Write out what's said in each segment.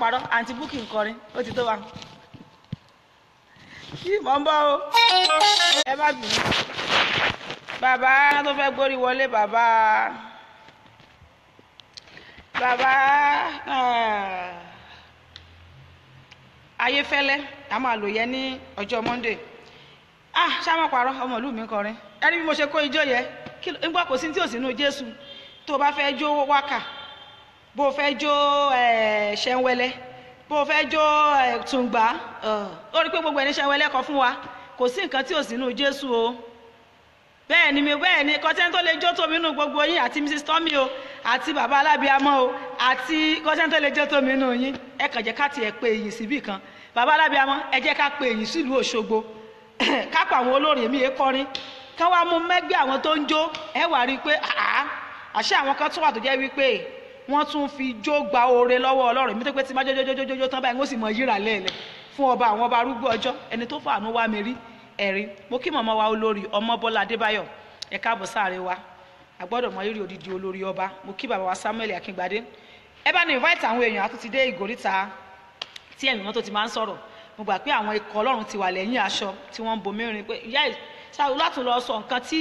parọ́ àǹtí Bukky nkọrin ó ti tó wa kí ń o ẹ má bì í bàbá tó fẹ́ gbórí wọlé bàbá bàbá eh, ayéfẹ́lẹ́ a máa lò yẹ ní ah ṣá má parọ́ ọmọ ìlú mi kọrin ẹni bí mo ṣe kó ijó yẹ kí n gbọ́ kò sí tí ò bó o fẹ́ jó ṣẹ́ńwẹ́lẹ́ bó o fẹ́ jó tùǹgbà ó rí pé gbogbo ẹni ṣẹ́ńwẹ́lẹ́ kọ fún wa kò sí nǹkan tí ò sínú Jésù o bẹ́ẹ̀ ni mi bẹ́ẹ̀ ni kọ́tẹ́ni tó lè jó tómi nù gbogbo yín àti Mrs Tommy o àti bàbá alábíàmọ́ o àti kọ́tẹ́ni tó lè jó tómi nù yín ẹ kàn jẹ́ ká tiẹ̀ pe èyìn síbì kan bàbá alábíàmọ́ ẹ jẹ́ ká pe èyìn sílùú Òṣogbo ká àwọn olórin èmi yẹn kọrin ká wá mú mẹ́gbẹ́ àwọn tó ń jó ẹ wà rí i pé àṣé àwọn kan tó wà tó jẹ́ wípé wọ́n tún fi jó gba oore lọ́wọ́ ọlọ́run mi tó pé tí má jójójójójó tán báyìí wọ́n sì mọ yíra lẹ́ẹ̀lẹ́ fún ọba àwọn ọba arúgbó ọjọ́ ẹni tó fàánú wá mi rí ẹ̀rí mo kí mọ̀mọ́ wa olórí ọmọbọ́lá adébáyọ̀ ẹ káàbọ̀ sáré wa àgbọ́dọ̀ mọ rírì odidi olórí ọba mo kí bàbá wa samuel akíngbadé ẹ bá ní invite àwọn èèyàn àtúntí dé ìgòríta tí ẹ̀yìn mọ́tò ti máa ń sọ̀rọ̀ mo gbà pé àwọn ikọ̀ ọlọ́run ti wà lẹ́yìn aṣọ tí wọ́n ń bomi rin pé ìyá ìṣàlù láti lọ sọ nǹkan tí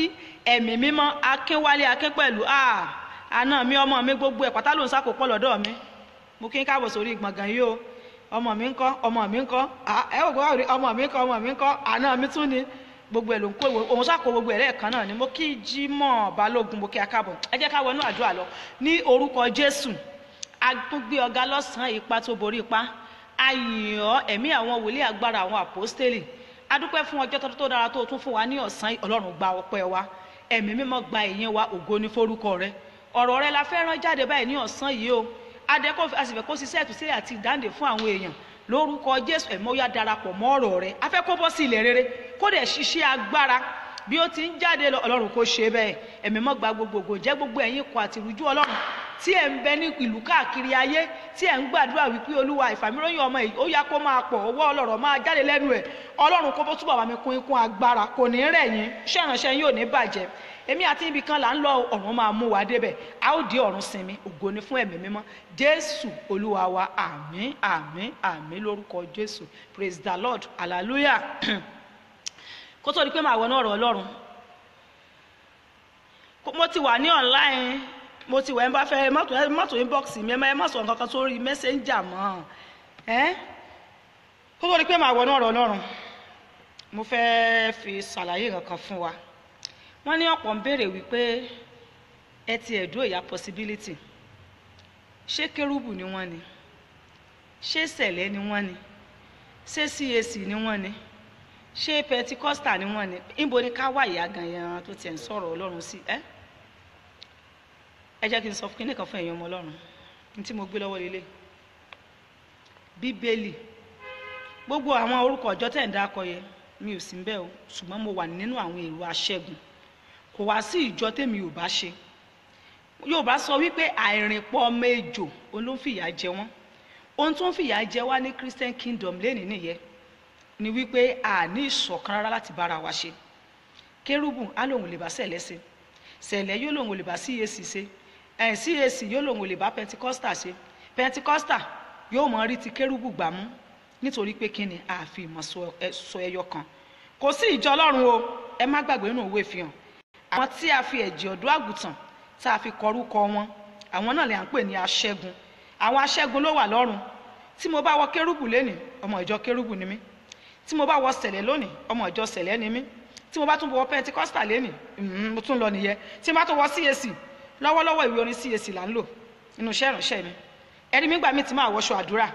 ẹ̀mí mímọ́ akínwálé akínpẹ̀lú ah àna mi ọmọ mi gbogbo ẹ̀ pátá ló ń sákòpọ̀ lọ́dọ̀ mi mo kí n káàbọ̀ sórí gbọ̀ngàn yìí o ọmọ mi ń kọ́ ọmọ mi ń kọ́ ẹ ò gbọ́dọ̀ ọmọ mi ń kọ́ ọmọ mi ń kọ́ àna mi tún ni gbogbo ẹ̀ ló ń kó ìwé òun sáko gbogbo ẹ̀ lẹ́ẹ̀kan náà ni mo kí Jímọ̀ Balógun mo kí akábọ̀ ẹ jẹ́ ká wọnú àdúrà lọ ní orúkọ Jésù agbógbé ọ̀gá lọ́sàn-án ipa tó borí ipa ayìnbó ẹ̀mí àwọn wòlíì agbára àwọn àpọ́stélì adúpẹ́ fún ọjọ́ tó dára tó tún fún wa ní ọ̀sán Ọlọ́run gba ọpẹ́ wa ẹ̀mí mímọ́ gba ìyẹn wa ògo ní forúkọ rẹ̀ ọ̀rọ̀ rẹ la fẹ́ rán jáde báyìí ní ọ̀sán yìí o adẹ́kọ̀ àsìfẹ́ kó ṣiṣẹ́ ìtúsílẹ̀ àti ìdáǹdè fún àwọn èèyàn lórúkọ jésù ya darapọ̀ mọ́ ọ̀rọ̀ rẹ afẹ́ kó bọ́ sí ilẹ̀ rere kó dẹ̀ ṣiṣẹ́ agbára bí ó ti ń jáde lọ ọlọ́run kó ṣe bẹ́ẹ̀ ẹ̀mí mọ́ gba gbogbogbò jẹ́ gbogbo ẹ̀yin kọ àtìrújú ọlọ́run tí ẹ̀ ń bẹ ní ìlú káàkiri ayé tí ẹ̀ ń gbàdúrà wípé olúwa ìfàmìlóyún ọmọ yìí ó yá kó máa pọ̀ ọwọ́ ọlọ́rọ̀ máa jáde lẹ́nu ẹ̀ ọlọ́run kó bó túbọ̀ wà mí kún ikún agbára kò ní rẹ̀ yín ṣèrànṣẹ́ yín ò ní bàjẹ́ èmi àti ibì kan là ń lọ ọ̀run máa mú wa débẹ̀ a ó di ọ̀run sinmi ògo ni fún ẹ̀mí mímọ́ jésù olúwa wa àmín àmín àmín lórúkọ jésù praise the lord hallelujah kó tó di pé màá wọnú ọ̀rọ̀ ọlọ́run mo ti wà ní online mo ti wà ẹ bá fẹ́ ẹ má tó inbox mi ẹ má sọ nǹkan kan sórí messenger mọ́ ẹ kó tó di pé màá wọnú ọ̀rọ̀ ọlọ́run mo fẹ́ fi ṣàlàyé kankan fún wa. wọ́n ní ọ̀pọ̀ ń béèrè wípé ẹ ti ẹ̀dó ìyá possibility ṣé kérúbù ni wọ́n ni ṣé sẹ̀lẹ̀ ni wọ́n ni ṣé CAC ni wọ́n ni ṣé pentikosta ni wọ́n ni níbo ni ká wá ìyá gan yẹn tó tiẹ̀ ń sọ̀rọ̀ ọlọ́run sí ẹ́ ẹ jẹ́ kí n sọ fún kíní kan fún ẹ̀yin ọmọ ọlọ́run ní tí mo gbé lọ́wọ́ lélẹ̀ bíbélì gbogbo àwọn orúkọ ọjọ́ tẹ̀ ń dákọ yẹ mi ò sí ń bẹ́ẹ̀ o ṣùgbọ́n mo wà nínú àwọn èrò aṣẹ́gun kò wá sí ìjọ tèmi ò bá ṣe yorùbá sọ wípé àìrìnpọ̀ ọmọ ejò olófìyà jẹ wọ́n ohun tó ń fìyà jẹ wá ní christian kingdom lénìí nìyẹn ni wípé a ní ìṣọ̀kan rárá láti bára wa ṣe kérúbù á lòun lè bá sẹ̀lẹ̀ ṣe sẹ̀lẹ̀ yóò lòun lè bá cac ṣe ẹ̀ cac yóò lòun lè bá pentikosta ṣe pentikosta yóò mọ rí ti kérúbù gbà mú nítorí pé kí ni àfi sọ ẹyọ kan kò sí ìjọ ọlọ́run o ẹ má gbàgbé nínú òwe fi àwọn tí a fi ẹ̀jẹ̀ ọ̀dọ́ àgùntàn tá a fi kọrúkọ wọn àwọn náà lè à ń pè ní aṣẹ́gun àwọn aṣẹ́gun ló wà lọ́run tí mo bá wọ kérúbù lénìí ọmọ ìjọ kérúbù ni mí tí mo bá wọ sẹ̀lẹ̀ lónìí ọmọ ìjọ sẹ̀lẹ̀ ni mí tí mo bá tún wọ pentikosta lénìí mm, mo tún lọ nìyẹn tí mo bá tún wọ CAC lọ́wọ́lọ́wọ́ ìwé orin CAC là ń lò nínú iṣẹ́ ìránṣẹ́ mi ẹni mígbà mi ti máa wọṣọ àdúrà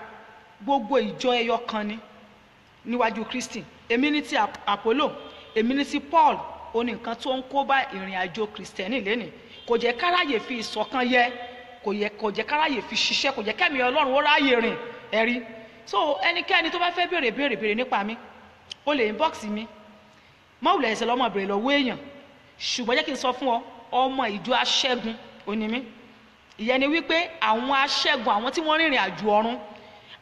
gbogbo ìjọ ẹyọ kan ni níwájú Kristi èmi ní ti Apollo èmi ní ti Paul ó ní nǹkan tó ń kó bá ìrìn àjò kìrìsìtẹ́nì lẹ́nìí kò jẹ́ káráyè fi ìṣọ̀kan yẹ kò yẹ kò jẹ́ káráyè fi ṣiṣẹ́ kò jẹ́ kẹ́mi ọlọ́run ó ráyè rìn ẹ̀rí so ẹnikẹ́ni tó bá fẹ́ béèrè béèrè béèrè nípa mi ó lè inbox mi mọ́wùlẹ̀ ẹ̀sẹ̀ lọ́mọ béèrè lọ́wọ́ èèyàn ṣùgbọ́n jẹ́ kí n sọ fún ọ ọmọ ìjọ aṣẹ́gun òní mi ìyẹn ni wípé àwọn aṣẹ́gun àwọn tí wọ́n rìnrìn àjò ọ̀run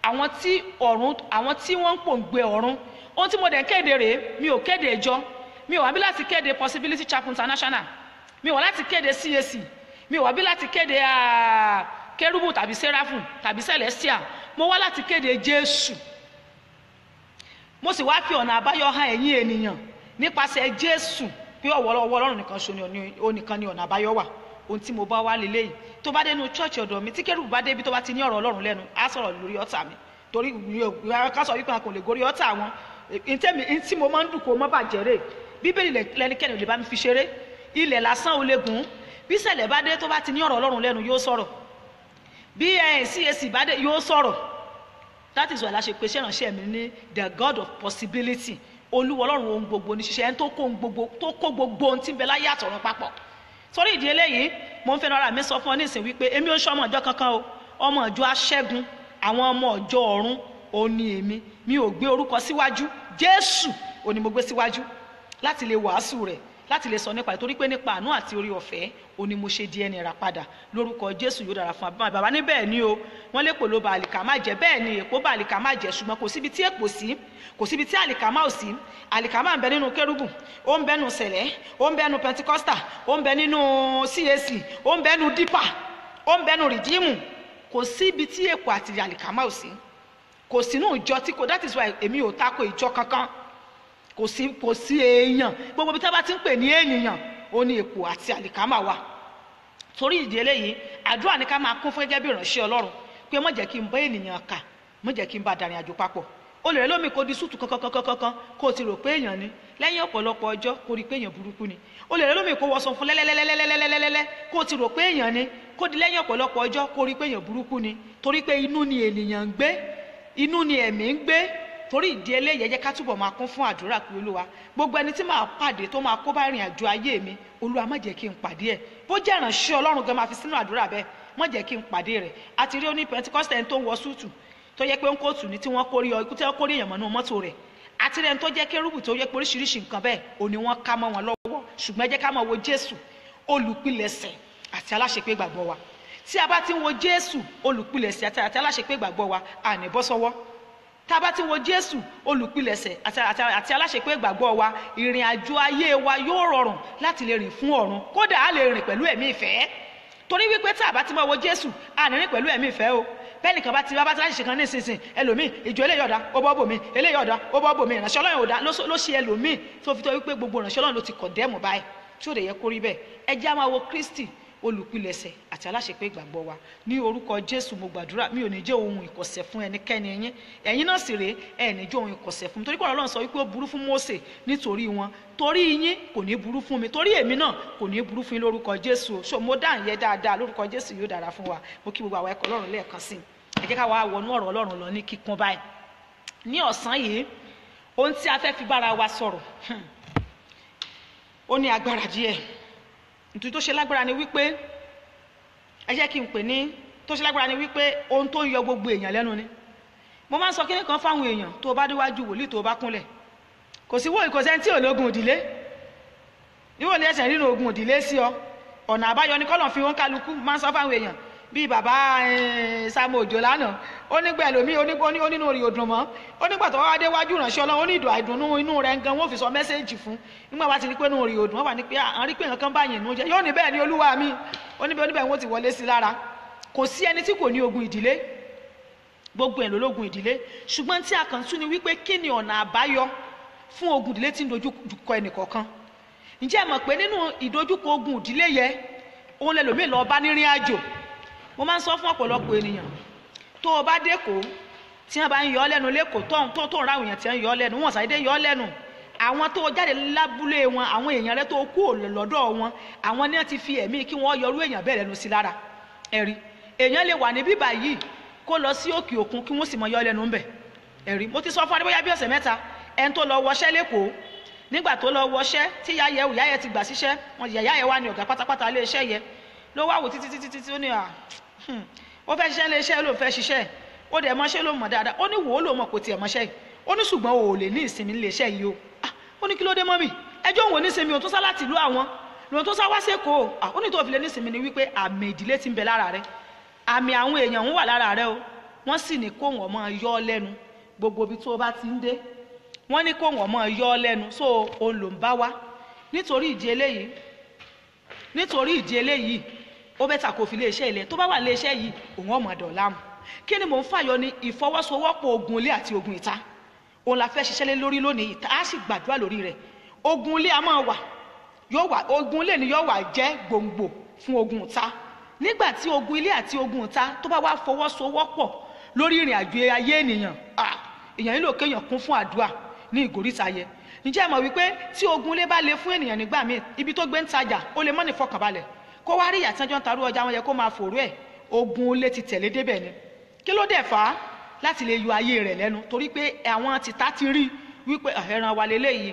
àwọn tí ọ̀run àwọn tí wọ́n ń pòǹgbẹ ọ̀run ohun tí mo dẹ̀ kéde rèé mi ò kéde ìjọ mi ò wá bí láti kéde possibility chapel international mi ò wá láti kéde CAC mi ò wá bí láti kéde kérúbù tàbí sẹ́ráfù tàbí celestial mo wá láti kéde Jésù mo sì wá fi ọ̀nà àbáyọ hàn ẹ̀yin ènìyàn nípasẹ̀ Jésù pé ọ̀wọ́ ọwọ́ Ọlọ́run nìkan ṣo onìkan ni ọ̀nà àbáyọ wà ohun tí mo bá wá lélẹ̀ yìí tó bá dénú chọ́ọ̀chì ọ̀dọ̀ mi tí kérúbù bá débi tó bá ti ní ọ̀rọ̀ Ọlọ́run lẹ́nu á sọ̀rọ̀ lórí ọ̀tá mi torí ká sọ wípé a kò lè gorí ọ̀tá wọn ntí mo máa ń dùn kó mọ́ bàjẹ́ rè bíbélì lẹ́nikẹ́ni ò lè bá mi fi ṣeré ilẹ̀ lásán ò lè gùn bí ṣẹlẹ̀ bá dé tó bá ti ní ọ̀rọ̀ Ọlọ́run lẹ́nu yóò sọ̀rọ̀ bí CAC bá dé yóò sọ̀rọ̀ that is why la ṣe pe ṣèrànṣẹ́ mi ní the God of possibility olúwa Ọlọ́run ohun gbogbo ní ṣiṣẹ́ ẹni tó kó gbogbo tó kó gbogbo ohun tí ń bẹ láyé àtọ̀run papọ̀ torí ìdí eléyìí mo ń fẹ́ ara mi sọ fún ọ nísìnyí wípé èmi ò ń ṣọmọ ọjọ́ kankan o ọmọ ọjọ́ aṣẹ́gun àwọn ọmọ ọjọ́ ọ̀run òun ni èmi mi ò gbé orúkọ síwájú Jésù òun ni mo gbé síwájú láti lè wàásù rẹ̀ láti lè sọ nípa ìtorí pé nípa àánú àti orí ọ̀fẹ́ ó mo ṣe di ẹni rà padà lórúkọ jésù yóò dára fún abúlé bàbá ní bẹ́ẹ̀ ni o wọ́n lè pò ló ba àlìkà má jẹ́ bẹ́ẹ̀ ni èpò ba àlìkà má jẹ́ ṣùgbọ́n kò síbi tí èpò sí kò síbi tí àlìkà má ò sí àlìkà má ń bẹ nínú kérúbù ó ń bẹ nínú sẹ̀lẹ̀ ó ń bẹ nínú pentikosta ó ń bẹ nínú cac ó ń bẹ nínú dípà ó ń bẹ nínú rìdíìmù kò síbi tí èpò àti àlìkà má ò sí kò sínú ìjọ tí kò that is why èmi ò tako ìjọ kankan kò sí kò sí èèyàn gbogbo ibi tí wọ́n bá ti ń pè ní ènìyàn ó ní ipò àti àlìkámà wa torí ìdí eléyìí àdúrà ni ká máa kún fún gẹ́gẹ́ bí ìránṣẹ́ Ọlọ́run pé má jẹ́ kí n bá ènìyàn kà má jẹ́ kí n bá darin àjò papọ̀ ó lómi kó di súùtù kankankankan kó o ti rò pé èèyàn ni lẹ́yìn ọ̀pọ̀lọpọ̀ ọjọ́ kó rí pé èèyàn burúkú ni ó lè rẹ lómi kó wọṣọ fún lẹ́lẹ́lẹ́lẹ́lẹ́lẹ́lẹ́lẹ́ kó o ti rò pé èèyàn ni kó di lẹ́yìn ọ̀pọ̀lọpọ̀ ọjọ́ kó rí pé èèyàn burúkú ni torí pé inú ni ènìyàn ń gbé inú ni ẹ̀mí ń gbé torí ìdí eléyìí ẹ jẹ́ ká túbọ̀ máa kún fún àdúrà pé olúwa gbogbo ẹni tí màá pàdé tó máa kó bá ìrìn àjò ayé mi olúwa má jẹ́ kí n pàdé ẹ̀ bó jẹ́ ìránṣẹ́ ọlọ́run gan máa fi sínú àdúrà bẹ́ẹ̀ má jẹ́ kí n pàdé rẹ̀ àti rí oní pentikost ẹni tó ń wọ súùtù tó yẹ pé ń kóòtù ní tí wọ́n kórí ikú tí wọ́n kórí èèyàn mọ́nú mọ́tò rẹ̀ àti rẹ̀ ń tó jẹ́ kérúbù tó yẹ pé oríṣiríṣi nǹkan bẹ́ẹ̀ òní wọ́n ká mọ́ wọn lọ́wọ́ ṣùgbọ́n ẹ jẹ́ ká máa wo jésù olùpilẹ̀ṣẹ̀ àti aláṣepé gbàgbọ́ wa tí a bá ti ń wo jésù olùpilẹ̀ṣẹ̀ àti aláṣepé gbàgbọ́ wa àní bọ́ sọ́wọ́ tá a bá ti wo jésù olùpilẹ̀ṣẹ̀ àti aláṣepé ìgbàgbọ́ wa ìrìn àjò ayé wa yóò rọrùn láti lè rìn fún ọ̀run kódà a lè rìn pẹ̀lú ẹ̀mí ìfẹ́ torí wípé tá a bá ti máa wo jésù a ní rìn pẹ̀lú ẹ̀mí ìfẹ́ o bẹ́ẹ̀ni kan bá ti bá ti láṣìṣe kan ní ìsinsìn ẹlòmíì ìjọ eléyìí ọ̀dà ó bọ́ bòmí eléyìí ọ̀dà ó bọ́ bòmí ìránṣẹ́ ọlọ́run ọ̀dà ló ṣe ẹlòmíì tó fi tọ́ wípé gbogbo ìránṣẹ́ ọlọ́run ló ti kọ̀ dẹ́mù báyìí tí ó lè yẹ kó bẹ́ẹ̀ ẹ jẹ́ á kristi olùpilẹ̀ṣẹ̀ àti aláṣepé ìgbàgbọ́ wa ní orúkọ jésù mo gbàdúrà mi ò ní jẹ́ ohun ìkọ̀sẹ̀ fún ẹnikẹ́ni yín ẹ̀yin náà sì rèé ẹ̀ ní jẹ́ ohun ìkọ̀sẹ̀ fún mi torí kọ́ra sọ wípé ó burú fún mósè nítorí wọn torí yín kò ní burú fún mi torí èmi náà kò ní burú fún yín lórúkọ jésù so mo dá ìyẹn dáadáa lórúkọ jésù yóò dára fún wa mo kí gbogbo àwọn ẹ̀kọ́ ọlọ́run lẹ́ẹ̀kan nítorí tó ṣe lágbára ni wípé ẹ jẹ́ kí n pè ní tó ṣe lágbára ni wípé ohun tó ń yọ gbogbo èèyàn lẹ́nu ni mo máa ń sọ kíní kan fáwọn èèyàn tó o bá déwájú wòlíì tó o bá kúnlẹ̀ kò sí wòlíì kò sẹ́ni tí ológun òdìlé níwò nínú ogun òdìlé sí ọ ọ̀nà àbáyọ ni kọ́lọ̀ fi wọn kálukú máa ń sọ fáwọn èèyàn bíi bàbá samu Òjó lánàá ó nígbà ẹlòmíì ó nínú orí òdùn mọ́ ó nígbà tó wá dé wájú ìrànṣẹ́ ọlọ́run ó ní ìdùn àìdùnnú inú rẹ̀ nǹkan wọ́n fi sọ mẹ́sẹ́ẹ̀jì fún nígbà wá ti rí pé inú orí òdùn wọ́n wà ní pé à ń rí pé nǹkan kan báyìí nù jẹ́ yóò ní bẹ́ẹ̀ ni olúwa mi ó ní bẹ́ẹ̀ oníbẹ̀ wọ́n ti wọlé sí lára kò sí ẹni tí kò ní ogun ìdílé gbogbo ẹ̀ lólógun ìdílé ṣùgbọ́n tí a kàn tún ni wípé kí ni ọ̀nà àbáyọ fún ogun ìdílé tí ń lọ bá nírìn àjò mo máa ń sọ fún ọ̀pọ̀lọpọ̀ ènìyàn tó o bá dẹ́kọ̀ọ́ tí wọ́n bá ń yọ ọ́ lẹ́nu lẹ́kọ̀ọ́ tó tó tó ń ra àwọn èèyàn tí wọ́n ń yọ ọ́ lẹ́nu wọ́n ṣàdédé yọ ọ́ lẹ́nu àwọn tó jáde lábúlé wọn àwọn èèyàn rẹ tó kú lọ́dọ̀ wọn àwọn náà ti fi ẹ̀mí kí wọ́n yọrú èèyàn bẹ́ẹ̀ lẹ́nu sí lára ẹ̀rí èèyàn lè wà ní bíbà yìí kó lọ sí òkè òkun kí wọ́n sì mọ yọ lẹ́nu ńbẹ̀ ẹ̀rí mo ti sọ fún adébóyá bí ọ̀sẹ̀ mẹ́ta ẹni tó lọ wọṣẹ́ lẹ́kọ̀ọ́ nígbà tó lọ wọṣẹ́ tí yá yẹ ìyá ti gbà síṣẹ́ wọn yẹ ìyá ọ̀gá pátápátá ilé yẹ ló wá wò títí títí títí ó ní à Hmm. ó fẹ́ ṣiṣẹ́ iléeṣẹ́ ló fẹ́ ṣiṣẹ́ ó dẹ̀ mọ́ṣẹ́ ló mọ̀ dáadáa ó ní wò ó lò mọ̀ kò tiẹ̀ mọ́ṣẹ́ yìí ó ní ṣùgbọ́n o ò lè ní ìsinmi iléeṣẹ́ yìí o ah, ó ní kí ló dé mọ́mì ẹjọ́ òun ò ní sinmi òun tó sá láti ìlú àwọn lòun tó sá wá sékòó ah, ó ní tó fi lè ní sinmi ni wípé àmì ìdílé ti ń bẹ lára rẹ àmì àwọn èèyàn ń wà lára rẹ o wọ́n sì ní kó wọ́n máa yọ́ lẹ́nu gbogbo ibi tó bá ti ń dé wọ́n ní kó wọ́n máa yọ́ lẹ́nu so òun ló ń bá wá nítorí ìdí eléyìí nítorí ìdí eléyìí ó bẹ́ẹ̀ ta kò fi iléeṣẹ́ ilẹ̀ tó bá wà iléeṣẹ́ yìí òun ọmọ ọ̀dọ̀ láàmú kí ni mò ń fàyọ ni ìfọwọ́sowọ́pọ̀ ogun ilé àti ogun ìta òun la fẹ́ ṣiṣẹ́ lé lórí lónìí ìta á sì gbàdúrà lórí rẹ̀ ogun ilé a máa wà yóò wà ogun ilé ni yóò wà jẹ́ gbòǹgbò fún ogun ìta nígbà tí ogun ilé àti ogun ìta tó bá wà fọwọ́sowọ́pọ̀ lórí ìrìn àjò ayé ènìyàn èèyàn nílò kéèyàn kún fún àdúrà ní ìgòríta yẹ ǹjẹ́ ẹ mọ̀ wípé tí ogun ilé bá le fún ènìyàn nígbà míì ibi tó gbé ń tajà ó lè mọ́ni fọkànbalẹ̀ kó wá rí ìyá tí wọ́n jọ ń tarú ọjà wọn yẹ kó máa fòrú ẹ̀ ogun olè ti tẹ̀lé débẹ̀ ni kí ló dẹ̀ fà á láti lè yọ ayé rẹ̀ lẹ́nu torí pé àwọn tìta ti rí wípé ẹran wa lélẹ́yìí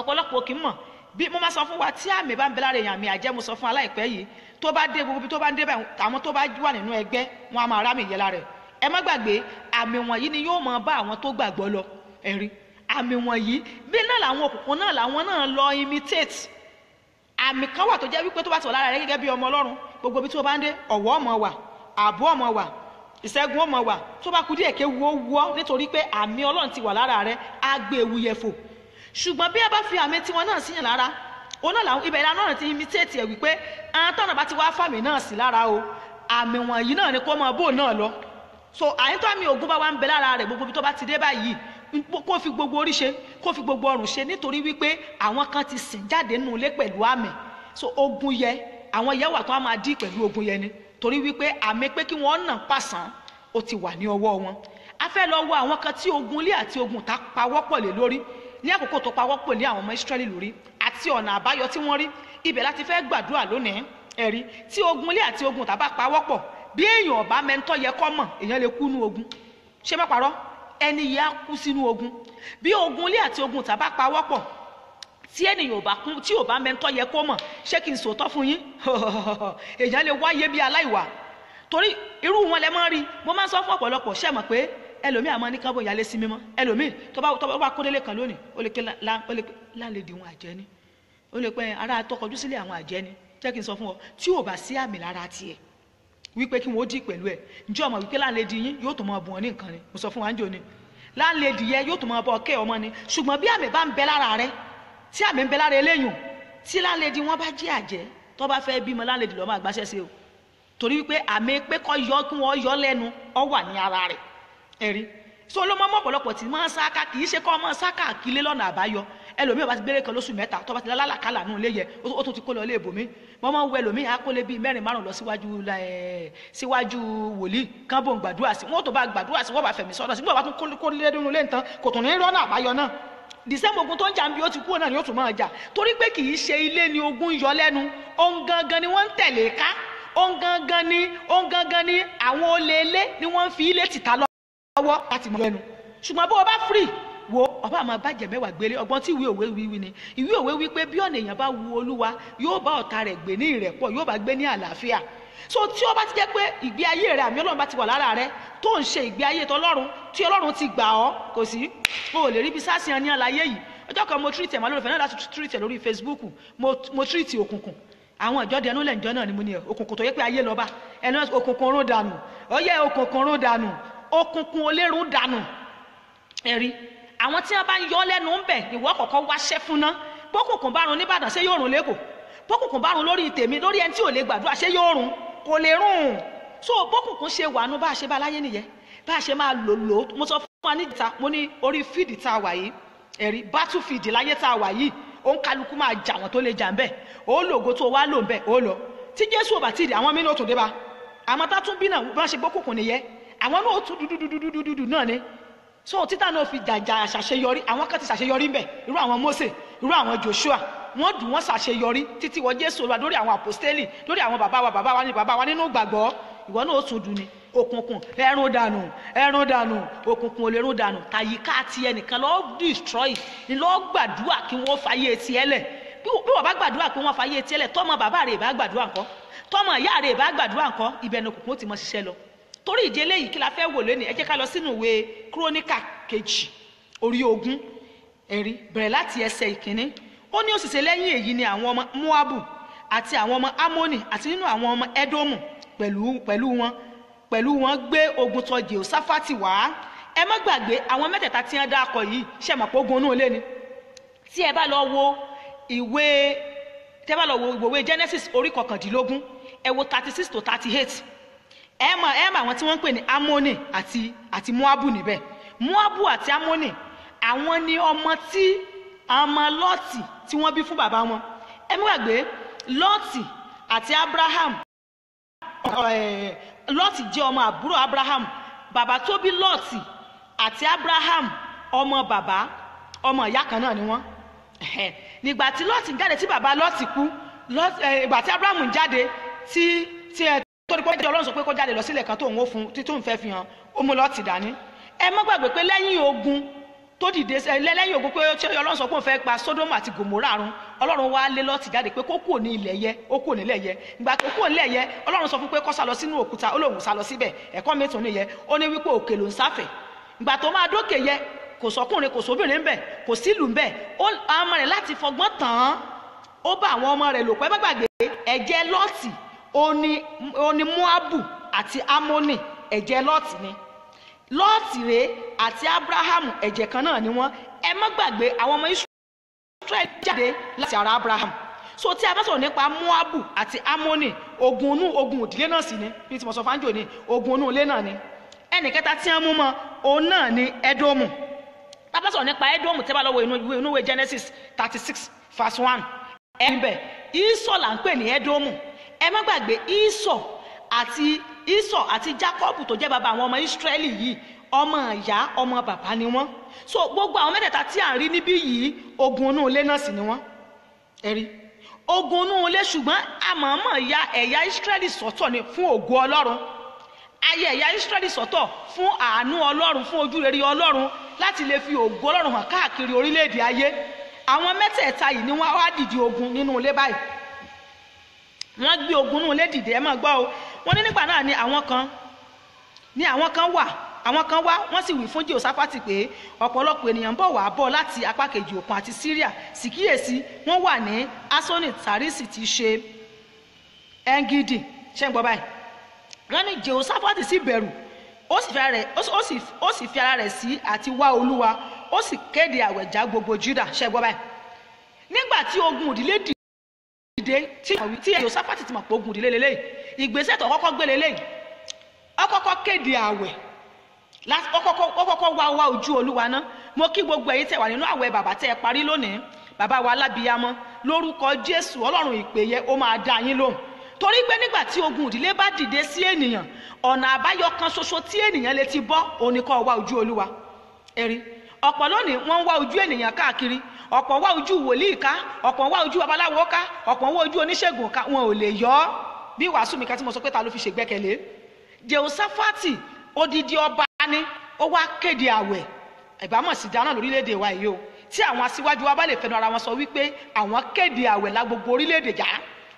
ọ̀pọ̀lọpọ̀ kì í mọ̀ bí mo máa sọ fún wa tí àmì bá ń bẹ lára èèyàn àmì àjẹ́ mo sọ fún aláìpẹ́ yìí tó bá dé gbogbo tó bá ń débẹ̀ àwọn tó bá wà nínú ẹgbẹ́ wọn a máa rámì yẹla rẹ̀ ẹ má gbàgbé àmì wọ̀nyí ni yóò máa bá àwọn tó gbàgbọ́ lọ ẹ̀rí àmì wọ̀nyí bí náà làwọn òkùnkùn náà làwọn náà lọ imitate àmì kan wà tó jẹ́ wípé tó bá ti wà lára rẹ gẹ́gẹ́ bí ọmọ ọlọ́run gbogbo ibi tí o bá ń dé ọ̀wọ̀ ọmọ wà ààbò ọmọ wà ìṣẹ́gun ọmọ wà tó bá kú díẹ̀ ké wo wọ́ nítorí pé àmì ọlọ́run ti wà lára rẹ á gbé ewu yẹ fò ṣùgbọ́n bí ẹ bá fi àmì tiwọn náà síyàn lára òun náà làwọn ibẹ̀ ìlànà náà ti imitate ẹ̀ wípé àwọn tọ́nà bá ti wá fàmì náà sí lára o àmì wọ̀nyí náà ni kó máa bò náà lọ so àyíntọ́ àmì ògùn bá wà ń bẹ lára rẹ̀ gbogbo ibi tó bá ti dé báyìí kó fi gbogbo orí ṣe kó fi gbogbo ọrùn ṣe nítorí wípé àwọn kan ti sìn jáde nínú ilé pẹ̀lú àmì so ogun yẹ àwọn yẹ wà tó a máa dí pẹ̀lú ogun yẹ ni torí wípé àmì pé kí wọ́n nà pàṣán ó ti wà ní ọwọ́ wọn a fẹ́ lọ wo àwọn kan tí ogun ilé àti ogun ta pawọ́pọ̀ lé lórí ní àkókò tó pawọ́pọ̀ lé àwọn ọmọ Ísírẹ́lì lórí àti ọ̀nà àbáyọ tí wọ́n rí ibẹ̀ láti fẹ́ gbàdúrà lónìí ẹ̀rí tí ogun ilé àti ogun tàbá pawọ́pọ̀ bí èèyàn ọ̀bá mẹ́ńtọ́ yẹ kọ́ mọ̀ èèyàn lè kú nú ogun ṣé má parọ́ ẹni yìí á kú sínú ogun bí ogun ilé àti ogun tàbá pawọ́pọ̀ tí ènìyàn ò bá kún tí ò bá mẹ́ńtọ́ yẹ kó mọ̀ ṣé kí n sòótọ́ fún yín èèyàn lè wáyé bí aláìwà torí irú wọn lẹ máa rí mo máa ń sọ fún ọ̀pọ̀lọpọ̀ ṣe mọ̀ pé ẹlòmíì àmọ́ ní kábọ̀ ìyálé sí mímọ́ ẹlòmíì tó bá tó bá kó délé kan lónìí ó lè pé láńlẹ́dì wọn àjẹ́ ni ó lè pé ara tó kọjú sílé àwọn àjẹ́ ni jẹ́ kí n sọ fún ọ tí ò bá sí àmì lára tiẹ̀ wípé kí wọn ó dì pẹ̀lú ẹ̀ ǹjẹ́ ọmọ wípé láńlẹ́dì yín yóò tó máa bù wọn ní nǹkan ni mo sọ fún wa ń jò ni láńlẹ́dì yẹn yóò tó máa bọ ọkẹ́ ọmọ ni ṣùgbọ́n bí àmì bá ń bẹ lára rẹ tí àmì ń bẹ lára eléyùn tí láńlẹ́dì wọn bá jẹ́ àjẹ́ tó bá fẹ́ bímọ láńlẹ́dì lọ́mọ àgbàṣẹ́ sí o torí wípé àmì pé kọ́ yọ kí wọ́n yọ lẹ́nu ọ wà ní ara rẹ̀ ẹ̀rí so ló mọ́mọ́ ọ̀pọ̀lọpọ̀ tí máa ń sáká kì í ṣe kọ́ máa ń sáká àkílé lọ́nà àbáyọ ẹlòmíràn bá ti gbére kan lóṣù mẹ́ta tó bá ti lálàkálà nù lé ó tún ti kó lọ ilé ìbòmí wọ́n máa ń wẹ lómi akólé bíi mẹ́rin márùn lọ síwájú síwájú wòlíì kán bò ń gbàdúrà sí wọn ò tó bá gbàdúrà sí wọn bá fẹ̀mí sọ́dọ̀ sí wọn bá tún kó lẹ́dúnrún lé nǹkan kò tún ní rọ́nà àbáyọ náà dìsẹ́mbò ogun tó ń jà ń bí ó ti kú náà ni ó tún máa jà torí pé kì í ṣe ilé ni ogun yọ lẹ́nu ohun gangan ni wọ́n ń tẹ̀lé ká ohun gangan ni ohun gangan ni àwọn olè ilé ni wọ́n ń fi ilé tìta lọ́wọ́ láti mọ lẹ́nu ṣùgbọ́n bó o bá free wo ọba àmọ́ bàjẹ́ mẹ́wàá gbélé ọgbọ́n tí ìwé òwe wí wí ni ìwé òwe wí pé bí ọ̀nà èèyàn bá wu olúwa yóò bá ọ̀tá rẹ̀ gbé ní ìrẹ́pọ̀ yóò bá gbé ní àlàáfíà so tí ó bá ti jẹ́ pé ìgbé ayé rẹ̀ àmì ọlọ́run bá ti wà lára rẹ̀ tó ń ṣe ìgbé ayé tọlọ́run tí ọlọ́run ti gbà ọ́ kò sí o lè rí bí sásìyàn ní àlàyé yìí ọjọ́ kan mo tírìtì ẹ̀ máa lórí fẹ́ náà láti tírìtì ẹ̀ lórí Facebook mo tírìtì òkùnkùn àwọn ìjọ dẹnu lẹ́njọ́ náà ni mo ní ẹ̀ òkùnkùn tó yẹ pé ayé lọ́ba ẹni òkùnkùn rún dànù ó yẹ òkùnkùn rún dànù òkùnkùn olérùn dànù ẹ̀rí àwọn tí wọn bá ń yọ lẹ́nu ń bẹ ìwọ kọ̀ọ̀kan wáṣẹ́ fún ná bókùnkùn bá run nìbàdàn ṣé yóò rùn lẹ́kọ̀ọ́ bókùnkùn bá run lórí tèmi lórí ẹni tí ò lè gbàdúrà ṣé yóò rùn kò lè rùn so bókùnkùn ṣe wà nù bá a ṣe bá láyé nìyẹn bá a ṣe máa lò lò mo sọ fún wa níta mo ní orí fíìdì tá a wà yìí ẹ̀rí battlefield láyé tá a wà yìí ó ń kálukú máa jà wọ́n tó lè jà ń bẹ̀ ó lògo tó wá lò ń bẹ̀ ó lọ tí jésù ò bá ti dì àwọn mí ní òtún dé bá àwọn tá tún bí náà bí wọ́n ṣe gbókùnkùn nìyẹn àwọn náà ó tún dúdúdúdúdúdú náà ni so títà náà fi jàjà ṣàṣeyọrí àwọn kan ti ṣàṣeyọrí ń bẹ irú àwọn Mósè irú àwọn Joshua wọ́n dùn wọ́n ṣàṣeyọrí títí wọ Jésù Olúwa lórí àwọn àpòstélì lórí àwọn bàbá wa bàbá wa ní bàbá wa nínú ìgbàgbọ́ ìwọ náà ó tún dùn ni òkùnkùn ẹrun dànù ẹrun dànù òkùnkùn ò lè run dànù tàyíká àti ẹnìkan lọ́ọ́ destroy ni lọ́ọ́ gbàdúrà kí wọ́n fàyè tiẹ̀ lẹ̀ bí wọ́n bá gbàdúrà pé wọ́n fàyè tiẹ̀ lẹ̀ tọ́mọ bàbá rẹ̀ bá gbàdúrà ńkọ́ tọ́mọ ìyá rẹ̀ bá gbàdúrà ńkọ́ ibẹ̀ ó ti mọ ṣiṣẹ́ lọ torí ìdí eléyìí kí la fẹ́ wò lónìí ẹ jẹ́ ká lọ sínú ìwé kíróníkà kejì orí ogún ẹ̀rí bẹ̀rẹ̀ láti ẹsẹ̀ ìkíní ó ní òṣìṣẹ́ lẹ́yìn èyí ni àwọn ọmọ moabu àti àwọn ọmọ amoni àti nínú àwọn ọmọ edomu pẹ̀lú pẹ̀lú wọn pẹ̀lú wọn gbé ogun tọ jehoshaphati wá ẹ má gbàgbé àwọn mẹ́tẹ̀ẹ̀ta tí wọ́n dá akọ yìí ṣe mọ̀ pé ogun inú ilé ni tí ẹ bá lọ wo ìwé tẹ́ bá lọ wo ìwòwe genesis orí kọkàndínlógún ẹ wo thirty six to thirty eight ẹ mọ ẹ mọ àwọn tí wọ́n ń pè ní amoni àti àti moabu níbẹ̀ muabu àti amoni àwọn ni ọmọ tí ọmọ lọ́ọ̀tì tí wọ́n bí fún bàbá wọn ẹ gbàgbé lọ́ọ̀tì àti abraham lọ́ọ̀tì jẹ́ ọmọ àbúrò abraham bàbá tó bí lọ́ọ̀tì àti abraham ọmọ bàbá ọmọ ìyá kan náà ni wọ́n nígbà tí lọ́ọ̀tì jáde tí bàbá lọ́ọ̀tì kú ìgbà tí abraham jáde tí tí ẹ torí pé ọlọ́run sọ pé kó jáde lọ sílẹ̀ kan tó ń wó fún títún fẹ́ fi hàn ó mú lọ́ọ̀tì dání ẹ má gbàgbé pé lẹ́yìn ogun tó dìde lẹ́yìn ogun pé ọlọ́run sọ pé òun fẹ́ pa Sódómù àti Gòmórà run ọlọ́run wá lé lọ́ọ̀tì jáde pé kó kúrò ní ilẹ̀ yẹ ó kúrò nílẹ̀ yẹ ìgbà tó kúrò nílẹ̀ yẹ ọlọ́run sọ fún pé kó sá lọ sínú òkúta ó lòun sá lọ síbẹ̀ ẹ̀kọ́ mi tún nìyẹn ó ní wípé òkè ló ń sáfẹ̀ ìgbà tó máa dókè yẹ kò sọkùnrin kò sóbìnrin ń bẹ kò sílùú ń bẹ ọmọ rẹ̀ láti fọgbọ́n tán ó bá àwọn ọmọ rẹ̀ lò pẹ́ bá gbàgbé ẹ̀jẹ̀ lọ́ọ̀tì oni moabu àti amoni ẹ̀jẹ̀ lọ́ọ̀tì ni lọ́ọ̀tì rèé àti abrahamu ẹ̀jẹ̀ kan náà ni wọ́n ẹ má gbàgbé àwọn ọmọ israẹli jáde láti ara abrahamu so tí a bá sọ̀rọ̀ nípa moabu àti amoni ogun inú ogun òdílé náà sì ni bí tí mo sọ fáńjò ni ogun inú ilé náà ni ẹnì kẹta tí wọ́n mú mọ́ òun náà ni edomu tá nípa edomu tẹ́ bá lọ́wọ́ inú ìwé genesis thirty six verse one ẹ̀ ń bẹ̀ ìsọ̀là ń pè ní edomu ẹ má gbàgbé ìsọ àti ìsọ àti Jákọ́bù tó jẹ́ bàbá àwọn ọmọ Ísírẹ́lì yìí ọmọ ìyá ọmọ bàbá ni wọ́n so gbogbo àwọn mẹ́tẹ̀ẹ̀ta tí à ń rí níbí yìí ogun inú ilé náà sì ni wọ́n ẹ̀rí ogun inú ilé ṣùgbọ́n àmọ̀ọ́mọ̀ ya ẹ̀yà Ísírẹ́lì sọ́tọ̀ ni fún ògo Ọlọ́run ayé ẹ̀yà Ísírẹ́lì sọ́tọ̀ fún àánú Ọlọ́run fún ojú rere Ọlọ́run láti lè fi ògo Ọlọ́run hàn káàkiri orílẹ̀-èdè ayé àwọn mẹ́tẹ̀ẹ̀ta yìí ni wọ́n wá dìde ogun nínú ilé báyìí wọ́n gbé ogun nù lédìdé ẹ máa gbọ́ o wọ́n ní nígbà náà ni àwọn kan ni àwọn kan wà àwọn kan wá wọ́n sì wí fún Jèhóṣáfátì pé ọ̀pọ̀lọpọ̀ ènìyàn ń bọ̀ wá bọ̀ láti apá kejì òkun àti Síríà sì kíyèsí wọ́n wà ní asoni tarisi ti ṣe Engidi ṣe ń gbọ́ báyìí wọ́n ní Jèhóṣáfátì sì bẹ̀rù ó sì fi ara rẹ̀ sí àti wá Olúwa ó sì kéde àwẹ̀já gbogbo Júdà ṣe ń gbọ́ báyìí nígbà tí ogun òdìlé dì dìde tí ìkọ̀wé tí èyí sápàtì ti mọ̀ pé ogun ìdílé lélẹ́yìí ìgbésẹ̀ tó kọ́kọ́ gbé lélẹ́yìí ọkọ́kọ́ kéde àwẹ̀ ọkọ́kọ́ wá wá ojú olúwa náà mo kí gbogbo ẹ̀yin tẹ̀ wà nínú àwẹ̀ bàbá tẹ́ ẹ parí lónìí bàbá wa alábìyamọ lórúkọ jésù ọlọ́run ìpèyẹ ó máa dá yín lóhùn torí pé nígbà tí ogun ìdílé bá dìde sí ènìyàn ọ̀nà àbáyọ kan ṣoṣo tí ènìyàn lè ti bọ́ òun ni kó wá ojú olúwa ẹ̀rí ọ̀pọ̀ lónìí wọ́n ń wá ojú ènìyàn káàkiri ọ̀pọ̀ wá ojú wòlíì ká ọ̀pọ̀ wá ojú babaláwo ká ọ̀pọ̀ wá ojú oníṣègùn ká wọn ò lè yọ ọ́ bí wàásù mi ká tí mo sọ pé ta ló fi ṣègbẹ́kẹ̀lé Jehoshaphati odidi ọba ni ó wá kéde àwẹ̀ ìbámọ̀ sí dáná lórílẹ̀‐èdè wa yìí o tí àwọn aṣíwájú wa bá lè fẹnu ara wọn sọ wípé àwọn kéde àwẹ̀ la gbogbo orílẹ̀‐èdè já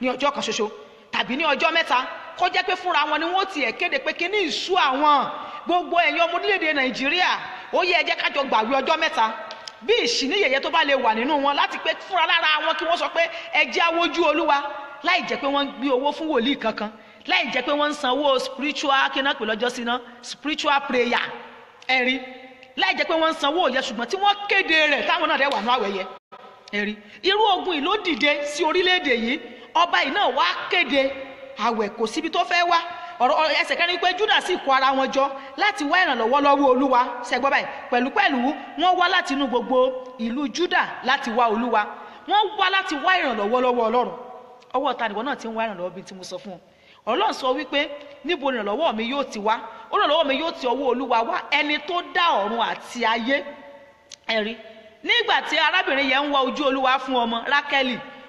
ní ọjọ́ kan ṣoṣo tàbí ní ọjọ́ mẹ́ta kó jẹ́ pé fúnra wọn ni wọ́n tiẹ̀ kéde pé kí ní ìṣú àwọn gbogbo ẹ̀yin ọmọ orílẹ̀‐èdè Nàìjíríà ó yẹ ẹ jẹ́ ká ọjọ́ mẹ́ta bí ìṣìní yẹ̀yẹ́ tó bá lè wà nínú wọn láti pé fúnra lára wọn kí wọ́n sọ pé ẹ jẹ́ awójú olúwa láì jẹ́ pé wọ́n ń gbé owó fún wòlíì kankan láì jẹ́ pé wọ́n ń sanwó spiritual kíná pè lọ́jọ́ síná spiritual prayer ẹ̀rí láì jẹ́ pé wọ́n ń sanwó òye ṣùgbọ́n tí wọ́n kéde rẹ̀ táwọn náà rẹ̀ wà ní àwẹ̀yẹ ẹ̀rí irú ogun ìlódìde sí orílẹ̀-èdè yìí ọba yìí náà wá kéde àwẹ̀ kò síbi tó fẹ́ wá ọ̀rọ̀ ẹsẹ̀ kan ní pé Júdà sì kó ara wọn jọ láti wá ìrànlọ́wọ́ lọ́wọ́ Olúwa ṣẹgbọ́ báyìí pẹ̀lúpẹ̀lú wọ́n wá láti inú gbogbo ìlú Júdà láti wá Olúwa wọ́n wá láti wá ìrànlọ́wọ́ lọ́wọ́ Ọlọ́run ọwọ́ ta nìwọ náà ti ń wá ìrànlọ́wọ́ bíi tí mo sọ fún ọ Ọlọ́run sọ wípé níbo ìrànlọ́wọ́ mi yóò ti wá ìrànlọ́wọ́ mi yóò ti ọwọ́ Olúwa wá ẹni tó dá ọ̀run àti ayé ẹ̀rí nígbà tí arábìnrin yẹn ń wá ojú Olúwa fún ọmọ Rákẹ́lì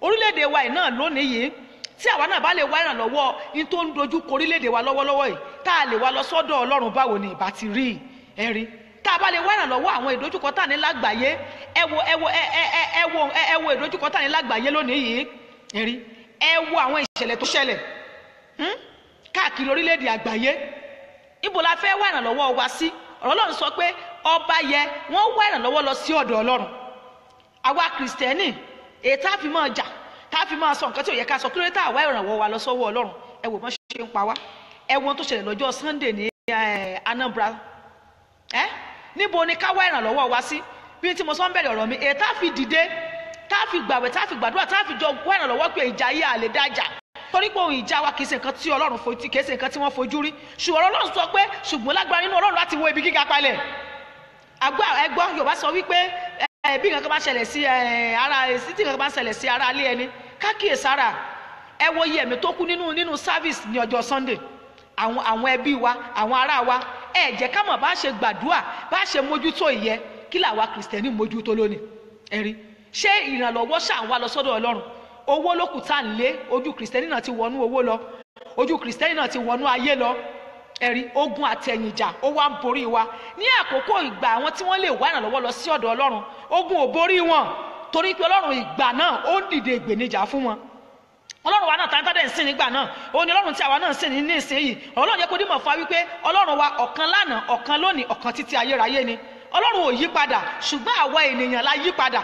orílẹ̀-èdè wa yìí náà lónìí yìí tí àwa náà bá lè wá ìrànlọ́wọ́ ní tó ń dojú kọ orílẹ̀-èdè wa lọ́wọ́lọ́wọ́ yìí tá a lè wá lọ sọ́dọ̀ ọlọ́run báwo ni ìbá ti rí tá bá lè ní lágbàáyé ẹ wo ẹ wo ẹ ẹ ẹ wo ẹ wo ìdojúkọ tá a ní lágbàáyé lónìí yìí tó ṣẹlẹ̀ hmm, káàkiri èyí tá a fi máa jà tá a fi máa sọ nǹkan tí ò yẹ ká sọ kí tá àwa ìrànwọ́ wa lọ sọ́wọ́ Ọlọ́run ẹ wò mọ́ ṣe ń pa wá ẹ wọ́n tó ṣẹlẹ̀ lọ́jọ́ Sunday ní Anambra ẹ níbo ni ká wá ìrànlọ́wọ́ wa sí bí tí mo sọ ń bẹ̀rẹ̀ ọ̀rọ̀ mi èyí tá a fi dìde tá a fi gbàwẹ̀ tá a fi gbàdúrà tá a fi jọ wá ìrànlọ́wọ́ pé ìjà yìí àlè dájà torí pé òun ìjà wa kì í ṣe nǹkan tí Ọlọ́run fojú kì í ṣe nǹkan tí wọ́n fojú rí ṣùgbọ́n Ọlọ́run sọ pé ṣùgbọ́n lágbára nínú Ọlọ́run láti wo ibi gíga palẹ̀ àgbà ẹgbọ́ Yorùbá sọ wípé Eh, bí nǹkan bá ṣẹlẹ̀ sí eh, ara sí tí nǹkan bá ṣẹlẹ̀ sí ara alẹ́ ẹni kákìí sára ẹ wo iye ẹ̀mí tó kú nínú nínú service ní ọjọ́ Sunday àwọn àwọn ẹbí wa àwọn ará wa ẹ jẹ́ ká mọ̀ bá ṣe gbàdúrà bá ṣe mójútó ìyẹ kí làwa kìrìsìtẹ́nì mójútó lónìí ẹ̀rí ṣé ìrànlọ́wọ́ ṣà ń wá lọ sọ́dọ̀ Ọlọ́run owó lókùtà ń lé ojú kìrìsìtẹ́nì náà ti wọnú owó lọ ojú kìrìsìtẹ́nì náà ti wọnú ayé lọ ẹ̀rí ogun àtẹ̀yìnjà ó wá ń borí wa ní àkókò ìgbà àwọn tí wọ́n lè wá ìrànlọ́wọ́ lọ sí ọ̀dọ̀ ọlọ́run ogun ò borí wọn torí pé ọlọ́run ìgbà náà ó ń dìde ìgbènijà fún wọn ọlọ́run wa náà tàbí tàbí ẹ̀sìn nígbà náà ó ní ọlọ́run tí àwa náà ń sìn ní ìsinyìí ọlọ́run yẹ kó dìmọ̀ fún wa wípé ọlọ́run wa ọ̀kan lánàá ọ̀kan lónìí ọ̀kan títí ayérayé ni ọlọ́run ò yí padà ṣùgbọ́n àwa ènìyàn la yí padà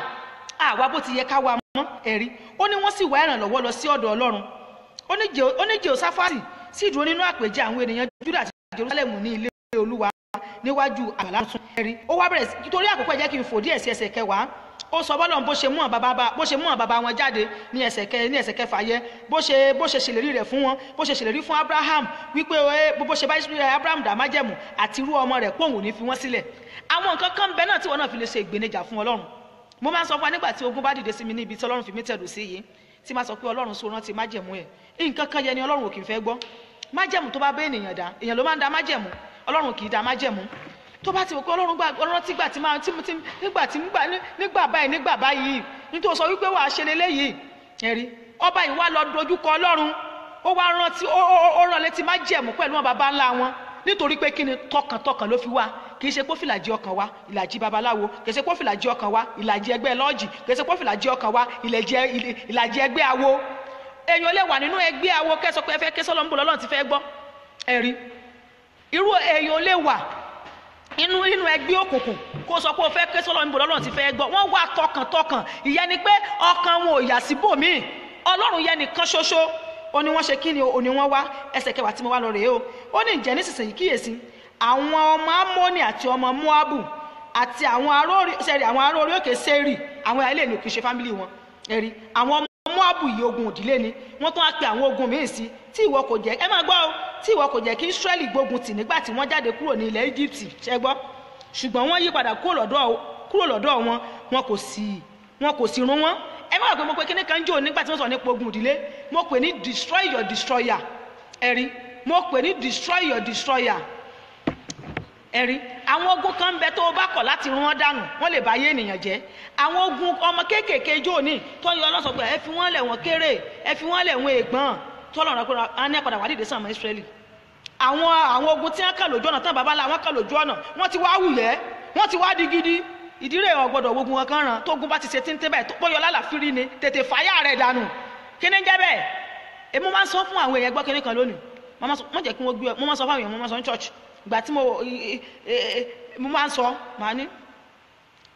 àwa bó ti yẹ ká wa mọ́ ẹ̀rí ó ní wọ́n sì wá ìrànlọ́wọ́ lọ sí ọ̀dọ̀ ọlọ́run ó ní Jèhóṣáfátì sì dúró nínú àpèjẹ àwọn ènìyàn Júdà àti Jerúsálẹ́mù ní ilé Olúwa níwájú àgbàlá tuntun ẹ̀rí ó wá bẹ̀rẹ̀ sí nítorí àkókò ẹ jẹ́ kí n fò díẹ̀ sí ẹsẹ̀ kẹwàá ó sọ bọ́lọ̀ bó ṣe mú àwọn bàbá bó ṣe mú àwọn bàbá wọn jáde ní ẹsẹ̀ kẹ ní ẹsẹ̀ kẹfà yẹ bó ṣe bó ṣe ṣèlérí rẹ̀ fún wọn bó ṣe ṣèlérí fún Abraham wípé bó ṣe bá Israel Abraham dá májẹ̀mú àti irú ọmọ rẹ̀ pòun ò ní fi wọ́n sílẹ̀ àwọn nǹkan kan bẹ náà tí wọn náà fi lè ṣe ìgbénijà fún Ọlọ́run mo máa ń sọ fún wa nígbà tí ogun bá dìde sí mi ní tí Ọlọ́run fi mí tẹ̀dù sí yìí tí máa sọ pé ọlọ́run so rántí májẹ̀mú ẹ̀ nǹkan kan yẹ ni ọlọ́run ò kì í fẹ́ gbọ́ májẹ̀mú tó bá bẹ́ ènìyàn dá èèyàn ló máa ń da májẹ̀mú ọlọ́run kì í da májẹ̀mú tó bá ti wò pé ọlọ́run gbà ọlọ́run tí gbà tí máa tí tí nígbà tí nígbà báyìí nígbà báyìí nítorí sọ wípé wàá ṣe leléyìí ẹ̀rí ọba yìí wá lọ dojúkọ ọlọ́run ó wá rántí ó rán létí májẹ̀mú pẹ̀lú wọn bàbá ńlá wọn nítorí pé kíni tọkàntọkàn ló fi wá kì í ṣe pé fìlàjì ọkàn wa ìlàjì babaláwo kì í ṣe pé fìlàjì ọkàn wa ìlàjì ẹgbẹ́ lọ́ọ̀jì kì í ṣe pé fìlàjì ọkàn wa ìlàjì ẹgbẹ́ awo èèyàn lè wà nínú ẹgbẹ́ awo kẹ́sọ pé ẹ fẹ́ kẹ́sọ́ lọ́nbó lọ́lọ́run ti fẹ́ gbọ́ ẹ̀rí irú èèyàn lè wà inú inú ẹgbẹ́ òkùnkùn kó sọ pé o fẹ́ kẹ́sọ́ lọ́nbó lọ́lọ́run ti fẹ́ gbọ́ wọ́n wà tọkàntọkàn ìyẹn ni pé ọkàn wọn ò yà síbòmíì ọlọ́run yẹn nìkan ṣoṣo ó ní wọ́n ṣe kí ni ó ní wọ́n wá ẹsẹ̀ kẹwàá tí mo wá lọ rèé o ó ní ìjẹ́ nísinsìnyí kíyèsí àwọn ọmọ amóni àti ọmọ moabu àti àwọn arórí sẹ́rí àwọn arórí òkè sẹ́rí àwọn ilé ìlú kì í ṣe fámìlì wọn ẹ̀rí àwọn ọmọ moabu yìí ogun òdìlé ni wọ́n tún á pe àwọn ogun míì sí tí ìwọ kò jẹ́ ẹ máa gbọ́ ọ tí ìwọ kò jẹ́ kí Ísírẹ́lì gbógun tì nígbà tí wọ́n jáde kúrò ní ilẹ̀ Egypt ṣẹ gbọ́ ṣùgbọ́n wọ́n yí padà kúrò lọ́dọ̀ wọn wọn kò sì wọn kò sì run wọn ẹ má gbé mo pé kíní kan jò nígbà tí wọ́n sọ nípa ogun òdìlé mo pè ní destroy your destroyer ẹ̀rí mo pè ní destroy your destroyer ẹ̀rí àwọn ogun kan ń bẹ tó o bá kọ̀ láti run wọn dànù wọ́n lè báyé ènìyàn jẹ́ àwọn ogun ọmọ kéékèèké ijó ní tó yọ ọlọ́sọ̀ pé ẹ fi wọ́n lẹ̀ wọ́n kéré ẹ fi wọ́n lẹ̀ wọ́n ègbọ́n tọ́lọ̀ rẹ pé a ní ẹ̀padà wà dìde sàmọ́ Ísírẹ́lì àwọn àwọn ogun tí wọ́n kà lójú ọ̀nà tán babalá wọn kà lójú ọ̀nà wọ́n ti wá wùyẹ́ wọ́n ti wá di gidi ìdílé ọ̀gbọ́dọ̀ ogun wọn kan ràn tógun bá ti ṣe tíntẹ́ báyìí tó pọ́yọ lálàfírí ni tètè fàyà ìgbà tí mo mo máa ń sọ màá ní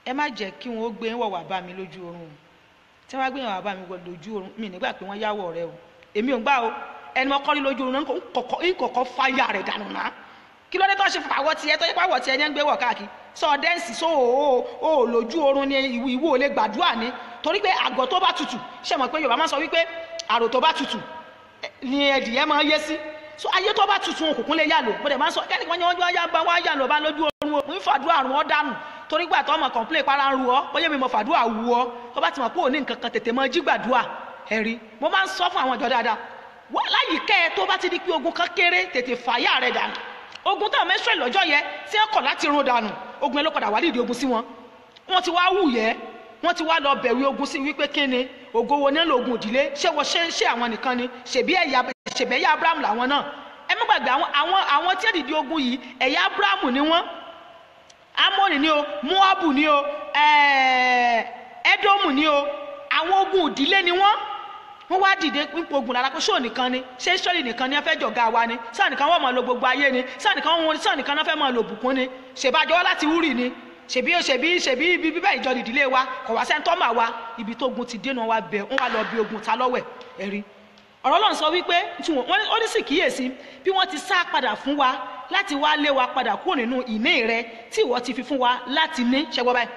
ẹ má jẹ́ kí wọ́n gbé wọ̀ wá bá mi lójú oorun o tí wọ́n bá gbé wọ̀ wá bá mi lójú oorun mi nígbà pé wọ́n yáwọ̀ rẹ o èmi ò gbà o ẹni wọ́n kọ́ ní lójú oorun náà ń kọ̀kọ́ fáyà rẹ̀ dànù náà kí ló dé tó ṣe fàwọ́ tiẹ̀ tó yẹ pàwọ́ tiẹ̀ ní ń gbé wọ̀ káàkiri sọ dẹ́ǹsì sọ ò lójú oorun ni ìwọ lè gbàdúrà ni torí pé àgọ́ tó bá tutù ṣe mọ̀ pé Yorùbá máa sọ wípé àrò tó bá tutù ni ẹ̀dìyẹ máa yé sí so ayé tó bá tuntun òkùnkùn lè yà lò mo dẹ̀ máa ń sọ kẹ́ni kan yẹn wọ́n yá bá wá yà lọ bá lójú oorun òkùn ń fàdúrà àrùn ọ́ dànù torí gbà tó ọmọ kọ̀ǹpilẹ̀ para ń ru ọ bóyá mi mọ̀ fàdúrà wù ọ tó bá ti mọ̀ pé òní nǹkan kan tètè mọ jí gbàdúrà ẹ̀rí mo máa ń sọ fún àwọn ìjọ dáadáa wọ́n láyìíkẹ́ ẹ tó bá ti di pé ogun kan kéré tètè fàyà rẹ̀ dànù ogun táwọn mẹ́sọ̀ lọ́jọ́ yẹ tí wọ́n kọ̀ láti run dànù ogun ẹ ló padà wà lídìí ogun sí wọn wọ́n ti wá wù yẹ wọ́n ti wá lọ bẹ̀rù ogun sí wípé kí ni ògo wo nílò ogun ìdílé ṣé wọ́n ṣe ń ṣe àwọn nìkan ni ṣèbí ẹ̀yà ṣèbẹ́yà abrahamu làwọn náà ẹ má gbàgbé àwọn àwọn àwọn tí èdìdì ogun yìí ẹ̀yà abrahamu ni wọ́n amóni ni o moabu ni o ẹ̀ẹ́dọ́mù eh, ni o àwọn ogun òdílé ni wọ́n wọ́n wá dìde nípa ogun lára pé ṣóò nìkan ni ṣé sọ́ọ̀lì nìkan ni ẹ fẹ́ jọ̀gá wa ni sáà nìkan wọ́n máa lo gbogbo ayé ni sáà nìkan wọ́n sáà nìkan náà fẹ́ máa lo òbùkún ni ṣèbájọ́ láti wúrì ni ṣèbí ṣèbí ṣèbí ibi bíbẹ̀ ìjọ ìdílé wa kọ̀wá sẹ́ńtọ́mà wa ibi tó ogun ti dénú wa bẹ̀ wọ́n wá lọ bí ogun ta lọ́wẹ̀ ẹ̀rí ọ̀rọ̀ Ọlọ́run sọ wípé ó ní sì kíyèsí bí wọ́n ti sá padà fún wa láti wá lé wa padà kúrò nínú ìní rẹ tí ìwọ ti fi fún wa láti ní ṣẹgbọ́n báyìí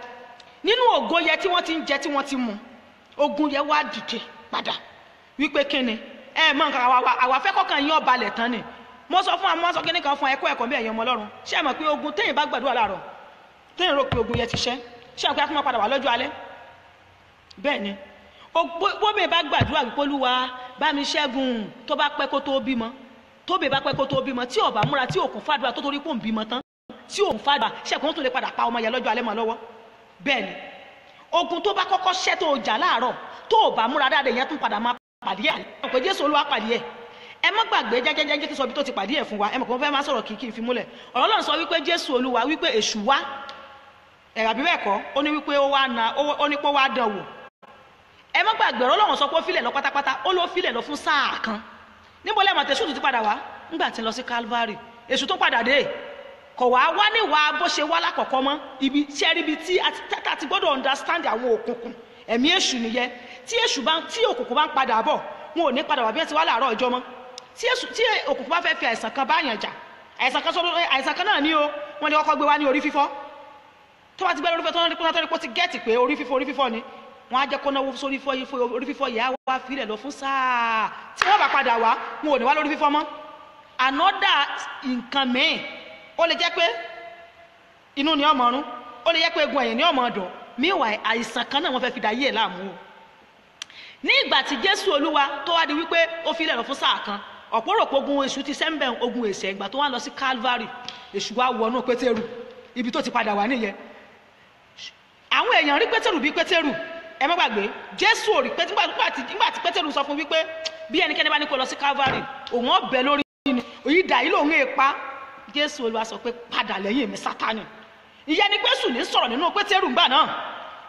nínú ògo yẹ tí wọ́n ti ń jẹ tí wọ́n ti mu ogun yẹ wá dìde padà wípé kíni ẹ mọ nǹkan àwa àwa fẹ́ kọ́kàn yín ọba lẹ̀ tán ni mo sọ fún amọ́ sọ kíní kan fún ẹ̀kọ́ ẹ̀kọ́ bí ẹ̀yin ọmọ Ọlọ́run ṣé ẹ mọ̀ pé ogun téèyàn bá gbàdúrà láàárọ̀ téèyàn rò pé ogun yẹ ti ṣẹ́ ṣé ẹ pé a tún máa padà wá lọ́jọ́ alẹ́ bẹ́ẹ̀ ni bóbè bá gbàdúrà wípé olúwa bá mi ṣẹ́gun tó bá pẹ́ kó tó bímọ tóbè bá pẹ́ kó tó bímọ tí ó bá múra tí òkun fàdúrà tó torí pò ń bímọ tán tí òun fàdúrà ṣẹ́gun tó lè padà pa ọmọ yẹn lọ́jọ́ alẹ́ mọ́ lọ́wọ́ bẹ́ẹ̀ ni ogun tó bá kọ́kọ́ ṣẹ́ tó jà láàárọ̀ tó o bá múra dáadáa yẹn tún padà máa pàdé ẹ̀ àpè jésù olúwa pàdé ẹ̀ ẹ má gbàgbé jẹ́jẹ́jẹ́ kí sọ ibi tó ti pàdé ẹ̀ fún wa ẹ mọ̀ kí wọ́n fẹ́ máa sọ̀rọ̀ kí kí n fi múlẹ̀ ọ̀rọ̀ Ọlọ́run sọ wípé jésù olúwa wípé èṣù wá ẹ̀rọ àbí bẹ́ẹ̀ kọ́ ó ní wípé ó ó wá dán wò ẹ má gbàgbé ọ̀rọ̀ lọ́wọ́n sọ pé ó filẹ̀ lọ pátápátá ó ló filẹ̀ lọ fún sáà kan níbo lẹ́mọ̀ tẹ̀sùn tó ti padà wá ńgbà tí ń lọ sí Calvary èṣù tó padà dé kò wá wá níwàá bó ṣe wá lákọ̀ọ́kọ́ mọ́ ibi tí ẹ rí tí a ti gbọ́dọ̀ understand àwọn òkùnkùn ẹ̀mí èṣù nìyẹn tí èṣù bá tí òkùnkùn bá ń padà bọ̀ wọn ò ní padà wá bí ẹ ti wá láàárọ̀ ọjọ́ mọ́ tí òkùnkùn bá fẹ́ fi àìsàn kan báyàn jà àìsàn kan sọ́dọ̀ àìsàn kan náà ni o wọ́n ní kọ́kọ́ gbé wá ní orí fífọ́ tó bá ti gbẹ́ lórí fífọ́ tó ń rí pé ó ti gẹ́ẹ̀tì pé orí fífọ́ orí fífọ́ ni wọn á jẹ́ kó náwó sórí fífọ́ orí fífọ́ yìí á wá filẹ̀ lọ fún sáà tí wọ́n bá padà wá wọn ò ní wá lórí fífọ́ mọ́ ànọ́dà nǹkan mẹ́ẹ̀ ó lè jẹ́ pé inú ni ọmọ ọrún ó lè jẹ́ pé egun ẹ̀yìn ni ọmọ ọdọ̀ míwà àìsàn kan náà wọ́n fẹ́ fi dá yé ẹ̀ láàmú o ní ìgbà tí Jésù Olúwa tó wá di wípé ó filẹ̀ lọ fún sáà kan ọ̀pọ̀rọ̀pọ̀ ogun èṣù ti sẹ́ńbẹ̀ ogun èṣẹ̀ ìgbà tó wá lọ sí Calvary èṣù wa wọnú Pétérù ibi tó ti padà wá nìyẹn àwọn èèyàn rí Pétérù bí Pétérù ẹ má gbàgbé jésù ò rí pé nígbà tí pétérù sọ fún wípé bí ẹnikẹ́ni bá ní kó lọ sí calvary òun ọ̀bẹ lórí ni òyì dà yìí lòun èèpa jésù olúwa sọ pé padà lẹ́yìn mi sátánì ìyẹn ni pé sùn ní sọ̀rọ̀ nínú pétérù ńgbà náà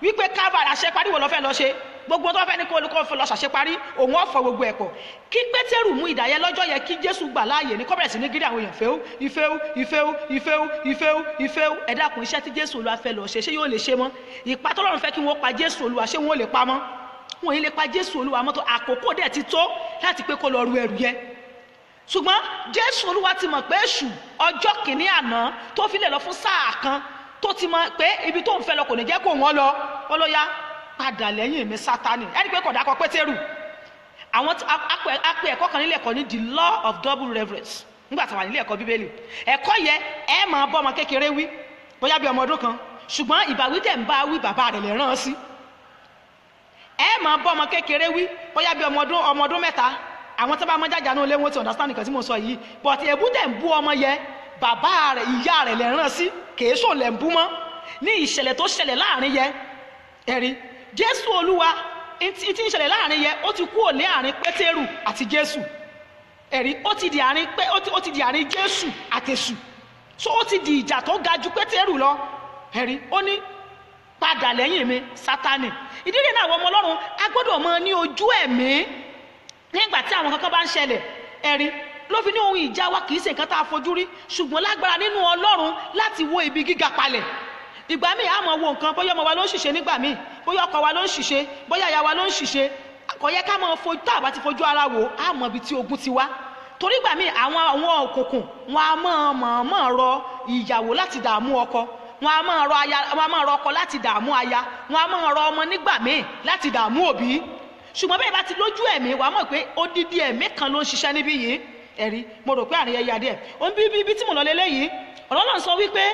wípé calvary àṣẹ pariwo lọ fẹ́ lọ ṣe gbogbo tó fẹ́ ní kó olùkọ́ fún lọ́sàṣẹ parí òun ọ̀fọ̀ gbogbo ẹ̀pọ̀ kí pétérù mú ìdáyẹ lọ́jọ́ yẹ kí jésù gbà láàyè ní kọ́bẹ̀rẹ̀ sí ní gírí àwọn èèyàn fẹ́ú ìfẹ́ú ìfẹ́ú ìfẹ́ú ìfẹ́ú ìfẹ́ú ẹ̀dá kùn iṣẹ́ tí jésù olúwa fẹ́ lọ ṣe ṣé yóò lè ṣe mọ́ ìpa tọ́lọ́run fẹ́ kí wọ́n pa jésù olúwa ṣé wọ́n lè pa mọ́ wọ́n yìí lè pa jésù olúwa mọ́tò àkókò dẹ̀ ti tó láti pé kó lọ ru ẹrù yẹn ṣùgbọ́n jésù olúwa ti mọ̀ pé èṣù ọjọ́ kìíní àná tó fi lè lọ fún sáà kan tó ti mọ̀ pé ibi tó ń fẹ́ lọ kò ní jẹ́ kó wọ́n lọ ó ló yá padà lẹ́yìn mi sátani ẹni pé kọ̀dà kọ pétérù àwọn apẹ ẹ̀kọ́ kan nílé ẹ̀kọ́ ní the law of double reverence nígbà táwọn nílé ẹ̀kọ́ bíbélì ẹ̀kọ́ yẹ ẹ máa bọ́ ọmọ kékeré wí bóyá bí ọmọ ọdún kan ṣùgbọ́n ìbáwí tẹ̀ ń bá wí bàbá rẹ̀ lè rán an sí ẹ máa bọ́ ọmọ kékeré wí bóyá bí ọmọ ọdún mẹ́ta àwọn tó bá mọ jájà náà lé wọn ti understand nǹkan tí mo sọ yìí but èbú tẹ̀ ń bú ọmọ yẹ bàbá rẹ̀ ìyá rẹ̀ lè rán an sí kèésò lẹ̀ ń bú mọ́ ní ìṣẹ̀lẹ̀ tó ṣẹlẹ̀ láàrin yẹ ẹ̀rí jésù olúwa ti ń ṣẹlẹ̀ láàrin yẹn ó ti kú òní àárín pétérù àti jésù ẹ̀rí ó ti di àárín pé ó ti di àárín jésù àtẹ̀sù so ó ti di ìjà tó ga ju pétérù lọ ẹ̀rí ó ní padà lẹ́yìn mi sátani ìdílé náà àwọn ọmọ ọlọ́run a gbọ́dọ̀ mọ ní ojú ẹ̀mí nígbà tí àwọn kankan bá ń ṣẹlẹ̀ ẹ̀rí ló fi ní ohun ìjà wa kì í ṣe nǹkan tá a fojú rí ṣùgbọ́n lágbára nínú ọlọ́run láti wo ibi gíga palẹ̀ ìgbà míì àmọ́ wo nǹkan bóyá ọmọ wa ló ń ṣìṣe nígbà míì bóyá ọkọ wa ló ń ṣìṣe bóyá ìyá wa ló ń ṣìṣe kò yẹ ká máa fojú tá a bá ti fojú ara wò á mọ ibi tí ogun ti wá torí gbà míì àwọn àwọn òkùnkùn wọn a máa mọ̀ọ́mọ̀ rọ ìyàwó láti dààmú ọkọ wọn a máa rọ aya wọn a máa rọ ọkọ láti dààmú aya wọn a máa rọ ọmọ nígbà míì láti dààmú òbí ṣùgbọ́n bẹ́ẹ̀ bá ti lójú ẹ̀mí wàá mọ̀ pé odidi ẹ̀mí kan ló ń ṣiṣẹ́ níbí yìí ẹ̀rí mo rò pé àríyá yá díẹ̀ òun bí bí tí mo lọ lélẹ́yìí ọ̀rọ̀ náà sọ wípé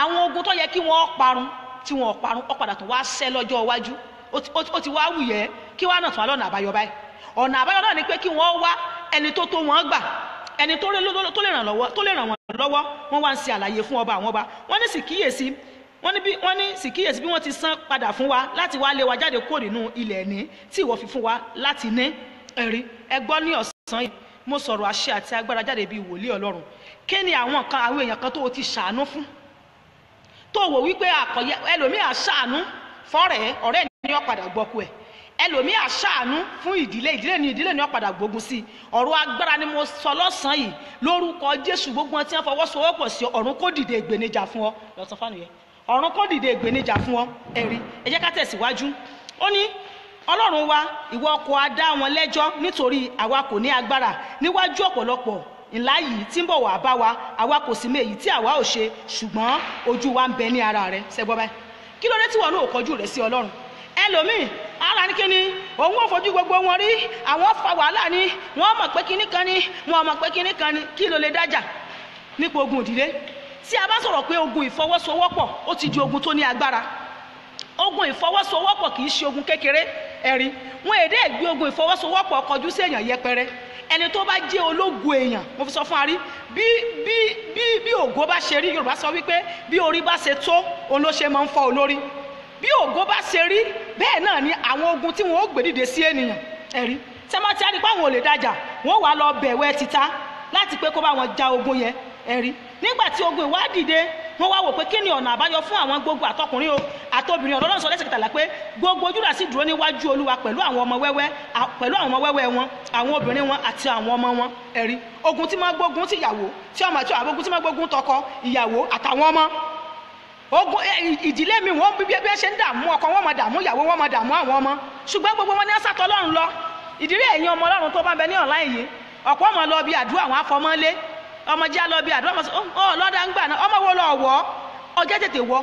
àwọn ogun tó yẹ kí wọ́n parun tí wọn parun ó padà tún wá sẹ́ lọ́jọ́ iwájú ó ti wá wùyẹ́ kí wọ́n á nà tún alọ́nà àbáyọ báyìí ọ̀nà àbáyọ náà ni pé kí wọ́n wá ẹni tó tó wọn gbà ẹni tó lè ràn wọ́n lọ́wọ́ wọ́n wá ń ṣe àlàyé fún ọba àwọn ọba wọ́n ní sì kíyèsí wọ́n ní bí wọ́n ní sì kíyèsí bí wọ́n ti san padà fún wa láti wá lé wa jáde kúrò nínú ilẹ̀ ẹ̀ní tí ìwọ fi fún wa láti ní ẹ̀rí ẹ gbọ́ ní ọ̀sán mo sọ̀rọ̀ àṣẹ àti agbára jáde bíi wòlíì ọlọ́run kí ni àwọn kan àwọn èèyàn kan tó o ti ṣàánú fún tó wò wípé àkọyẹ ẹlòmíì àṣàánú fọ́rẹ̀ ọ̀rẹ́ ni ó padà gbọ́kú ẹ̀ ẹlòmíì àṣàánú fún ìdílé ìdílé ni ìdílé ni ó padà gbógun sí ọ̀rọ̀ agbára ni mo sọ lọ́sàn-án yìí lórúkọ Jésù gbogbo wọn tí wọ́n fọwọ́sowọ́pọ̀ sí ọ̀run kó dìde ìgbénijà fún ọ lọ́sàn fáànù yẹn ọ̀run kó dìde ìgbénijà fún ọ ẹ̀rí ẹ ká tẹ̀síwájú ó ní Ọlọ́run wa ìwọ kò á dá wọn lẹ́jọ́ nítorí àwa kò ní agbára níwájú ọ̀pọ̀lọpọ̀ ńlá yìí tí ń bọ̀ wá bá wa àwa kò sí méyì tí àwa ò ṣe ṣùgbọ́n ojú wa ń bẹ ní ara rẹ ṣẹgbọ́n báyìí kí ló dé tí wọn náà kọjú rẹ sí ọlọ́run ẹlòmíì ara ní kíni òun ò fojú gbogbo wọn rí àwọn fa wàhálà ni wọn mọ̀ pé kíní kan ni wọn mọ̀ pé kíní kan ni kí ló lè dájà nípa ogun ìdílé tí a bá sọ̀rọ̀ pé ogun ìfọwọ́sowọ́pọ̀ ó ti di ogun tó ní agbára ogun ìfọwọ́sowọ́pọ̀ kì í ṣe ogun kékeré ẹ̀rí wọn èdè ìgbé ogun ìfọwọ́sowọ́pọ̀ kọjú sí èèyàn yẹpẹrẹ ẹni tó bá jẹ́ ológo èèyàn mo fi sọ fún arí bí bí bí bí ògo bá ṣe rí yorùbá sọ wípé bí orí bá ṣe tó òun ló ṣe máa ń fọ́ olórí bí ògo bá ṣe rí bẹ́ẹ̀ náà ni àwọn ogun tí wọ́n ó gbé dìde sí ènìyàn ẹ̀rí tẹ́mọ́tí á rí pé àwọn ò lè dájà wọ́n wàá lọ bẹ̀wẹ̀ títa láti pé kó bá wọn ja ogun yẹn ẹ̀rí nígbà tí ogun ìwà dìde wọ́n wá wò pé kí ni ọ̀nà àbáyọ fún àwọn gbogbo àtọkùnrin o àtobìnrin ọ̀rọ̀ lọ́sọ̀ lẹ́sẹ̀ kẹtàlá pé gbogbo Júdà sì dúró níwájú olúwa pẹ̀lú àwọn ọmọ wẹ́wẹ́ pẹ̀lú àwọn ọmọ wẹ́wẹ́ wọn àwọn obìnrin wọn àti àwọn ọmọ wọn ẹ̀rí ogun tí máa gbógun ti ìyàwó tí ọmọ àti àwọn ogun tí máa gbógun tọkọ ìyàwó àtàwọn ọmọ ogun ìdílé mi wọn bí bí ẹ ṣe ń dààmú ọkọ wọn máa dààmú ìyàwó wọn máa dààmú àwọn ọmọ ṣùgbọ́n gbogbo wọn ní sàtọ́ Ọlọ́run lọ ìdílé ẹ̀yin ọmọ Ọlọ́run tó bá ń bẹ ní ọ̀la yìí ọ̀pọ̀ ọmọ lọ bí àdúrà àwọn afọmọ́lé ọmọ jẹ́ lọ bí àdúrà ọmọ sọ ọ oh, oh, lọ́dà ń gbà náà ọmọ wo lọ wọ́ ọjọ́ tètè wọ́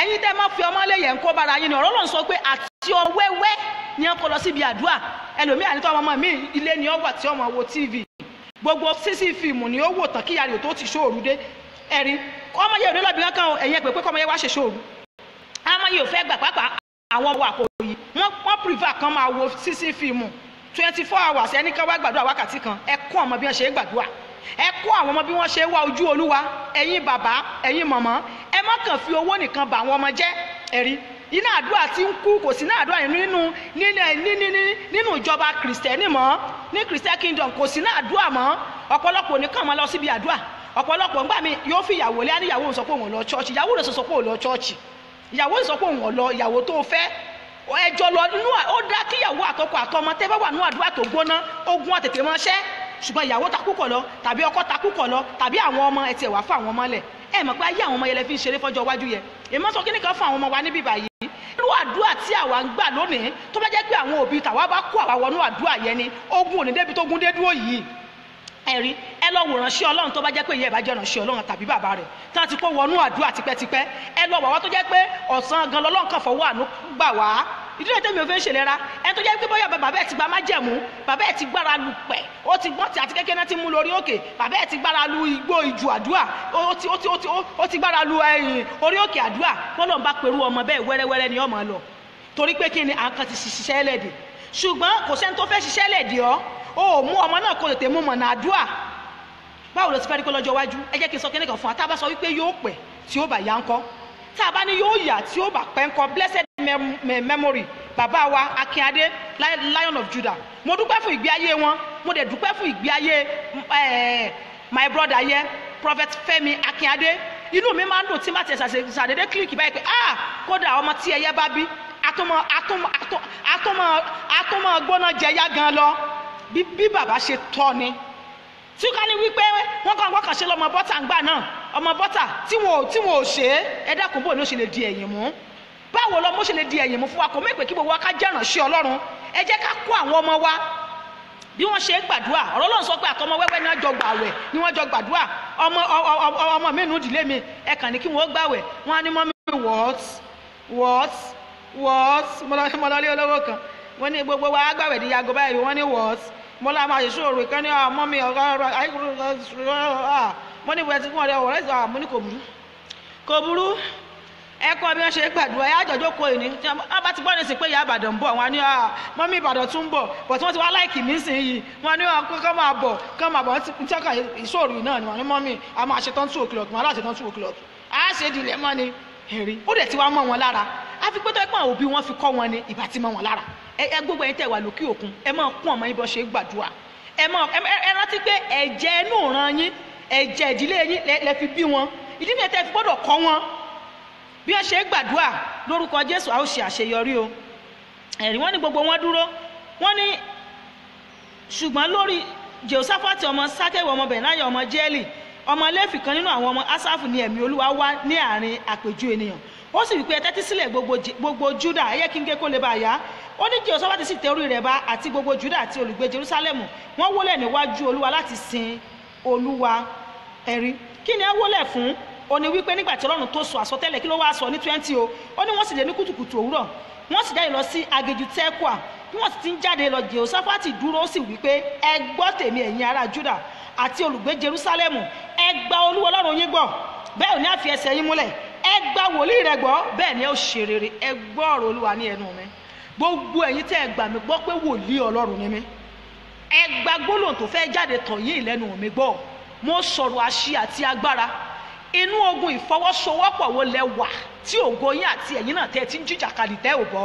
ẹ̀yin tẹ́ máa fi ọmọ léyẹ̀ ń kó bára yín ni ọ̀rọ̀ lọ́n sọ pé àti ọwẹ́wẹ́ ni ẹ kó lọ síbi àdúrà ẹlòmíà ní tọ́ ọmọ mi ilé ni ọ wà tí ọmọ wo tv gbogbo sísì fíìmù ni ó wò tán kí yàrá tó ti ṣóòru dé ẹ̀rí ọmọ yẹn ò ní lọ́bìnrin kan ẹ̀yin ẹ̀pẹ̀ pé kọ́mọ yẹn wá ṣe ṣóòru ọmọ yẹn ò fẹ́ gbà pàápàá àwọn ọwọ́ àkòrò yìí wọ́n prefer kan máa wo sísì fíìmù twenty four hours ẹnìkan wá gbàdúrà wákàtí kan ẹ kọ́ ọmọ bí wọ́n ṣe é gbàdúrà ẹ kó àwọn ọmọ bí wọ́n ṣe wá ojú olúwa ẹ̀yin bàbá ẹ̀yin mọ̀mọ́ ẹ má kàn fi owó nìkan bà àwọn ọmọ jẹ́ ẹ̀rí iná àdúrà tí ń kú kò sí iná àdúrà nínú nínú ìjọba kìrìsìtẹ́nì mọ́ ní kìrìsìtẹ́ kingdom kò sí iná àdúrà mọ́ ọ̀pọ̀lọpọ̀ nìkan máa lọ síbi àdúrà ọ̀pọ̀lọpọ̀ ńgbà mi yóò fi ìyàwó lé àníyàwó sọ pé òun lọ chọ́ọ̀chì ìyàwó rẹ̀ sọ pé òun lọ chọ́ọ̀chì ìyàwó sọ pé òun lọ ìyàwó tó fẹ́ ẹjọ́ lọ ó dá kíyàwó àtọkọ àtọmọ tẹ́fẹ́ wà nínú àdúrà tó gbóná ogun àtètè mọ́ṣẹ́ ṣùgbọ́n ìyàwó takú kọ̀ lọ tàbí ọkọ takú kọ̀ lọ tàbí àwọn ọmọ ẹ tiẹ̀ wá fún àwọn ọmọ lẹ̀ ẹ mọ̀ pé ayé àwọn ọmọ yẹn lẹ fi ń ṣeré fọjọ́ iwájú yẹ èmi sọ kíní kan fún àwọn ọmọ wa níbí báyìí irú àdúrà tí àwa ń gbà lónìí tó bá jẹ́ pé àwọn òbí tàwa bá kó àwa wọnú àdúrà yẹn ni ogun òní débi tó gún dé dúró yìí ẹ̀rí ẹ lọ wò ránṣẹ́ ọlọ́run tó bá jẹ́ pé ìyá ìbá jẹ́ ránṣẹ́ ọlọ́run tàbí bàbá rẹ̀ tí wọ́n ti kó wọnú àdúrà tipẹ́tipẹ́ ẹ lọ wà wá tó jẹ́ pé ọ̀sán gan lọ́lọ́run kan fọwọ́ àánú gbà wá ìdí náà tẹ́mi ò fẹ́ ṣèlera ẹni tó jẹ́ pé bóyá bàbá ẹ̀ ti gba májẹ̀mú bàbá ẹ̀ ti gbára lu pẹ̀ ó ti gbọ́n ti àti kékeré náà ti mú lórí òkè bàbá ẹ̀ ti gbára lu igbó ìjù àdúrà ó ti ó ti ó ti ó ti gbára lu ẹ̀yìn eh, orí òkè àdúrà wọ́n lọ́n bá perú ọmọ bẹ́ẹ̀ wẹ́rẹ́wẹ́rẹ́ ni ọmọ lọ torí pé kí ni àǹkan ti ṣiṣẹ́ lẹ̀dẹ̀ ṣùgbọ́n kò sẹ́ni tó fẹ́ ṣiṣẹ́ lẹ̀dẹ̀ ọ́ ó mú ọmọ náà kó tètè mú mọ̀nà àdúrà báwo ló ti fẹ́ rí pé lọ́jọ́ iwájú ẹ jẹ́ kí n sọ kíní kan fún wa tá a bá sọ wípé tá a bá ní yóò yà tí ó bá pẹ́ ń kọ blessed memory bàbá wa akínadé lion of judah mo dúpẹ́ fún ìgbé ayé wọn mo dẹ̀ dúpẹ́ fún ìgbé ayé eh, my brother yẹ prophet fẹ́mi akínadé inú mi máa ń dùn tí má tiẹ̀ ṣàdédé kílíkì báyìí pé ah kódà ọmọ tí ẹyẹ bá bí atúmọ̀ atúmọ̀ atúmọ̀ atúmọ̀ gbóná jẹyà gan lọ bí bàbá ṣe tọ́ ni tí ká ní wípé wọn kàn wọn kàn ṣe lọmọ bọ́tà ńgbà náà ọmọ bọ́tà tí wọn ò tí wọn ò ṣe é ẹ dákun bò ló ṣe lè di ẹ̀yìn mú báwo lọmọ ṣe lè di ẹ̀yìn mú fún wa kò mọ̀ èpè kí gbogbo wa ká jẹ́ ìrànṣẹ́ Ọlọ́run ẹ jẹ́ ká kó àwọn ọmọ wa bí wọ́n ṣe ń gbàdúrà ọ̀rọ̀ lọ́n sọ pé àtọmọ wẹ́wẹ́ ni wọ́n jọ gbàwẹ̀ ni wọ́n jọ gbàdúrà ọmọ ọmọ mi nù ìdílé mi ẹ kàn ní kí wọ́n gbàwẹ̀ wọ́n á ní mọ́ mi wọ́t wọ́t wọ́t mọ́lọ́lé olówó kan wọ́n ní gbogbo wa gbàwẹ̀ di yago báyìí wọ́n ní wọ́t mo la máa ṣèṣù òru ìkànnì ọmọ ah, mi ọ̀rọ̀ ọ̀rọ̀ àìkúrò ọ̀rọ̀ mo ní ìwé tí fún ọ̀rẹ́ ọ̀rẹ́ ìgbà mo ní kò burú kò burú ẹ kọ́ bí wọ́n ṣe gbàdúrà ẹ àjọjọ́ kọ ìní tí wọ́n bá ti gbọ́ nísìnyí pé ìyá Ìbàdàn ń bọ̀ wọ́n ní ah, mọ́ mi Ìbàdàn tún ń bọ̀ bọ̀ tí wọ́n ti wá láìkì mí sìn yìí wọ́n ní ah, kọ́ máa bọ̀ kọ́ máa bọ̀ wọ́n ti ọkà ìṣòro náà ni wọ́n ní mọ́ mi a máa ṣe tán two o'clock màá láti tán two o'clock a ṣe dìlẹ̀ mọ́ ni ẹ̀rí ó dẹ̀ ti wá mọ́ wọn lára àfi pé tó ẹ̀pọ̀n òbí wọn fi kọ́ wọn ni ìbá ti mọ́ wọn lára ẹ gbogbo ẹ̀yin tẹ́ wà lókè òkun ẹ máa kún ọmọ yín bó ṣe gbàdúrà ẹ máa ẹ rántí pé ẹ̀jẹ̀ inú ran yín ẹ̀jẹ̀ ìdílé yín lẹ fi bí wọn ìdí nìyẹn tẹ́ fi gbọ́dọ̀ kọ́ wọn bí wọ́n ṣe gbàdúrà lórúkọ Jésù a ó ṣe àṣeyọrí o ẹ̀rí wọ́n ní gbogbo wọn dúró wọ́n ní ṣùgbọ́n lórí Jehoshaphati ọmọ Sakewu ọmọ Benaya ọmọ Jeli ọmọ Léfì kan nínú àwọn ọmọ Asafu ni ẹ̀mí Olúwa wá ní àárín àpèjú ènìyàn ó sì wípé ẹ tẹ́tí sílẹ̀ gbogbo Júdà ẹ kí n gé kó lè bá a yá ó ní jehoshaphati sì tẹ orí rẹ̀ àti gbogbo juda àti olùgbé jerusalem wọ́n wólẹ̀ níwájú olúwa láti sin olúwa ẹ̀rí kí ni ẹ wólẹ̀ fún ó ní wípé nígbà tí ọlọ́run tó sọ àsọtẹ́lẹ̀ kí ló wá sọ ní twenty o ó ní wọ́n sì dé ní kùtùkùtù òwúrọ̀ wọ́n sì jáde lọ sí aginjù tẹ́kùà bí wọ́n sì ti ń jáde lọ jehoshaphati dúró sì wípé ẹ gbọ́ tèmi ẹ̀yin ará juda àti olùgbé jerusalem ẹ gba olúwa ọlọ́run yín gbọ́ bẹ́ẹ̀ ò ní àfi ẹsẹ̀ yín múlẹ̀ ẹ ni ẹ gbogbo ẹ̀yin tẹ́ ẹ gbà mí gbọ́ pé wòlíì ọlọ́run ni mí ẹ gba gbólóhùn tó fẹ́ jáde tọ̀ yín lẹ́nu mi gbọ́ mo sọ̀rọ̀ àṣì àti agbára inú ogun ìfọwọ́sowọ́pọ̀ wo lẹ wà tí ògo yín àti ẹ̀yin náà tẹ́ ẹ ti ń jìjàkadì tẹ́ ò bọ́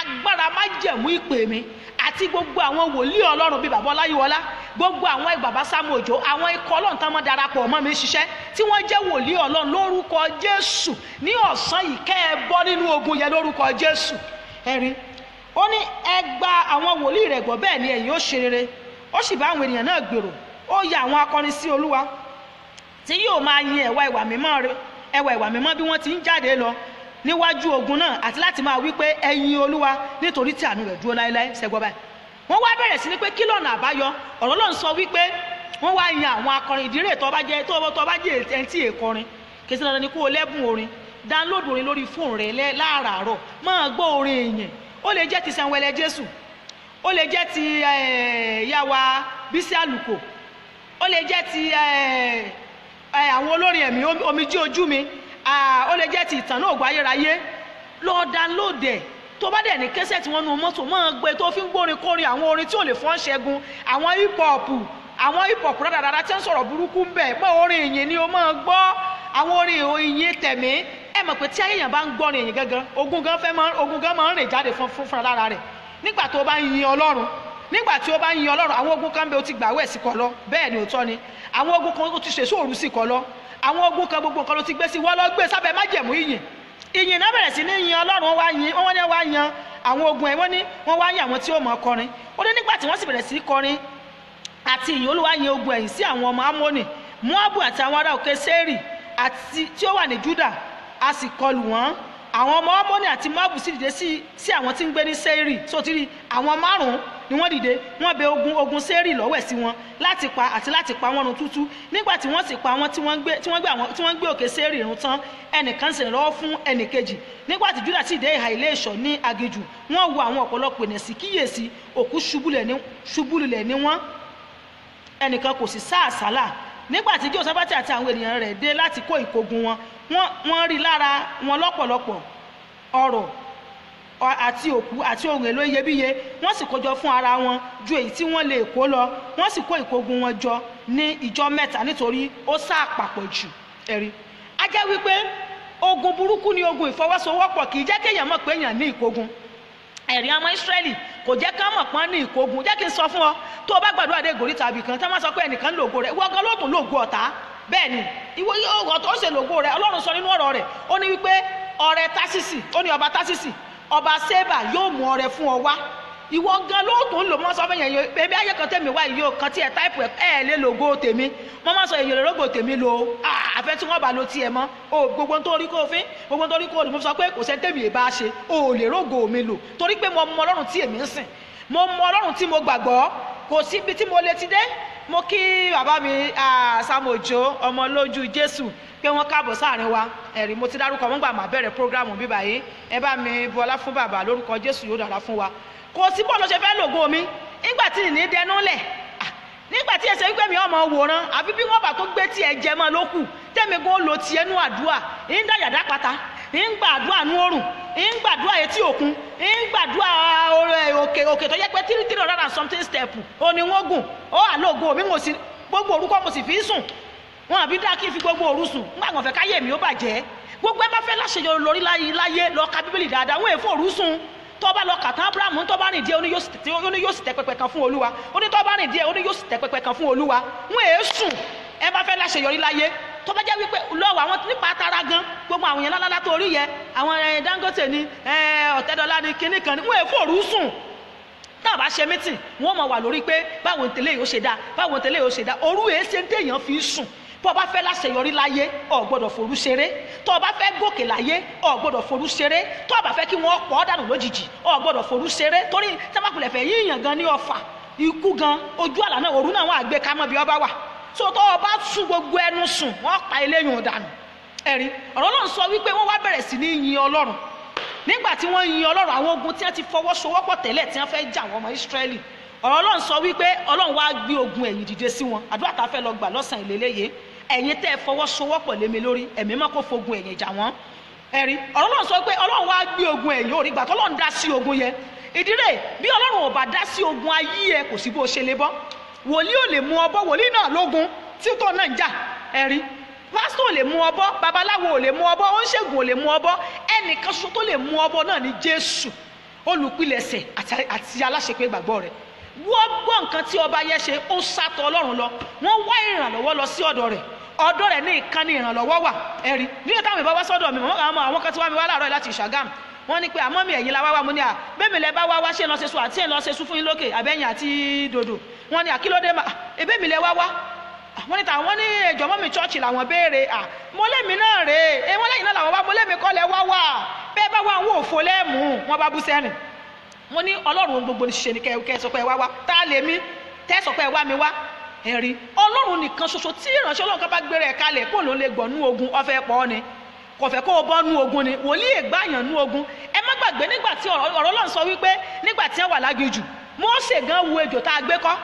agbára má jẹ̀mú ìpè mi àti gbogbo àwọn wòlíì ọlọ́run bíi bàbá ọláyíwọlá gbogbo àwọn bàbá sámú òjò àwọn ikọ̀ ọlọ́run tán mọ́ darapọ̀ mọ́ mi ṣiṣẹ́ tí wọ́n jẹ́ wòlíì ọlọ́run lórúkọ jésù ní ọ̀sán yìí kẹ́ ẹ bọ́ nínú ogun yẹn lórúkọ jésù ẹ̀rín ó ní ẹ gba àwọn wòlíì rẹ̀ gbọ́ bẹ́ẹ̀ ni ẹ̀yin ó ṣe rere ó sì bá àwọn ènìyàn náà gbèrò ó ya àwọn akọrin sí olúwa tí yóò máa yin ẹ̀wà ìwà mímọ́ rẹ̀ ẹ̀wà ìwà mímọ́ bí wọ́n ti ń jáde lọ níwájú ogun náà àti láti máa wí pé ẹ yin olúwa nítorí tí àánú rẹ̀ dúró láéláé ṣẹgbọ́ báyìí wọ́n wá bẹ̀rẹ̀ sí ni pé kí lọ́nà àbáyọ ọ̀rọ̀ ló ń sọ wípé wọ́n wá yin àwọn akọrin ìdírè tó bá jẹ́ tó bá jẹ́ ẹni tí èkọrin kì í sí dandan ni kó o lẹ́bùn orin download orin lórí fóònù rẹ láàárọ̀ máa gbọ́ orin èèyàn ó lè jẹ́ ti sanwó-ẹlẹ jésù ó lè jẹ́ ti eh, yàwá bísí àlùkò ó lè jẹ́ ti eh, eh, àwọn olórin ẹ̀mí omijé ojú mi ah, ó lè jẹ́ ti ìtànà ògùn ayérayé lọ download ẹ̀ tó bá dẹ̀ ní kẹ́sẹ̀ tí wọ́n nu mọ́tò máa gbé e tó fi ń gbórin kórin àwọn orin tí ò lè fọ́n ṣẹ́gun àwọn hip hop àwọn hip hop rárá rárá tí ń sọ̀rọ̀ burúkú ń bẹ̀ mọ́ orin ìyìn ni o máa gbọ́ àwọn orin ìyìn tẹ̀mí ẹ mọ̀ pé tí ayéyàn bá ń gbọ́rin èyàn gangan ogun gan fẹ́ mọ́ ogun gan máa ń rìn jáde fún fún fúnra lára rẹ̀ nígbà tó o bá ń yin ọlọ́run nígbà tí o bá ń yin ọlọ́run àwọn ogun kan bẹ o ti gbà wẹ̀ sí kọ lọ bẹ́ẹ̀ ni òótọ́ ni àwọn ogun kan o ti ṣèṣó òru sí kọ lọ àwọn ogun kan gbogbo nǹkan ló ti gbé sí wọ́n lọ gbé sábẹ́ májẹ̀mú ìyìn ìyìn náà bẹ̀rẹ̀ sí ní yin ọlọ́run wá yin wọ́n ní wá yan àwọn ogun ẹ̀ wọ́n ní wọ́n wá yin àwọn tí ó mọ̀ kọrin ó ní nígbà tí wọ́n sì bẹ̀rẹ̀ sí kọrin àti ìyìn olúwa yin ogun ẹ̀yìn sí àwọn ọmọ amóni moabu àti àwọn ará òkè sẹ́ẹ̀rì àti tí ó wà ní juda a sì kọlù wọ́n àwọn ọmọ ọmọnì àti moabu sì dìde sí àwọn tí ń gbé ní sẹ́ẹ̀rì sotiri àwọn márùn-ún ni wọ́n dìde wọ́n bẹ ogun ogun sẹ́ẹ̀rì lọ́wẹ̀ sí wọn láti pa àti láti pa wọn run tútú nígbà tí wọ́n sì pa wọn tí wọ́n gbé tí wọ́n gbé òkè sẹ́ẹ̀rì run tán ẹnìkan sì lọ́wọ́ fún ẹnìkejì nígbà tí juda sì dé ìhà ilé ìṣọ́ ní aginjù wọ́n wo àwọn ọ̀pọ̀lọpọ̀ ènìyàn sí kíyèsí òkú ṣubúlulẹ̀ ni wọ́n ẹnìkan kò sì sá àsálà nígbà tí Jósáfátì àti àwọn ènìyàn rẹ̀ dé láti kó ìkógun wọn wọ́n rí lára wọn lọ́pọ̀lọpọ̀ ọ̀rọ̀ àti òkú àti ohun èlò iyebíye wọ́n sì kójọ fún ara wọn ju èyí tí wọ́n lè kó lọ wọ́n sì kó ìkógun wọn jọ ní ìjọ mẹ́ta nítorí ó sáà papọ̀ jù ẹ̀rí a jẹ́ wípé ogun burúkú ni ogun ìfọwọ́sowọ́pọ̀ kì í jẹ́ kéèyàn mọ̀ pé èèyàn ní ìkógun ẹ̀rí ọmọ ìsírẹ́lì kò jẹ́ ká mọ̀ pọ́n ní ìkógun jẹ́ kí n sọ fún ọ tó o bá gbàdúrà dé gòrí tàbí kan tí wọ́n sọ pé ẹnìkan lògo rẹ̀ wọ́gán lóògùn lògo ọ̀tá bẹ́ẹ̀ ni ìwọ ọ̀rọ̀ tó ṣe lògo rẹ̀ ọlọ́run sọ nínú ọ̀rọ̀ rẹ̀ ó ní wípé ọrẹ tásìsì ó ní ọba tásìsì ọba sébà yóò mú ọrẹ fún ọ wá ìwọ gan ló tó ń lò mọ sọ fún yẹn yẹn ebi ayé kan tẹ̀mí wá yìí o kan tí ẹ táìpù ẹ ẹ lé lògo tèmi mo máa sọ èyàn lè rògbò tèmi lo ah, àfẹ tí wọn bá lo tiẹ̀ mọ́ o gbogbo tó rí kó fin gbogbo tó rí kó rí mo sọ pé kò sẹ́ńtẹ̀mì ìbá ṣe o lè rògbò mi lò torí pé mo mọ ọlọ́run tí èmi ń sìn mo mọ ọlọ́run tí mo gbàgbọ́ kò síbi tí mo lè ti dé mo kí bàbá mi Samuojo ọmọ lójú Jésù pé wọ́n káàbọ̀ sáàrin wa ẹ̀rí mo ti dárúkọ wọ́n gbà má bẹ̀rẹ̀ prógrámù bíbà yìí ẹ bá mi bọlá fún bàbá lórúkọ Jésù yóò dára fún wa kò sí bọ́ọ̀lù ṣe fẹ́ lògùn omi nígbà tí ìní dẹnu lẹ̀ nígbà tí ẹsẹ̀ wípé mi ọmọ wòran àbí bí wọ́n bá tó gbé tiẹ̀ jẹ mọ́ lókù tẹ́mi gan lo tiẹ̀ nú àdúrà ń dàyàdá pátá ń gbàdúrà nú òrùn ń gbàdúrà etí òkun ń gbàdúrà eh, òkè òkè tó yẹ pé three three hundred and something step ó ní wọ́n gùn ó àlóògùn mi mo sì gbogbo orúkọ mo sì fi sùn wọn àbí dá kí n fi gbogbo òru sùn nígbà wọn fẹ́ káyé mi ó bàjẹ́ gbogbo ẹ bá fẹ́ láṣeyọrọ lórí láyé lọ ka bíbélì dáadáa wọn èèfó òru sùn tó bá lọ kàtá abrahamu tó bá rìn díẹ̀ ó ní yóò sì tẹ́ pẹpẹ kan fún olúwa ó ní tó bá rìn díẹ̀ ó ní yóò sì tẹ́ pẹpẹ kan fún olúwa wọn èèsùn ẹ bá fẹ́ láṣeyọrí láyé tó bá jẹ́ wípé lọ́wọ́ àwọn nípa tara gan gbogbo àwọn yẹn lálálá tó rí yẹ àwọn eh, Dangote ni eh, Ọ̀tẹ́dọ́lá ni kinní kan ni wọ́n èèfò òru sùn tá a bá ṣe mítìn wọ́n mọ̀ wà lórí pé báwo tẹ̀lé yóò ṣe dá báwo tẹ̀lé yóò ṣe dá òru èé ṣe ń téèyàn fi sùn bó o bá fẹ́ láṣeyọrí láyé o gbọ́dọ̀ forú ṣeré tó o bá fẹ́ gòkè láyé o gbọ́dọ̀ forú ṣeré tó o bá fẹ́ kí wọ́n pọ̀ ọ́ dànù lójijì o gbọ́dọ̀ forú ṣeré torí sábàkùnlẹ̀fẹ̀ yíyàn gan ní ọfà ikú gan ojú àlà náà òru náà wọ́n àgbẹ̀ kámọ́ bí ọba wà so tó o bá tú gbogbo ẹnu sùn wọ́n pa eléyìí ọ̀dànù ẹ̀rí ọ̀rọ̀ náà sọ wípé wọ́n wá bẹ̀rẹ̀ sí ní yin ọlọ́run nígbà tí wọ́n yin ọlọ́run àwọn ogun tí wọ́n ti fọwọ́sowọ́pọ̀ tẹ́lẹ̀ tí wọ́n fẹ́ jà wọ́n ọmọ Ísírẹ́lì ọ̀rọ̀ ọlọ́run sọ wípé ọlọ́run wá gbé ogun ẹ̀yìn dìde sí wọn àdúrà tá a lọ gbà lọ́sàn-án ìlélẹ́yẹ ẹ̀yin tẹ́ ẹ fọwọ́sowọ́pọ̀ lémi lórí ẹ̀mí mọ́ kó fogun ẹ̀yìn jà wọ́n ẹ̀rí ọ̀rọ̀ náà sọ pé ọlọ́run wá gbé ogun ẹ̀yìn orí gbà tọ́lọ́run dá sí ogun yẹn ìdírè bí ọlọ́run ò bá dá sí ogun ayé ẹ kò sí bó ṣe lè bọ́ wòlíì ò lè mú ọbọ wòlíì náà lógun títọ náà ń jà ẹrí pásítọ̀ ò lè mú ọbọ babaláwo ò lè mú ọbọ oníṣègùn ò lè mú ọbọ ẹnìkan ṣoṣo tó lè mú ọbọ náà ni jésù olùpilẹ̀ṣẹ̀ àti aláṣepé gbàgbọ́ rẹ̀ wọ́n gbọ́ nǹkan tí ọba yẹn ṣe ó sátọ̀ ọlọ́run lọ wọ́n wá ìrànlọ́wọ́ lọ sí ọ̀dọ̀ rẹ̀ ọ̀dọ̀ rẹ̀ ní ìkànnì ìrànlọ́wọ́ wà ẹ̀rí nígbà táwọn ìbá wá sọ́dọ̀ mi mọ́ àwọn àwọn kan tí wọ́n mi wá láàárọ̀ láti ìṣàgàm wọ́n ní pé àmọ́ mi ẹ̀yin la wá wá mo ní à bẹ́ẹ̀ mi lẹ bá wá wá ṣe lọ́sẹ̀sù àti ẹ̀ lọ́sẹ̀sù fún yín lókè àbẹ́yìn àti dòdò wọ́n ní àkílódé ma ebe mi lẹ wá wá wọ́n ní tàwọn ní ẹjọ́ mọ́mí chọ́ọ̀chì làwọn béèrè à mo lémi náà rè é wọ́n lẹ́yìn náà làwọn wá mo lémi kọ́ lẹ wá wá bẹ́ẹ̀ bá wà wọ́n òfo lẹ́ẹ̀mú wọ́n bá bú sẹ́rìn wọ́n ní ọlọ́run gbogbo ní ṣiṣẹ́ ní kẹ́ẹ̀kẹ́ sọ pé ẹ wá wá tá a lè mí tẹ́ sọ pé ẹ wá mi wá ẹ̀rí ọlọ́run nìkan ṣoṣo tí ìránṣẹ́ ọlọ́run kan bá gbére ẹ̀ kalẹ̀ kó ló lè gbọ́ nú ogun ọ̀fẹ́ pọ̀ ni kò fẹ́ kó o bọ́ nú ogun ni wòlíì ègbàyàn nú ogun ẹ má gbàgbé nígbà tí ọ̀rọ̀ ọlọ́run sọ wípé nígbà tí ẹ wà lágbèjù Mósè gan wo ejò tá a gbé kọ́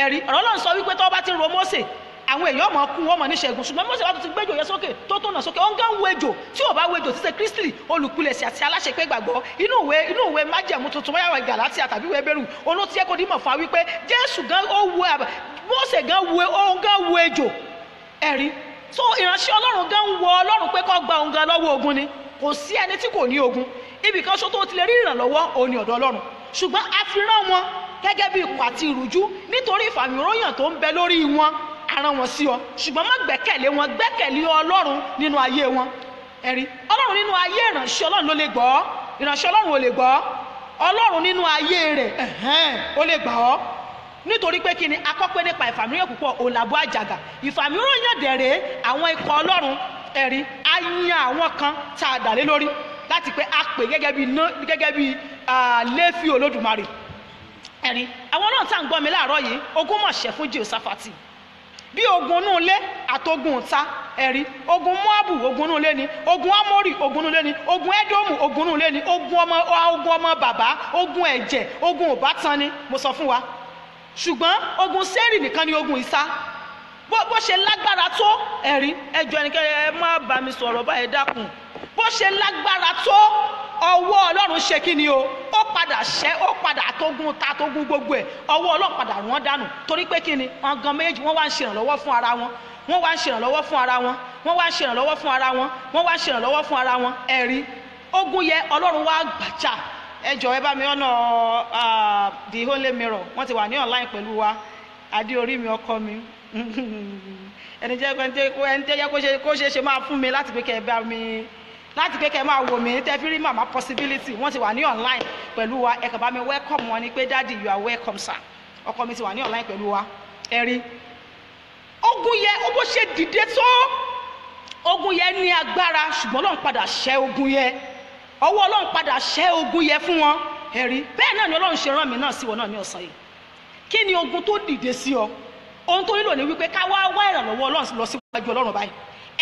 ẹ̀rí ọ̀rọ̀ lọ́n sọ wípé tọ́ bá ti ro Mósè àwọn èèyàn ọmọ kú wọn mọ̀ ní ṣẹ́gun ṣùgbọ́n Mósè wàá tún ti gbẹ́jọ yẹn sókè tó tó nà sókè ó ń gán wo ejò tí ò bá wo ejò ti ṣe Kristi olùpilẹ̀ṣẹ̀ àti aláṣepẹ́ gbàgbọ́ inú ìwé inú ìwé májẹ̀mú tuntun wáyà Gàlátíà tàbí ìwé Hébérù olóò ti yẹ kó dímọ̀ fa wípé Jésù gan ó wo ni ogun ibìkan ṣo tó ti lè rí ìrànlọ́wọ́ òun ni ọ̀dọ̀ Ọlọ́run ṣùgbọ́n a wọn gẹ́gẹ́ bí ikọ̀ àti ìrújú nítorí ìfàmìróyàn tó ń bẹ lórí wọn aràn wọn sí ọ ṣùgbọ́n má gbẹ́kẹ̀lé wọn gbẹ́kẹ̀lé ọlọ́run nínú ayé wọn ẹ̀rí ọlọ́run nínú ayé ìránṣẹ́ ọlọ́run ló lè gbọ́ ìránṣẹ́ ọlọ́run ò lè gbọ́ ọlọ́run nínú ayé rẹ̀ ó lè gbà ọ́ nítorí pé kí ni akọ́pẹ́ nípa ìfàmìíràn púpọ̀ òlàbọ̀ àjàgà ìfàmìíràn yàn dẹ̀rẹ̀ àwọn ikọ̀ ọlọ́run ẹ̀rí á yan àwọn kan tá a dà lé lórí láti pé a pè gẹ́gẹ́ bí Léfì Olódùmarè ẹ̀rí àwọn náà tá à ń gbọ́ mi láàárọ̀ yìí ogun mọ̀ ṣẹ́ fún Jèhóṣáfátì bí ogun inú ilé àtogun ìta ẹ̀rí ogun Móábù ogun inú ilé ni ogun Ámórì ogun inú ilé ni ogun Édómù ogun inú ilé ni ogun ọmọ ogun ọmọ bàbá ogun ẹ̀jẹ̀ ogun ìbátan ni mo sọ fún wa ṣùgbọ́n ogun Sérì nìkan ni ogun ìsá bó ṣe lágbára tó ẹ̀rí ẹjọ́ ẹnikẹ́ni ẹ má bá mi sọ̀rọ̀ báyìí dákun bó ṣe lágbára tó ọwọ́ ọlọ́run ṣe kí ni o ó padà ṣẹ́ ó padà tógun ta tógun gbogbo ẹ̀ ọwọ́ ọlọ́run padà wọ́n dànù torí pé kí ni ọ̀gán méjì wọ́n wá ń ṣèrànlọ́wọ́ fún ara wọn wọ́n wá ń ṣèrànlọ́wọ́ fún ara wọn wọ́n wá ń ṣèrànlọ́wọ́ fún ara wọn wọ́n wá ń ṣèrànlọ́wọ́ fún ara wọn ẹ̀rí ogun yẹ ọlọ́run wá gbàjà ẹjọ ẹ bá mi ọ̀nà uh, the holy mirror wọ́n ti wà ní online pẹ̀lú wa adé orí mi ọkọ mi ẹni jẹ́ pé ẹni jẹ́ kó ṣe ṣe máa fún mi láti pé kẹ́ ẹ bá mi láti pé kẹ́ máa wò mí tẹ́ fi rí màmá possibility wọ́n ti wà ní online pẹ̀lú wa ẹ kàn bá mi welcome wọn ni pé daddy you are welcome sir ọkọ mi ti wà ní online pẹ̀lú wa ẹ rí ogun yẹ ó bó ṣe dìde tó ogun yẹ ní agbára ṣùgbọ́n Ọlọ́run padà ṣẹ́ ogun yẹ ọwọ́ Ọlọ́run padà ṣẹ́ ogun yẹ fún wọn ẹ rí bẹ́ẹ̀ náà ni Ọlọ́run ṣe rán mi náà sí wọn náà ní ọ̀sán yìí kí ni ogun tó dìde sí ọ ohun tó nílò ni wípé ká wá wá ìrànlọ́wọ́ Ọlọ́run lọ síwájú Ọlọ́run báyìí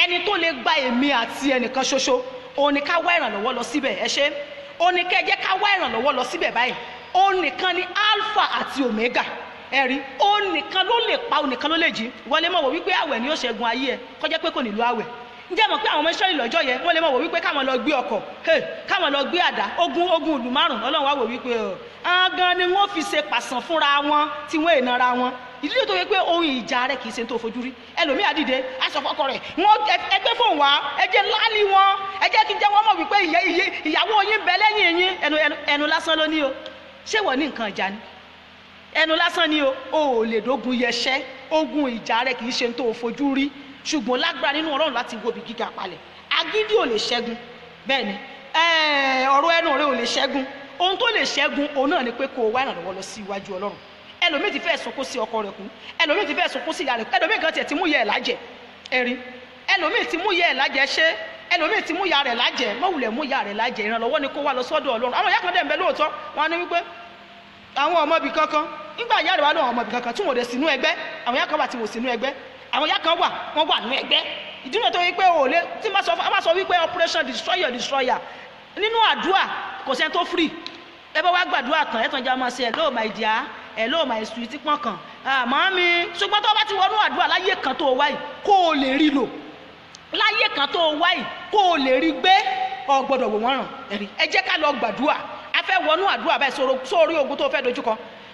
ẹni tó lè gba èmi àti ẹnìkan ṣoṣo òun ni ká wá ìrànlọ́wọ́ lọ síbẹ̀ ẹ ṣe òun ni kẹ́ ẹ jẹ́ ká wá ìrànlọ́wọ́ lọ síbẹ̀ báyìí òun nìkan ni alpha àti omega ẹ rí òun nìkan ló lè pa òun nìkan ló lè jí wọlé mọ̀ wò wípé àwẹ̀ ni ó ṣẹ́gun ayé ẹ kọjá pé kò nílò àwẹ̀ ǹjẹ́ mọ̀ pé àwọn ọmọ ìṣẹ́lẹ̀ lọ́jọ́ yẹn wọ́n lè mọ̀ wò wípé káwọn lọ gbé ọkọ̀ káwọn lọ gbé àdá ogun ogun ìlú márùn-ún ọlọ́run wá wò wípé ọ̀ àwọn gan ni wọ́n fi ṣe pàṣán fúnra wọn tí wọ́n ènara wọn ìdílé tó yẹ pé ohun ìjà rẹ kìí ṣe tó fojú rí ẹlòmíì àdìde àsọfọkọ rẹ wọn ẹgbẹ fóun wá ẹjẹ láàlì wọn ẹjẹ kí n jẹ wọn mọ wípé ìyàwó yín bẹ lẹ́yìn yín ẹnu ẹnu lásán ló ní o ṣé wọ ní nǹkan ìjà ni ẹnu lásán ni o ò lè dógun yẹsẹ ogun ìjà rẹ kìí ṣe tó fojú rí ṣùgbọ́n lágbára nínú Ọlọ́run láti wo ibi gíga palẹ̀ agídí ò lè ṣẹ́gun bẹ́ẹ̀ ni ọ̀rọ̀ ẹnu rẹ ò lè ṣẹ́gun ohun tó lè ṣẹ́gun òun náà ni pé kó o wá ìrànlọ́wọ́ lọ sí iwájú Ọlọ́run ẹlòmíì ti fẹ́ sunkún sí ọkọ rẹ̀ kú ẹlòmíì ti fẹ́ sunkún sí ìyá rẹ̀ kú ẹlòmíì kan tiẹ̀ ti mú yẹ ẹ̀ lájẹ̀ ẹ̀rí ẹlòmíì ti mú yẹ ẹ̀ lájẹ̀ ṣé ẹlòmíì ti mú ya rẹ̀ lájẹ̀ mọ̀wùlẹ̀ mú ya rẹ̀ lájẹ̀ ìrànlọ́wọ́ ni kó wá lọ sọ́dọ̀ Ọlọ́run àwọn ìyá kan dẹ̀ ń bẹ lóòótọ́ wọn ni wípé àwọn ọmọbì kankan nígbà ìyá rẹ̀ wá lọ́wọ́ ọmọbì kankan tí wọ́n dẹ̀ sínú ẹgbẹ́ àwọn ìyá kan wà tí wọ́n sínú ẹgbẹ́ àwọn ìyá kan wà wọ́n wà nú ẹgbẹ́ ìdúró tó wípé òòlé tí wọ́n sọ wípé operation destroyer destroyer nínú àdúrà kò sẹ́ni tó free ẹ bá wá gbàdúrà tán ẹ̀ tán jẹ́ ọmọ sí ẹ̀ lóò máa ìdíyà ẹ̀ ló máa sùn tí pọ́n kàn ah, àmọ́ mi ṣùgbọ́n tó bá ti wọnú àdúrà láyé kan tó wáyì kó o lè rí lò láyé kan tó wáyì kó o lè rí gbé o gbọ́dọ̀ wò wọ́n ràn ẹ̀rí ẹ jẹ́ ká lọ gbàdúrà a fẹ́ wọnú àdúrà báyìí sórí ogun tó fẹ́ dojúkọ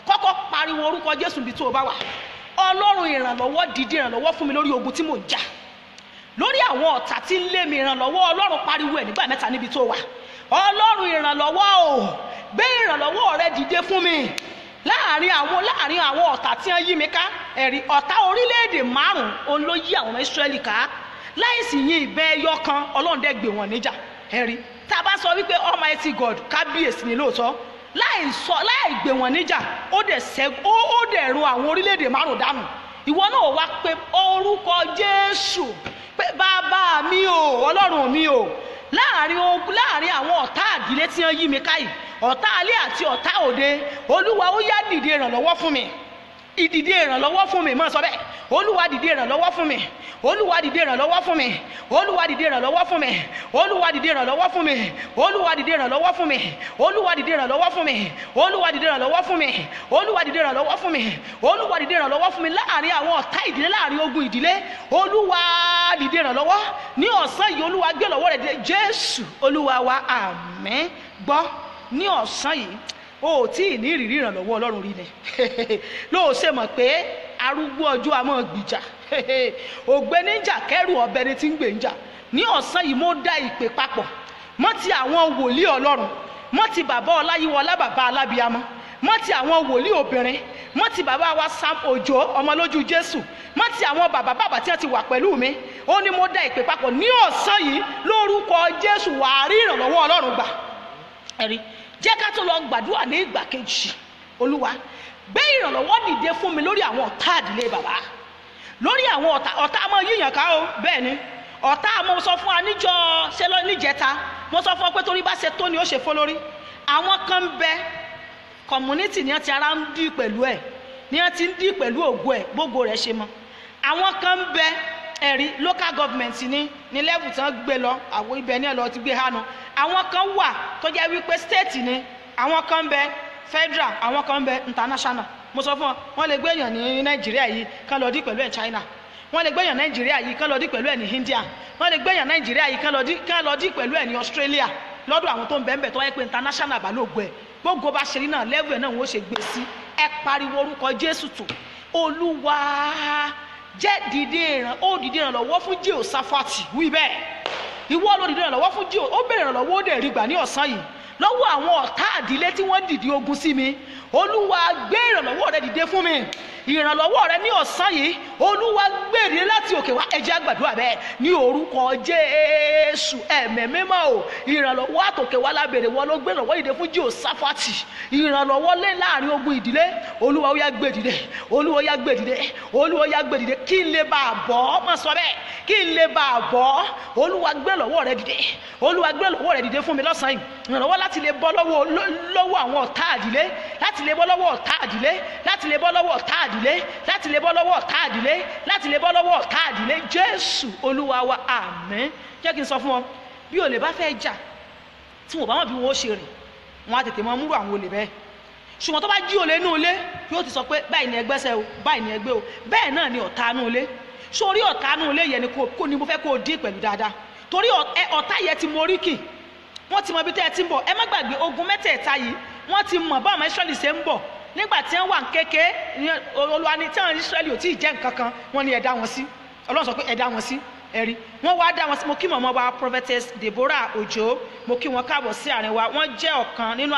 kọ́kọ́ pariwo orúkọ Jésù bí tó o bá wà Ọlọ́run ìrànlọ́wọ́ dídí ìrànlọ́wọ́ fún mi lórí ogun tí mò ń jà lórí àwọn ọ̀tá tí ń lé mi ìrànlọ́wọ́ Ọlọ́run pariwo ẹ̀ nígbà mẹ́ta níbi tó wà Ọlọ́run ìrànlọ́wọ́ o gbé ìrànlọ́wọ́ rẹ dìde fún mi láàrin àwọn láàrin àwọn ọ̀tá tí wọ́n yí mi ká ẹ̀rí ọ̀tá orílẹ̀-èdè márùn-ún òun ló yí àwọn Ísírẹ́lì ká láìsí yin ìbẹ́ ẹyọ kan Ọlọ́run dẹ́ gbé wọn níjà ẹ̀rí tá a bá sọ wípé Almighty God kábíyèsí ni lóòótọ́ láì sọ láì gbé wọn níjà ó dẹ̀ ṣẹ́gun ó dẹ̀ ru àwọn orílẹ̀-èdè márùn-ún dànù ìwọ náà wá pé orúkọ Jésù pé bàbá mi o Ọlọ́run mi o láàrin àwọn ọ̀tá àdílé tí wọ́n yí mi káyìí ọ̀tá alẹ́ àti ọ̀tá òde olúwa ó yá dìde ìrànlọ́wọ́ fún mi ìdìde ìrànlọ́wọ́ fún mi mọ́ sọ bẹ́ẹ̀ olúwa dìde ìrànlọ́wọ́ fún mi olúwa dìde ìrànlọ́wọ́ fún mi olúwa dìde ìrànlọ́wọ́ fún mi olúwa dìde ìrànlọ́wọ́ fún mi olúwa dìde ìrànlọ́wọ́ fún mi olúwa dìde ìrànlọ́wọ́ fún mi olúwa dìde ìrànlọ́wọ́ fún mi olúwa dìde ìrànlọ́wọ́ fún mi olúwa dìde ìrànlọ́wọ́ fún mi láàrin àwọn ọ̀tá ìdílé láàrin ogun ìdílé olúwa dìde ìrànlọ́wọ́ ní ọ̀sán yìí olúwa gbé lọ́wọ́ rẹ̀ jésù olúwa wa àmín gbọ́ ní ọ̀sán yìí o ò tí ì ní ìrírí ìrànlọ́wọ́ ọlọ́run rí ni lóò ṣe mọ̀ pé arúgbó ọjọ́ a máa gbìjà ògbé níjà kẹrù ọbẹ̀ ni ti ń gbè ń jà ní ọ̀sán yìí mo dá ìpè papọ̀ mọ́ ti àwọn wòlíì ọlọ́run mọ́ ti bàbá ọláyíwọlá bàbá alábíamọ́ mọ́ ti àwọn wòlíì obìnrin mọ́ ti bàbá wa sam òjò ọmọlójú jésù mọ́ ti àwọn bàbá bàbá tí wọ́n ti wà pẹ̀lú mi ó ní mo dá ìpè papọ̀ ní ọ̀sán yìí lórúkọ jésù wàá rí ìrànlọ́wọ́ ọlọ́run gbà ẹ̀rí jẹ́ ká tó lọ gbàdúrà ní ìgbà kejì olúwa gbé ìrànlọ́wọ́ dìde fún mi lórí àwọn ọ̀tá àdílé bàbá lórí àwọn ọ̀tá ọ̀tá mọ yíyàn ká o bẹ́ẹ̀ ni ọ̀tá mo sọ fún wa níjọ ṣe lọ níjẹta mo sọ fún ọ pé torí bá ṣe tó ni ó ṣe fó lórí àwọn kan ń bẹ community ni wọn ti ara ń dì pẹ̀lú ẹ̀ ni wọn ti ń dì pẹ̀lú ògo ẹ̀ gbogbo rẹ̀ ṣe mọ́ àwọn kan ń bẹ ẹ̀rí local government ní ní level tí wọ́n gbé lọ àwọn ibẹ̀ ní ẹ̀ lọ ti gbé hánu àwọn kan wà tó jẹ́ wípé state ni àwọn kan bẹ federal àwọn kan bẹ international mo sọ fún ọ wọ́n lè gbé èèyàn ní nàìjíríà yìí kán lọ dí pẹ̀lú ẹ̀ china wọ́n lè gbé èèyàn nàìjíríà yìí kán lọ dí pẹ̀lú ẹ̀ ní india wọ́n lè gbé èèyàn nàìjíríà yìí kán lọ dí pẹ̀lú ẹ̀ ní australia lọ́dọ̀ àwọn tó ń bẹ́ẹ̀ bẹ́ẹ̀ tó wáyé pé international bá ló gbẹ gbogbo bá ṣe rí náà level ẹ̀ náà wọ́n ṣe gbé sí ẹ pariwo orúkọ jésù tó olúwa jẹ́ dìde ìràn ó dìde ìrànlọ́wọ́ fún Jèhóṣáfátì wí bẹ́ẹ̀ ìwọ ló dìde ìrànlọ́wọ́ fún Jèhó ó bèrè ìrànlọ́wọ́ ó dẹ̀ rí gbà ní ọ̀sán yìí lọ́wọ́ àwọn ọ̀tá àdílé tí wọ́n dìde ogun sí mi olúwa gbé ìrànlọ́wọ́ rẹ dìde fún mi ìrànlọ́wọ́ rẹ ní ọ̀sán yìí olúwa gbèrè láti òkè wá ẹ jẹ́ àgbàdua bẹ́ẹ̀ ní orúkọ jésù ẹ̀mẹ́ mímọ́ o ìrànlọ́wọ́ àtòkè wá lábẹ̀rẹ̀ wọn ló gbé ìrànwọ́ ìdè fún jehoshaphati ìrànlọ́wọ́ lé láàrin ogun ìdílé olúwa ó yá gbé dìde olúwa ó yá gbé dìde olúwa ó yá gbé dìde kí n lè bá a bọ́ má sọ bẹ́ẹ̀ kí n lè bá a bọ́ olúwa gbé lọ́wọ́ rẹ dìde olúwa gbé lọ́wọ́ rẹ dìde fún mi lọ́sàn-án yìí ìrànlọ́wọ́ láti lè bọ́ lọ́wọ́ àwọn ọ̀tá àdílé láti lè bọ́ lọ́wọ́ ọ̀tá àdílé láti lè bọ́ lọ́wọ́ ọ̀tá àdílé láti lè bọ́ lọ́wọ́ ọ̀tá àdílé lé láti lè bọ́ lọ́wọ́ káàdì lé jésù olúwa wa àmín jẹ́ kí n sọ fún ọ bí olè bá fẹ́ jà tí wọn bá wọn bí wọn ó ṣe rìn wọn á tètè mọ múrò àwọn olè bẹ́ẹ̀ ṣùgbọ́n tó bá jí olè inú ilé yóò ti sọ pé báyìí ni ẹgbẹ́sẹ̀ o báyìí ni ẹgbẹ́ o bẹ́ẹ̀ náà ni ọ̀tá inú ilé sórí ọ̀tá inú ilé yẹn ni kò ní mo fẹ́ kó o dín pẹ̀lú dáadáa torí ọ̀tá yẹn ti morí kì wọ́n ti mọ ibi tẹ́ ẹ ti ń bọ̀ ẹ má gbàgbé ogun mẹ́tẹ̀ẹ̀ta yìí wọ́n ti mọ̀ bá ọmọ ìṣọ́lì ṣe ń bọ̀ nígbà tí wọ́n wà kéke olúwa ni tí àwọn Israẹli ò tí ì jẹ́ nǹkan kan wọ́n ní ẹ wọn sí ọlọ́run sọ pé ẹ wọn sí ẹ̀rí wọ́n wá dá wọn sí mo kí mọ̀mọ́ wa prophetess Deborah Ojo mo kí wọn káàbọ̀ sí àárín wa wọ́n jẹ́ ọ̀kan nínú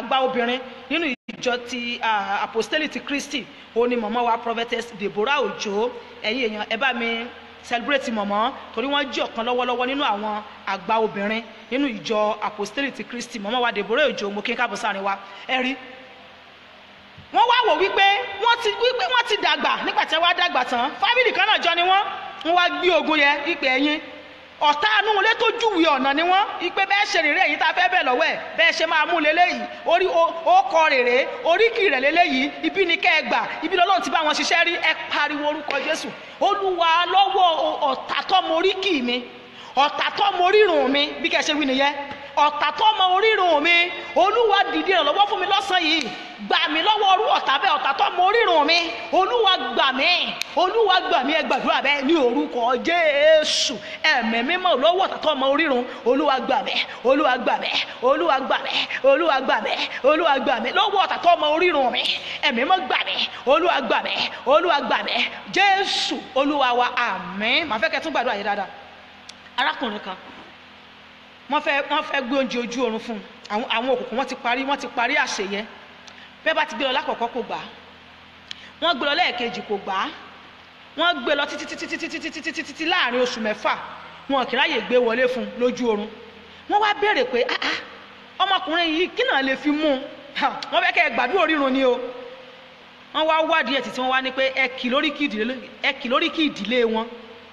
àgbà obìnrin nínú ìjọ ti apostoli ti Kristi òun ni mọ̀mọ́ wa prophetess Deborah Ojo ẹ̀yin èèyàn ẹ bá mi celebrate mọ̀mọ́ torí wọ́n jẹ́ ọ̀kan lọ́wọ́lọ́wọ́ nínú àwọn àgbà obìnrin nínú ìjọ apostoli ti Kristi mọ̀mọ́ wa Deborah Ojo mo kí káàbọ̀ sí àárín wa ẹ̀rí wọ́n wá wò wípé wọ́n ti wípé wọ́n ti dàgbà nígbà tí wọ́n wá dàgbà tán fámìlì kan náà jọ ni wọ́n wọ́n wá gbé ogun yẹn wípé ẹ̀yin ọ̀tá anúwọlé tó júwèé ọ̀nà ni wọ́n wípé bẹ́ẹ̀ ṣe rèé èyí tá a fẹ́ bẹ̀ lọ́wọ́ ẹ̀ bẹ́ẹ̀ ṣe máa mú leléyìí orí ọkọ rèé oríkì rẹ̀ leléyìí ibi ni kẹ́ ẹ gbà ibi lọ́lọ́run ti bá wọn ṣiṣẹ́ rí ẹ pariwo orúkọ Jésù Olúwa lọ́wọ́ ọ̀tá tó mo oríkì mi ọ̀tá tó mo rírun mi bí kẹ́ ṣe wí nìyẹn ọ̀tà tó mọ orírun mi olúwa dìde ìrànlọ́wọ́ fún mi lọ́sàn yìí gbà mí lọ́wọ́ ọrú ọ̀tà bẹ́ẹ̀ ọ̀tà tó mọ orírun mi olúwa gbà mí olúwa gbà mí ẹ gbàdúrà bẹ́ẹ̀ ní orúkọ jésù ẹ̀mí mímọ́ lọ́wọ́ ọ̀tà tó mọ orírun olúwa gbà mí olúwa gbà mí olúwa gbà mí olúwa gbà mí olúwa gbà mí lọ́wọ́ ọ̀tà tó mọ orírun mi ẹ̀mí mọ́ gbà mí olúwa gbà mí olúwa gbà mí jésù olúwa wa àmín màá fẹ́ kẹ́ tún gbàdúrà yìí dáadáa arákùnrin kan wọ́n fẹ́ wọ́n fẹ́ gbé oúnjẹ ojú oorun fún un àwọn òkùnkùn wọ́n ti parí wọ́n ti parí àṣẹ yẹn bẹ́ẹ̀ bá ti gbé lọ lákọ̀ọ́kọ́ kò gbà á wọ́n gbé lọ lẹ́ẹ̀kejì kò gbà á wọ́n gbé lọ títí títí títí títí títí títí láàrin oṣù mẹ́fà wọn kì í ráyè gbé wọlé fún un lójú oorun wọ́n wá béèrè pé ah ah ọmọkùnrin yìí kí náà lè fi mú un wọ́n fẹ́ kẹ́ ẹ gbàdúrà orírun ni o wọ́n wá wádìí ẹ̀ títí wọ́n wá ní pé ẹ kì lórí kí ìdílé wọn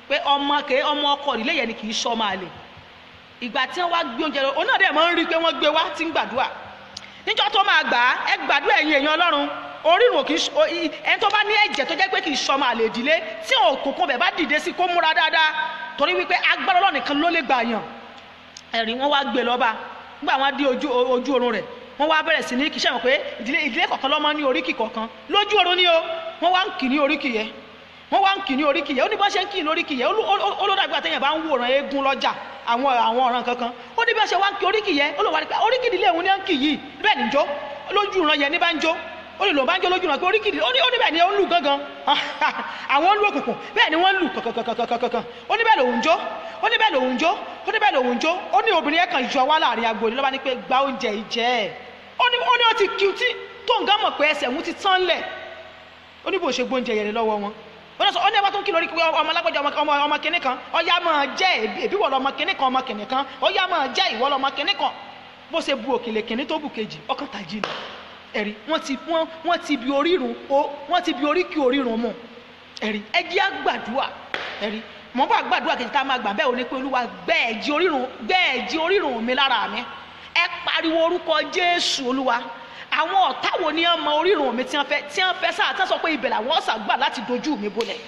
pé ọmọ kè ọmọ ọkọ ìdílé yẹn ni kì í ṣọ́ máa lè ìgbà tí wọ́n wá gbé oúnjẹ lọ òun náà dẹ̀ máa ń rí i pé wọ́n gbé wá tí ń gbàdúrà níjọ́ tó máa gbà á ẹ gbàdúrà ẹ̀yin èèyàn ọlọ́run orírun kì í ṣe ẹni tó bá ní ẹ̀jẹ̀ tó jẹ́ pé kì í ṣọmọ àlè ìdílé tí òkùnkùn bẹ̀ bá dìde sí kó múra dáadáa torí wípé agbára ọlọ́run nìkan ló lè gbà yàn ẹ̀rí wọ́n wá gbé lọ́ba nígbà wọ́n dé ojú oorun rẹ̀ wọ́n wá bẹ̀rẹ̀ sí ní kì í pé ìdílé kọ̀ọ̀kan lọ́mọ ní oríkì kọ̀ọ̀kan lójú oorun ni o wọ́n wá ń kì ní oríkì yẹn wọ́n wá ń kì ní oríkì yẹn ó ní bá ṣe ń kì ní oríkì yẹn ó ló dàgbà téèyàn bá ń wòran eégún lọ́jà àwọn àwọn ọ̀ràn kankan ó ní bá ṣe wá ń kì oríkì yẹn ó lọ wá rí pé oríkì ìdílé òun ní ń kì yìí bẹ́ẹ̀ ní jó lójú ìran yẹn ní bá ń jó ó lè lò bá ń jó lójú ìran pé oríkì ìdílé ó ní bẹ́ẹ̀ ni ó ń lù gangan àwọn lù òkùnkùn bẹ́ẹ̀ ni wọ́n lù kankankankankan ó ní bẹ́ẹ̀ lòun jó ó ní bẹ́ẹ̀ lòun jó ó ní bẹ́ẹ̀ lòun jó ó ní obìnrin yẹn kan yọ wá láàrin agbo ni lọ́ba ní pé gba oúnjẹ ìjẹ́ ẹ̀ ó ní ó ti kí tí tó ń gán mọ̀ pé ẹsẹ̀ òun ti tán lẹ̀ ó ní bó ṣe gbóúnjẹ yẹn lọ́wọ́ wọn oníṣọ ọ̀nà ẹ̀wá tó ń kí lórí ọmọ alágbèjà ọmọ kìnìún kan ọ̀yá máa jẹ́ ẹ̀bí wọ̀ lọ́mọ kìnìún kan ọmọ kìnìún kan ọ̀yá máa jẹ́ ìwọ lọ́mọ kìnìún kan bó ṣe bu òkèlè kìnìún tó bù kejì ọkàn tàjí ni ẹ̀rí wọ́n ti wọ́n wọ́n ti bi orírun o wọ́n ti bi oríkì orírun mu ẹ̀rí ẹ àgbàdua ẹ̀rí mọ̀ bá àgbàdua kejì tá a máa gbà bẹ́ẹ̀ oní pé olúwa gbẹ́ẹ̀jì àwọn ọ̀tá wo ni wọ́n mọ orírun mi tí wọ́n fẹ́ tí wọ́n fẹ́ sáà tí wọ́n sọ pé ibẹ̀ làwọn ọ̀sà gbà láti dojú mi bolẹ̀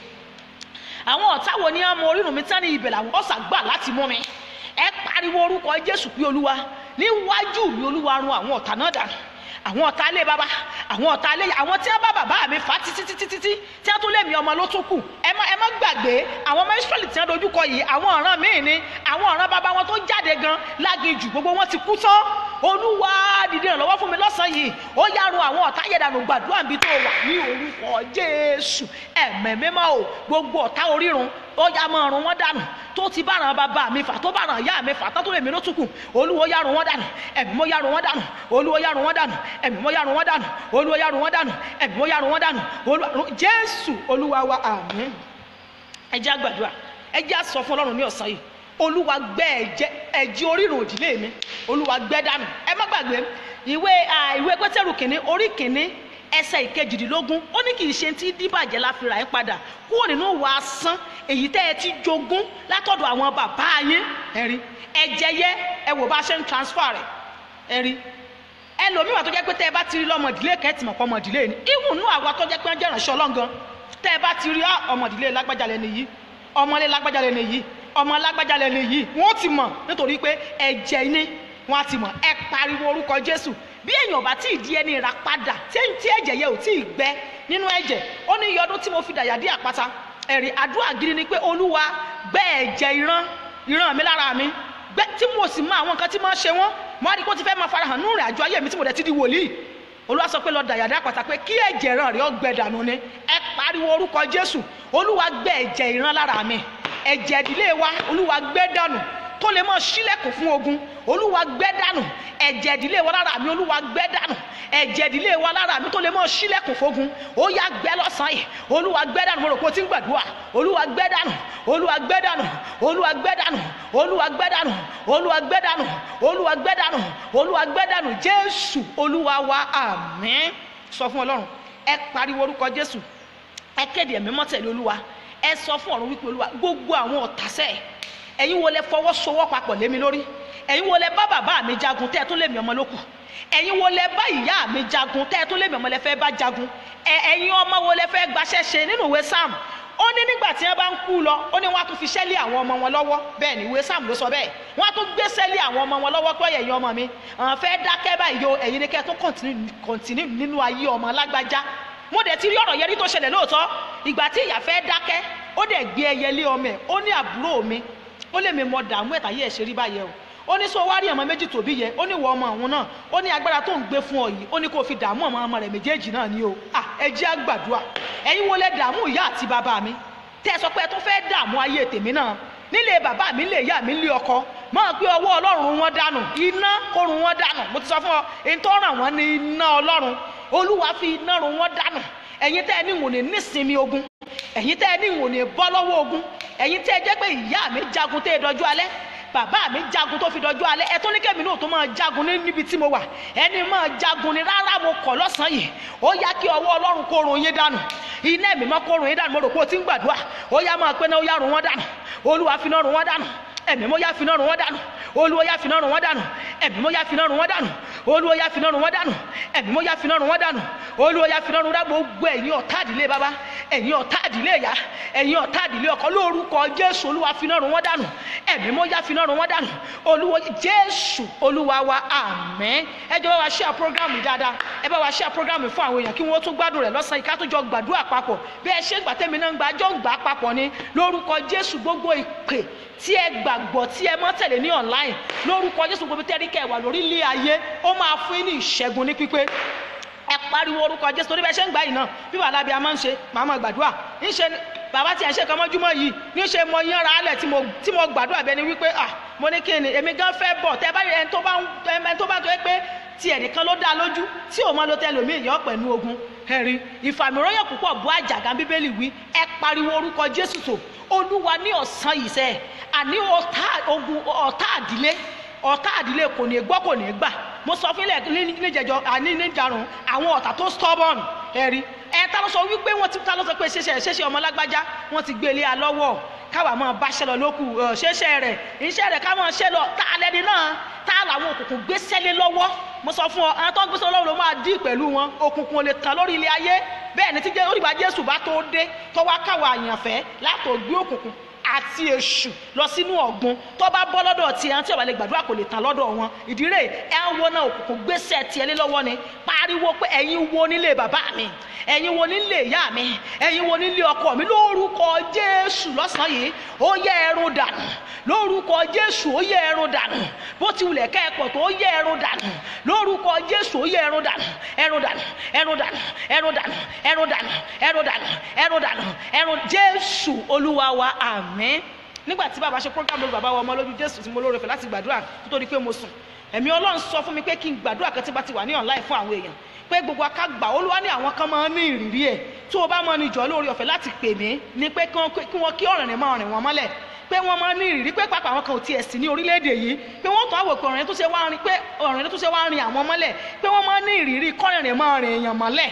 àwọn ọ̀tá wo ni wọ́n mọ orírun mi tí wọ́n ní ibẹ̀ làwọn ọ̀sà gbà láti mú mi ẹ pariwo orúkọ Jésù pé Olúwa níwájú mi Olúwa run àwọn ọ̀tá náà dànù àwọn ọ̀tá ilé bàbá àwọn ọ̀tá ilé àwọn tí wọ́n bá bàbá mi fà títí títí títí tí wọ́n tún lé mi ọmọ ló tún kù ẹ má ẹ má gbàgbé àwọn ọmọ Ísírẹ́lì tí wọ́n dojúkọ yìí àwọn ọ̀ràn míì ni àwọn ọ̀ràn bàbá wọn tó jáde gan láginjù gbogbo wọn ti kú tán olúwa dìde ìrànlọ́wọ́ fún mi lọ́sàn-án yìí ó yárun àwọn ọ̀tá yẹ̀dànù gbàdúrà níbi tó wà ní orúkọ Jésù ẹ̀mẹ̀mẹ́mọ́ o gbogbo ọ̀tá orírun ọjà máa rún wọn dànù tó ti bá ràn bàbá mi fà tó bá ràn ìyá mi fà tó tó lè mi ló tún kù olúwo yá rún wọn dànù ẹ̀mí mo yá rún wọn dànù olúwo yá rún wọn dànù ẹ̀mí mo yá rún wọn dànù olúwo yá rún wọn dànù ẹ̀mí mo yá rún wọn dànù jésù olúwa wa àmín ẹ jẹ́ á gbàdúrà ẹ jẹ́ á sọ fún ọlọ́run ní ọ̀sán yìí olúwa gbẹ́ ẹ̀jẹ̀ ẹ̀jẹ̀ orírun òdìlé mi olúwa gbẹ́ dànù ẹ má gbàgbé ìwé ìwé pétérù kìnní orí kìnní ẹsẹ̀ ìkejìdínlógún ó ní kì í ṣe tí díbàjẹ́ la fi rà yín padà kúrò nínú ìwà asán èyí tẹ́ ẹ ti jogún látọ̀dọ̀ àwọn bàbá yín ẹ̀rí ẹ̀jẹ̀ yẹ ẹ wò bá ṣe ń transfer rẹ̀ ẹ̀rí ẹlòmíì wà tó jẹ́ pé tẹ́ ẹ bá ti rí lọ́mọ ìdílé kẹ́tì mọ̀pọ̀ ọmọ ìdílé ni ìwùn nú àwa tó jẹ́ pé wọ́n jẹ́ ìrànṣẹ́ ọlọ́ngan tẹ́ ẹ bá ti rí ah, ọmọ ìdílé lágbájá lẹ́ni yìí ọmọ ilé lágbájá lẹ́ni yìí ọmọ lágbájá lẹ́ni yìí wọ́n ti mọ̀ nítorí pé ẹ̀jẹ̀ ni wọ́n ti mọ̀ ẹ pariwo orúkọ Jésù bí èèyàn ò bá tí ì di ẹni ra padà tí ẹ̀jẹ̀ yẹ ò tí ì gbẹ nínú ẹ̀jẹ̀ ó ní iye ọdún tí mo fi dàyà dé àpáta ẹ̀rí àdúrà gidi ni pé olúwa gbẹ ẹ̀jẹ̀ ìran ìran mi lára mi gbẹ tí mo sì mọ àwọn nǹkan tí mo ń ṣe wọn mo á rí kó ti fẹ́ máa farahàn nínú ìrìn àjò ayé mi tí mo dẹ̀ ti di wòlíì olúwa sọ pé lọ dàyà dé àpáta pé kí ẹ̀jẹ̀ ìran rẹ̀ ó dànù ni ẹ pariwo orúkọ jésù olúwa gbẹ ẹ̀jẹ̀ ìran lára mi ẹ̀jẹ̀ ìdílé wa olúwa gbẹ dànù tó lè máa ṣílẹ̀kùn fún ogun olúwa gbẹ́ dànù ẹ̀jẹ̀ ìdílé wa lára mi olúwa gbẹ́ dànù ẹ̀jẹ̀ ìdílé wa lára mi tó lè máa ṣílẹ̀kùn fógun ó yá gbẹ́ lọ́sàn-án yìí olúwa gbẹ́ dànù mo rò pé o ti ń gbàdúrà olúwa gbẹ́ dànù olúwa gbẹ́ dànù olúwa gbẹ́ dànù olúwa gbẹ́ dànù olúwa gbẹ́ dànù olúwa gbẹ́ dànù olúwa gbẹ́ dànù jésù olúwa wa àmín sọ fún ọlọ́run ẹ pariwo orúkọ jésù ẹ kéde ẹ̀mí mọ́tẹ̀lẹ́ olúwa ẹ sọ fún ọ̀run wípé olúwa gbogbo àwọn ọ̀tàsẹ́ẹ̀ ẹ̀yin wo lẹ fọwọ́ sowọ́ papọ̀ lémi lórí ẹ̀yin wo lẹ bá bàbá mi jagun tẹ́ ẹ tún lèmi ọmọ lókù ẹ̀yin wo lẹ bá ìyá mi jagun tẹ́ ẹ tún lèmi ọmọ lẹ fẹ́ bá jagun ẹ̀yin ọmọ wo lẹ fẹ́ gbaṣẹ́ ṣe nínú ìwé sam ó ní nígbà tí wọ́n bá ń kú lọ ó ní wọ́n á tún fi sẹ́lẹ̀ àwọn ọmọ wọn lọ́wọ́ bẹ́ẹ̀ ni ìwé sam ló sọ bẹ́ẹ̀ wọ́n á tún gbé sẹ́lẹ̀ àwọn ọmọ wọn lọ́wọ́ pé ẹ̀yin ọmọ mi àwọn fẹ́ dákẹ́ báyìí o ẹ̀yin ni kẹ́ tún kọ̀ǹtínú nínú ayé ọmọ lágbájá mo dẹ̀ ti rí ọ̀rọ̀ yẹn rí tó ṣẹlẹ̀ lóòótọ́ ìgbà tí ìyá fẹ́ dákẹ́ ó dẹ̀ gbé ẹyẹ lé ọmọ ẹ̀ ó ní àbúrò mi ó lè mi mọ dààmú ẹ̀tà yẹ́ ẹ̀ ṣe rí báyẹn o ó ní sọ wá rí ọmọ méjì tòbí yẹ ó ní ìwọ ọmọ òun náà ó ní agbára tó ń gbé fún ọ yìí ó ní kó o fi dààmú ọmọ ọmọ rẹ méjèèjì náà ni o ẹ jẹ́ á gbàdúrà ẹ̀yin wo lẹ dààmú ìyá àti bàbá mi tẹ́ ẹ sọ pé ẹ tún fẹ́ dààmú ayé tèmi náà nílé bàbá mi nílé ìyá mi nílé ọkọ máa gbé ọwọ́ ọlọ́run wọn dànù iná kó run wọn dànù mo ti sọ fún ọ ìtọ́ràn wọn ni iná ọlọ́run olúwa fi iná run wọn dànù ẹ̀yin tẹ́ ẹ ní wòlé nísìnyí ogun ẹ̀yin tẹ́ ẹ ní ìwò ní bọ́ lọ́wọ́ ogun ẹ̀yin tẹ́ ẹ jẹ́ pé ìyá mi jagun tẹ́ ẹ dọjú alẹ́ bàbá mi jagun tó fi dọjú alẹ́ ẹ tó ní kẹ́mi náà tó máa jagun níbi tí mo wà ẹni máa jagun ni rárá mo kọ̀ lọ́sàn-án yìí ó yá kí ọwọ́ ọlọ́run kó run yín dànù iná ẹ̀mí mọ́ kó run yín dànù mo rò pé o ti ń gbàdúrà ó yá máa pé náà ó yá run wọ́n dànù olúwa fi náà run wọ́n dànù ẹ̀mí mo yá finá run wọ́n dànù olúwa yá finá run wọ́n dànù ẹ̀mí mo yá finá run wọ́n dànù olúwa yá finá run wọ́n dànù ẹ̀mí mo yá finá run wọ́n dànù olúwa yá finá run dágbò gbọ́ ẹ̀yin ọ̀tá àdílé bàbá ẹ̀yin ọ̀tá àdílé ìyá ẹ̀yin ọ̀tá àdílé ọkọ lórúkọ jésù olúwa finá run wọ́n dànù ẹ̀mí mo yá finá run wọ́n dànù olúwa jésù olúwa wa àmín ẹ jọ̀ọ́ wá ṣe à dáadáa ẹ bá wa ṣe program fún àwọn èèyàn kí wọ́n tún gbádùn rẹ̀ lọ́sàn-án ìka tó jọ gbàdúrà papọ̀ bí ẹ ṣe gbà tẹ́mi náà ń gbà jọ ń gbà papọ̀ ni lórúkọ Jésù gbogbo ìpè tí ẹ gbàgbọ́ tí ẹ mọ́ tẹ̀lé ní online lórúkọ Jésù gbogbo tẹ́rí kẹwàá lórí ilé ayé ó máa fún yín ní ìṣẹ́gun ní pípé ẹ pariwo orúkọ Jésù torí bẹ́ẹ̀ ṣe ń gbà yìí náà bí wàhálà bí a máa ń ṣe màá máa gbàdúrà ń ṣe bàbá tí ẹ ṣe kan mọ́júmọ́ yìí ní ṣe mo yán ra alẹ̀ tí mo gbàdúrà bẹ́ni wípé ah mo ní kí ni èmi gan fẹ́ bọ̀ tẹ́ bá ẹni tó bá ń tó yẹ pé tí ẹnìkan ló dá lójú tí òun ló tẹ́lẹ̀ omi èèyàn pẹ̀lú ogun ẹ̀rin ìfàmìróyàn púpọ̀ bó àjàgà bíbélì wí ẹ pariwo orúkọ jésù tó olúwa ní ọ̀sán ìṣe àní ọ̀tá àdílé ọ̀tá àdílé kò ní gbọ́ kò ní gbà mo sọ fún ilẹ̀ níjẹ̀jọ àní níjàrún àwọn ọ̀tà tó stubborn ẹ̀rí ẹ̀ ta ló sọ wípé wọ́n ti ta ló sọ pé ṣẹṣẹ ṣẹṣẹ ọmọ lágbájá wọ́n ti gbélé a lọ́wọ́ káwa máa báṣẹ lọ lókù ṣẹṣẹ rẹ̀ iṣẹ́ rẹ̀ ká máa ṣe lọ tá a lẹ́ni náà tá a làwọn òkùnkùn gbé sẹ́lé lọ́wọ́ mo sọ fún ọ àwọn tó ń gbé sọ lọ́wọ́ ló máa dí pẹ̀lú wọn òkùnkùn ò lè tàn lórí ilé ayé bẹ́ẹ̀ ni tí ó dìgbà Jésù bá tó dé tọ́wọ́ káwa àyànfẹ́ látò òkùnkùn àti èṣù lọ sínú ọ̀gbun tó bá bọ́ lọ́dọ̀ tiẹ̀ àti ọ̀bàlẹ̀ gbàdúrà kò lè tán lọ́dọ̀ wọn ìdí rẹ̀ ẹ ń wo náà òkùnkùn gbèsè tiẹ̀ lé lọ́wọ́ ni pariwo pé ẹ̀yin wo nílé bàbá mi ẹ̀yin wo nílé ìyá mi ẹ̀yin wo nílé ọkọ mi lórúkọ Jésù lọ́sàn yìí ó yẹ ẹrù dànù lórúkọ Jésù ó yẹ ẹrù dànù bó ti wulẹ̀ kẹ́ẹ̀kọ́ tó yẹ ẹrù dànù lórúkọ Jésù ó yẹ ẹrù dànù ẹrù dànù ẹrù dànù ẹrù dànù ẹrù dànù ẹrù dànù ẹrù dànù ẹrù Jésù Olúwa wa àmín àmín nígbà tí bàbá ṣe program lórí bàbá wa ọmọ lójú jésù tí mo lóore fẹ́ láti gbàdúrà kó tó di pé mo sùn ẹ̀mí ọlọ́run sọ fún mi pé kí n gbàdúrà kan tí bá ti wà ní online fún àwọn èèyàn pé gbogbo akágbà olúwa ní àwọn kan máa ń ní ìrírí ẹ̀ tó o bá mọ ní ìjọ lórí ọ̀fẹ́ láti pè mí ni pé kí wọ́n kí ọ̀rìn máa rìn wọ́n mọ́lẹ̀ pé wọ́n máa ní ìrírí pé pàpà àwọn kan ò tiẹ̀ sí ní orílẹ̀-èdè yìí pé wọ́n tún àwòkọ́ ọ̀rìn tó ṣe wá rin pé ọ̀rìn tó ṣe wá rin àwọn mọ́lẹ̀ pé wọ́n máa ní ìrírí kọ́rìnrìn máa rìn èèyàn mọ́lẹ̀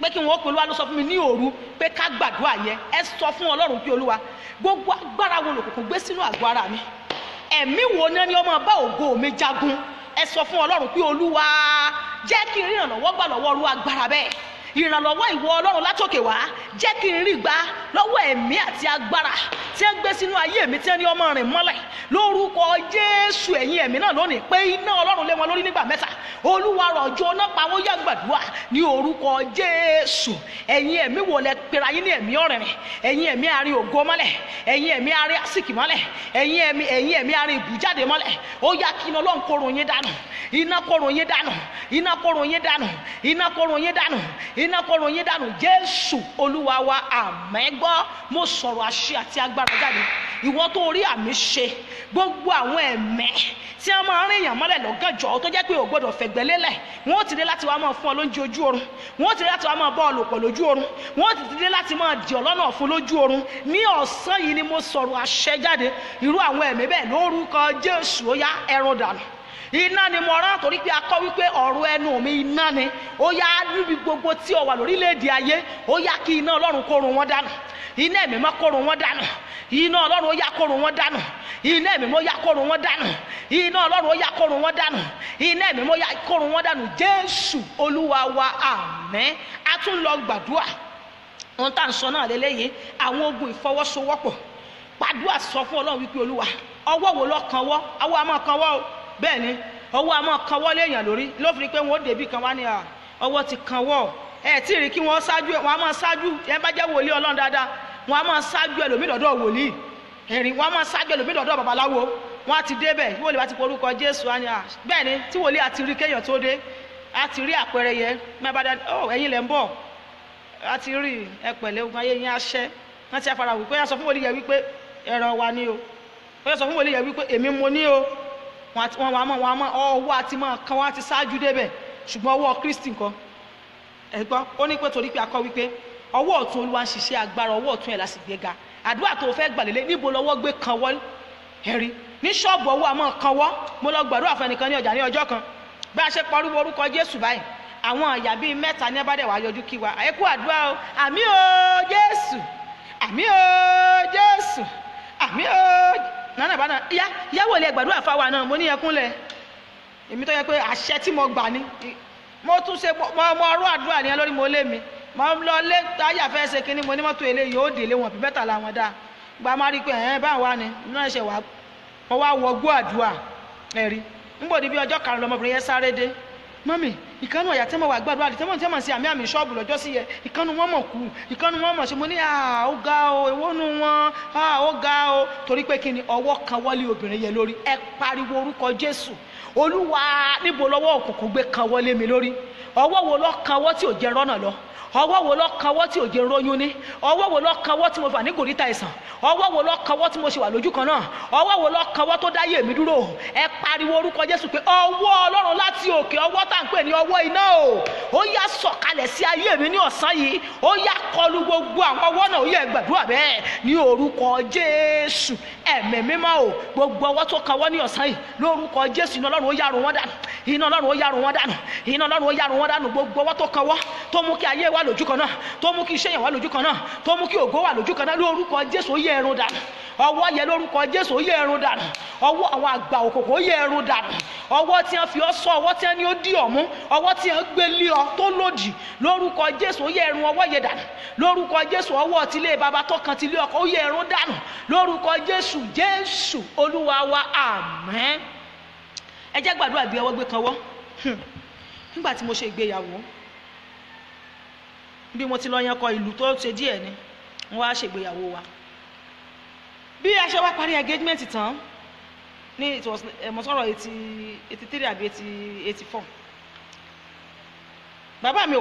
pé kí wọ́n pe olúwa ló sọ fún mi ní òru pé ká gbàdúrà yẹn ẹ sọ fún ọlọ́run pé olúwa gbogbo agbára wo lòkùnkùn gbé sínú àgọ́ ara mi ẹ̀mí wo náà ni ọmọ bá ògo mi jagun ẹ sọ fún ọlọ́run pé olúwa jẹ́ kí n rí ìrànlọ́wọ́ gbà lọ́wọ́ ọrú agbára bẹ́ẹ̀ ìrànlọ́wọ́ ìwọ ọlọ́run látòkè wá jẹ́ kí n rí gbà lọ́wọ́ ẹ̀mí àti agbára tí ń gbé sínú ayé mi tí ń ní ọmọ rìn mọ́lẹ̀ lórúkọ jésù ẹ̀yin ẹ̀mí náà lónìí pé iná ọlọ́run lé wọn lórí nígbà mẹ́ta olúwa rọ̀jò náà pa wọ́n yá gbàdúrà ní orúkọ jésù ẹ̀yin ẹ̀mí wò lẹ pera yín ní ẹ̀mí ọ̀rìnrìn ẹ̀yin ẹ̀mí arin ògo mọ́lẹ̀ ẹ̀yin ẹ̀mí arin àsìkì mọ́lẹ̀ ẹ̀yin ẹ̀mí ẹ̀yin ẹ̀mí arin ìbújáde mọ́lẹ̀ ó yá kí iná ọlọ́run kóró yín dànù iná kóró yín dànù iná kóró yín dànù iná kóró yín dànù iná kọrọ yín dànù jésù olúwa wa àmẹ́ gbọ́ mo sọ̀rọ̀ àṣẹ àti agbára jáde ìwọ tó rí àmì ṣe gbogbo àwọn ẹ̀mẹ́ tí wọ́n máa rìn yàn mọ́lẹ̀ lọ́gànjọ́ tó jẹ́ pé ò gbọ́dọ̀ fẹ̀gbẹ́ lélẹ̀ wọ́n ti dé láti wá máa fún ọ lóúnjẹ ojú oorun wọ́n ti dé láti wá máa bọ́ ọlùpọ̀ lójú oorun wọ́n ti dé láti máa dì ọ́ lọ́nà fún lójú oorun ní ọ̀sán yìí ni mo sọ̀rọ̀ àṣẹ jáde irú àwọn ẹ̀mí bẹ́ẹ̀ lórúkọ jésù ó yá ẹran dànù iná ni mo rán torí pé akọ́ wípé ọ̀rọ̀ ẹnu mi iná ni ó yá níbi gbogbo tí ó wà lórílẹ̀‐èdè ayé ó yá kí iná ọlọ́run kó run wọn dànù iná ẹ̀mí mọ́ kó run wọn dànù iná ọlọ́run ó yá kó run wọn dànù iná ẹ̀mí mọ́ yá kó run wọn dànù iná ọlọ́run ó yá kó run wọn dànù iná ẹ̀mí mọ́ yá kó run wọn dànù jésù olúwa wa àmín a tún lọ gbàdúrà ohun tá à ń sọ náà lélẹ́yìn àwọn ogun ìfọwọ́sowọ́pọ̀ gbàdúrà sọ fún ọlọ́run wípé olúwa ọwọ́ wo lọ kàn wọ́ ọwọ́ a kàn wọ́ o bẹ́ẹ̀ ni ọwọ́ a máa kan wọlé èèyàn lórí ló fi pé wọ́n débì kan wá ní à ọwọ́ ti kan wọ́ ẹ tí ì rí kí wọ́n ṣáájú wọn a máa ṣáájú ẹ bá jẹ́ wòlíì ọlọ́run dáadáa wọn a máa ṣáájú ẹlòmíì dọ̀dọ̀ wòlíì ẹ̀rín wọn a máa ṣáájú ẹlòmíì dọ̀dọ̀ babaláwo wọn a ti débẹ̀ wòlíì bá ti porúkọ jésù á ní à bẹ́ẹ̀ ni tí wòlíì a ti rí kéèyàn tó dé a ti rí àpẹẹrẹ yẹn mẹ́bàdàn ọ ẹ̀yin lẹ́ ń bọ̀ a ti rí ẹ̀pẹ̀lẹ́ ogun ayé yín aṣẹ́ wọ́n ti afárá wípé wọ́n sọ fún wòlíì yẹn wípé ẹ̀rọ wa ni o wọ́n sọ fún wòlíì yẹn wípé èmi mo ní o wọn wà mọ wọn mọ ọwọ́ àti mọ kan wọn ti ṣáájú débẹ̀ ṣùgbọ́n ọwọ́ Kristi nǹkan ẹ̀gbọ́n ó ní pé torí pé akọ wípé ọwọ́ ọ̀tún Olúwa ń ṣiṣẹ́ agbára ọwọ́ ọ̀tún ẹ̀ la sì gbé ga àdúrà tó fẹ́ gbàlélẹ̀ níbo lọ́wọ́ gbé kan wọ́ ẹ̀rí ní ṣọ́ọ̀bù ọwọ́ àmọ́ kan wọ́ mo lọ gbàdúrà fún ẹnìkan ní ọjà ní ọjọ́ kan bí a ṣe pariwo orúkọ Jésù báyìí àwọn àyà bíi mẹ́ta ní abádẹ́ wàá yọjú kí wa ẹ kú àdúrà o àmì o Jésù àmì o Jésù àmì o Jésù nana ìbáná yá yáwó ilé gbàdúrà fáwa náà mo ní ẹkúnlẹ̀ èmi tó yẹ pé àṣẹ tí mo gbà ni mo tún ṣe mo mo ọrọ àdúrà nìyẹn lórí mo lé mi mo lọ lé táyà fẹ́ ṣe kínní mo ní mọ́tò ilé yóò délé wọn bí mẹ́ta làwọn dáa gba má rí pé ẹ̀ẹ́n bá wa ni nínú ẹ̀ṣẹ̀ wa mo wá wọgbó àdúrà ẹ̀rí nígbòdì bí ọjọ́ karùn-ún lọmọbìnrin yẹn sáré dé mọ́mì ìkànnì ọ̀yà tẹ́mọ̀ wà gbàdúrà dì tẹ́mọ̀ tẹ́mọ̀ sí àmì àmì ṣọ́ọ̀bù lọ́jọ́ sí yẹ ìkànnì wọn mọ̀ kú ìkànnì wọn mọ̀ ṣe mo ní ó ga o ìwọ́nu wọn ó ga o torí pé kíni ọwọ́ kan wọlé obìnrin yẹ lórí ẹ pariwo orúkọ Jésù Olúwa níbo lọ́wọ́ òkùnkùn gbé kan wọlé mi lórí ọwọ́ wo lọ́ kan wọ́ tí ò jẹ́ rọ́nà lọ ọwọ́ wo lọ kanwọ́ tí òjò ń ronyún ní ọwọ́ wo lọ kanwọ́ tí mo fà ní gòríta ìsàn ọwọ́ wo lọ kanwọ́ tí mo ṣe wà lójú kan náà ọwọ́ wo lọ kanwọ́ tó dáyé mi dúró ẹ pariwo orúkọ Jésù pé ọwọ́ Ọlọ́run láti òkè ọwọ́ tá à ń pè ní ọwọ́ iná o ó yá sọ̀kalẹ̀ sí ayé mi ní ọ̀sán yìí ó yá kọlu gbogbo àwọn ọwọ́ náà ó yẹ gbàdúrà bẹ́ẹ̀ ní orúkọ Jésù ẹ̀mí mímọ́ o gbogbo ọwọ́ tó kanwọ́ ní ọ̀sán yìí lórúkọ Jésù iná Ọlọ́run ó yàrún wọn dànù iná Ọlọ́run ó yàrún wọn dànù iná Ọlọ́run ó yàrún wọn dànù gbogbo ọwọ́ tó kanwọ́ tó mú kí ayé wa wà lójú kan náà tó mú kí iṣẹ́ yẹn wà lójú kan náà tó mú kí ògo wà lójú kan náà lórúkọ jésù yẹ ẹrun dànù ọwọ́ yẹ lórúkọ jésù yẹ ẹrun dànù ọwọ́ àwọn àgbà òkòkò yẹ ẹrun dànù ọwọ́ tí wọ́n fi ọ́ sọ ọwọ́ tí wọ́n ní ó dì ọ́ mú ọwọ́ tí wọ́n gbé lé ọ tó lòdì lórúkọ jésù yẹ ẹrun ọwọ́ yẹ dànù lórúkọ jésù ọwọ́ tilé baba tọkàn tilé ọkọ ó yẹ ẹrun dànù lórúkọ jésù jésù olúwa wa àmín ẹ jẹ́ gbàdúrà bí ọwọ́ gbé kan wọ́ hmm. nígbà tí mo ṣe ìgbéyàwó bí mo ti lọ yan kọ ìlú tó ṣe díẹ̀ ni wọ́n wá ṣègbéyàwó wa bí a ṣe wá parí engagement tán ní it was eh, mọ̀sọ́rọ̀ eighty eighty three àbí eighty eighty four bàbá mi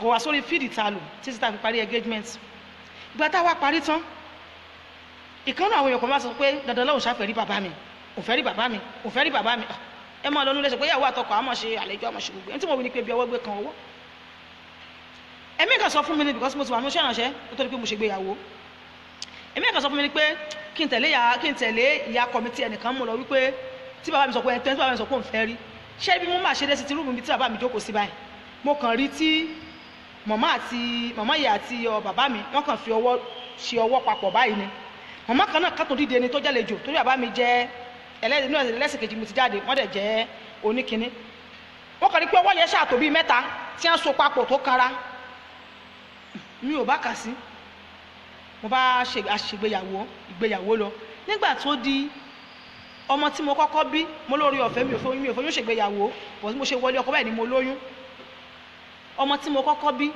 kò wá sórí fídì ta lò títí tá a fi parí engagement ìgbà tá a wá parí tán ìkànnì àwọn èèyàn kan máa sọ pé dandan lóun ṣàfẹ́ rí bàbá mi ò rí bàbá mi ò rí bàbá mi ah, ẹ máa lọ nílé sọ pé ìyàwó àtọkọ àmọ̀ ṣe àlejò àmọ̀ ṣe gbogbo ẹni tí mo wí ni pé bí ọwọ́ gbé kan ọwọ́ ẹ̀mí kan sọ fún mi ni because mo ti wà ní oṣù ìrànṣẹ́ kó tó di pé mo ṣe gbéyàwó ẹ̀mí kan sọ fún mi ni pé kí n tẹ̀lé ìyá kí n tẹ̀lé ìyá kọ́mítì ẹnìkan mú lọ wípé tí bàbá mi sọ pé ẹ̀ tẹ́ni tí bàbá mi sọ pé òun fẹ́ rí ṣé bí mo máa ṣe dé sí ti rúùmù mi tí bàbá mi jókòó sí báyìí mo kàn rí tí màmá àti màmá ìyá àti bàbá mi wọ́n kàn fi ọwọ́ ṣe ọwọ́ papọ̀ báyìí ni màmá kan náà kàtó dìde ni tó jẹ́ lejò torí bàbá mi jẹ́ ẹlẹ́sìn kejì mo ti jáde wọ́n dẹ̀ jẹ́ oníkinní wọ́n kàn rí pé ọwọ́ yẹn ṣàtò bíi mẹ́ta tí wọ́n so papọ̀ tó kanra mi ò bá kà sí mo bá ṣègbéyàwó ìgbéyàwó lọ nígbà tó di ọmọ tí mo kọ́kọ́ bí mo lórí ọ̀fẹ́ mi ò fẹ́ mi ò fẹ́ ṣègbéyàwó bọ̀ tí mo ṣe wọlé ọkọ báyìí ni mo lóyún ọmọ tí mo kọ́kọ́ bí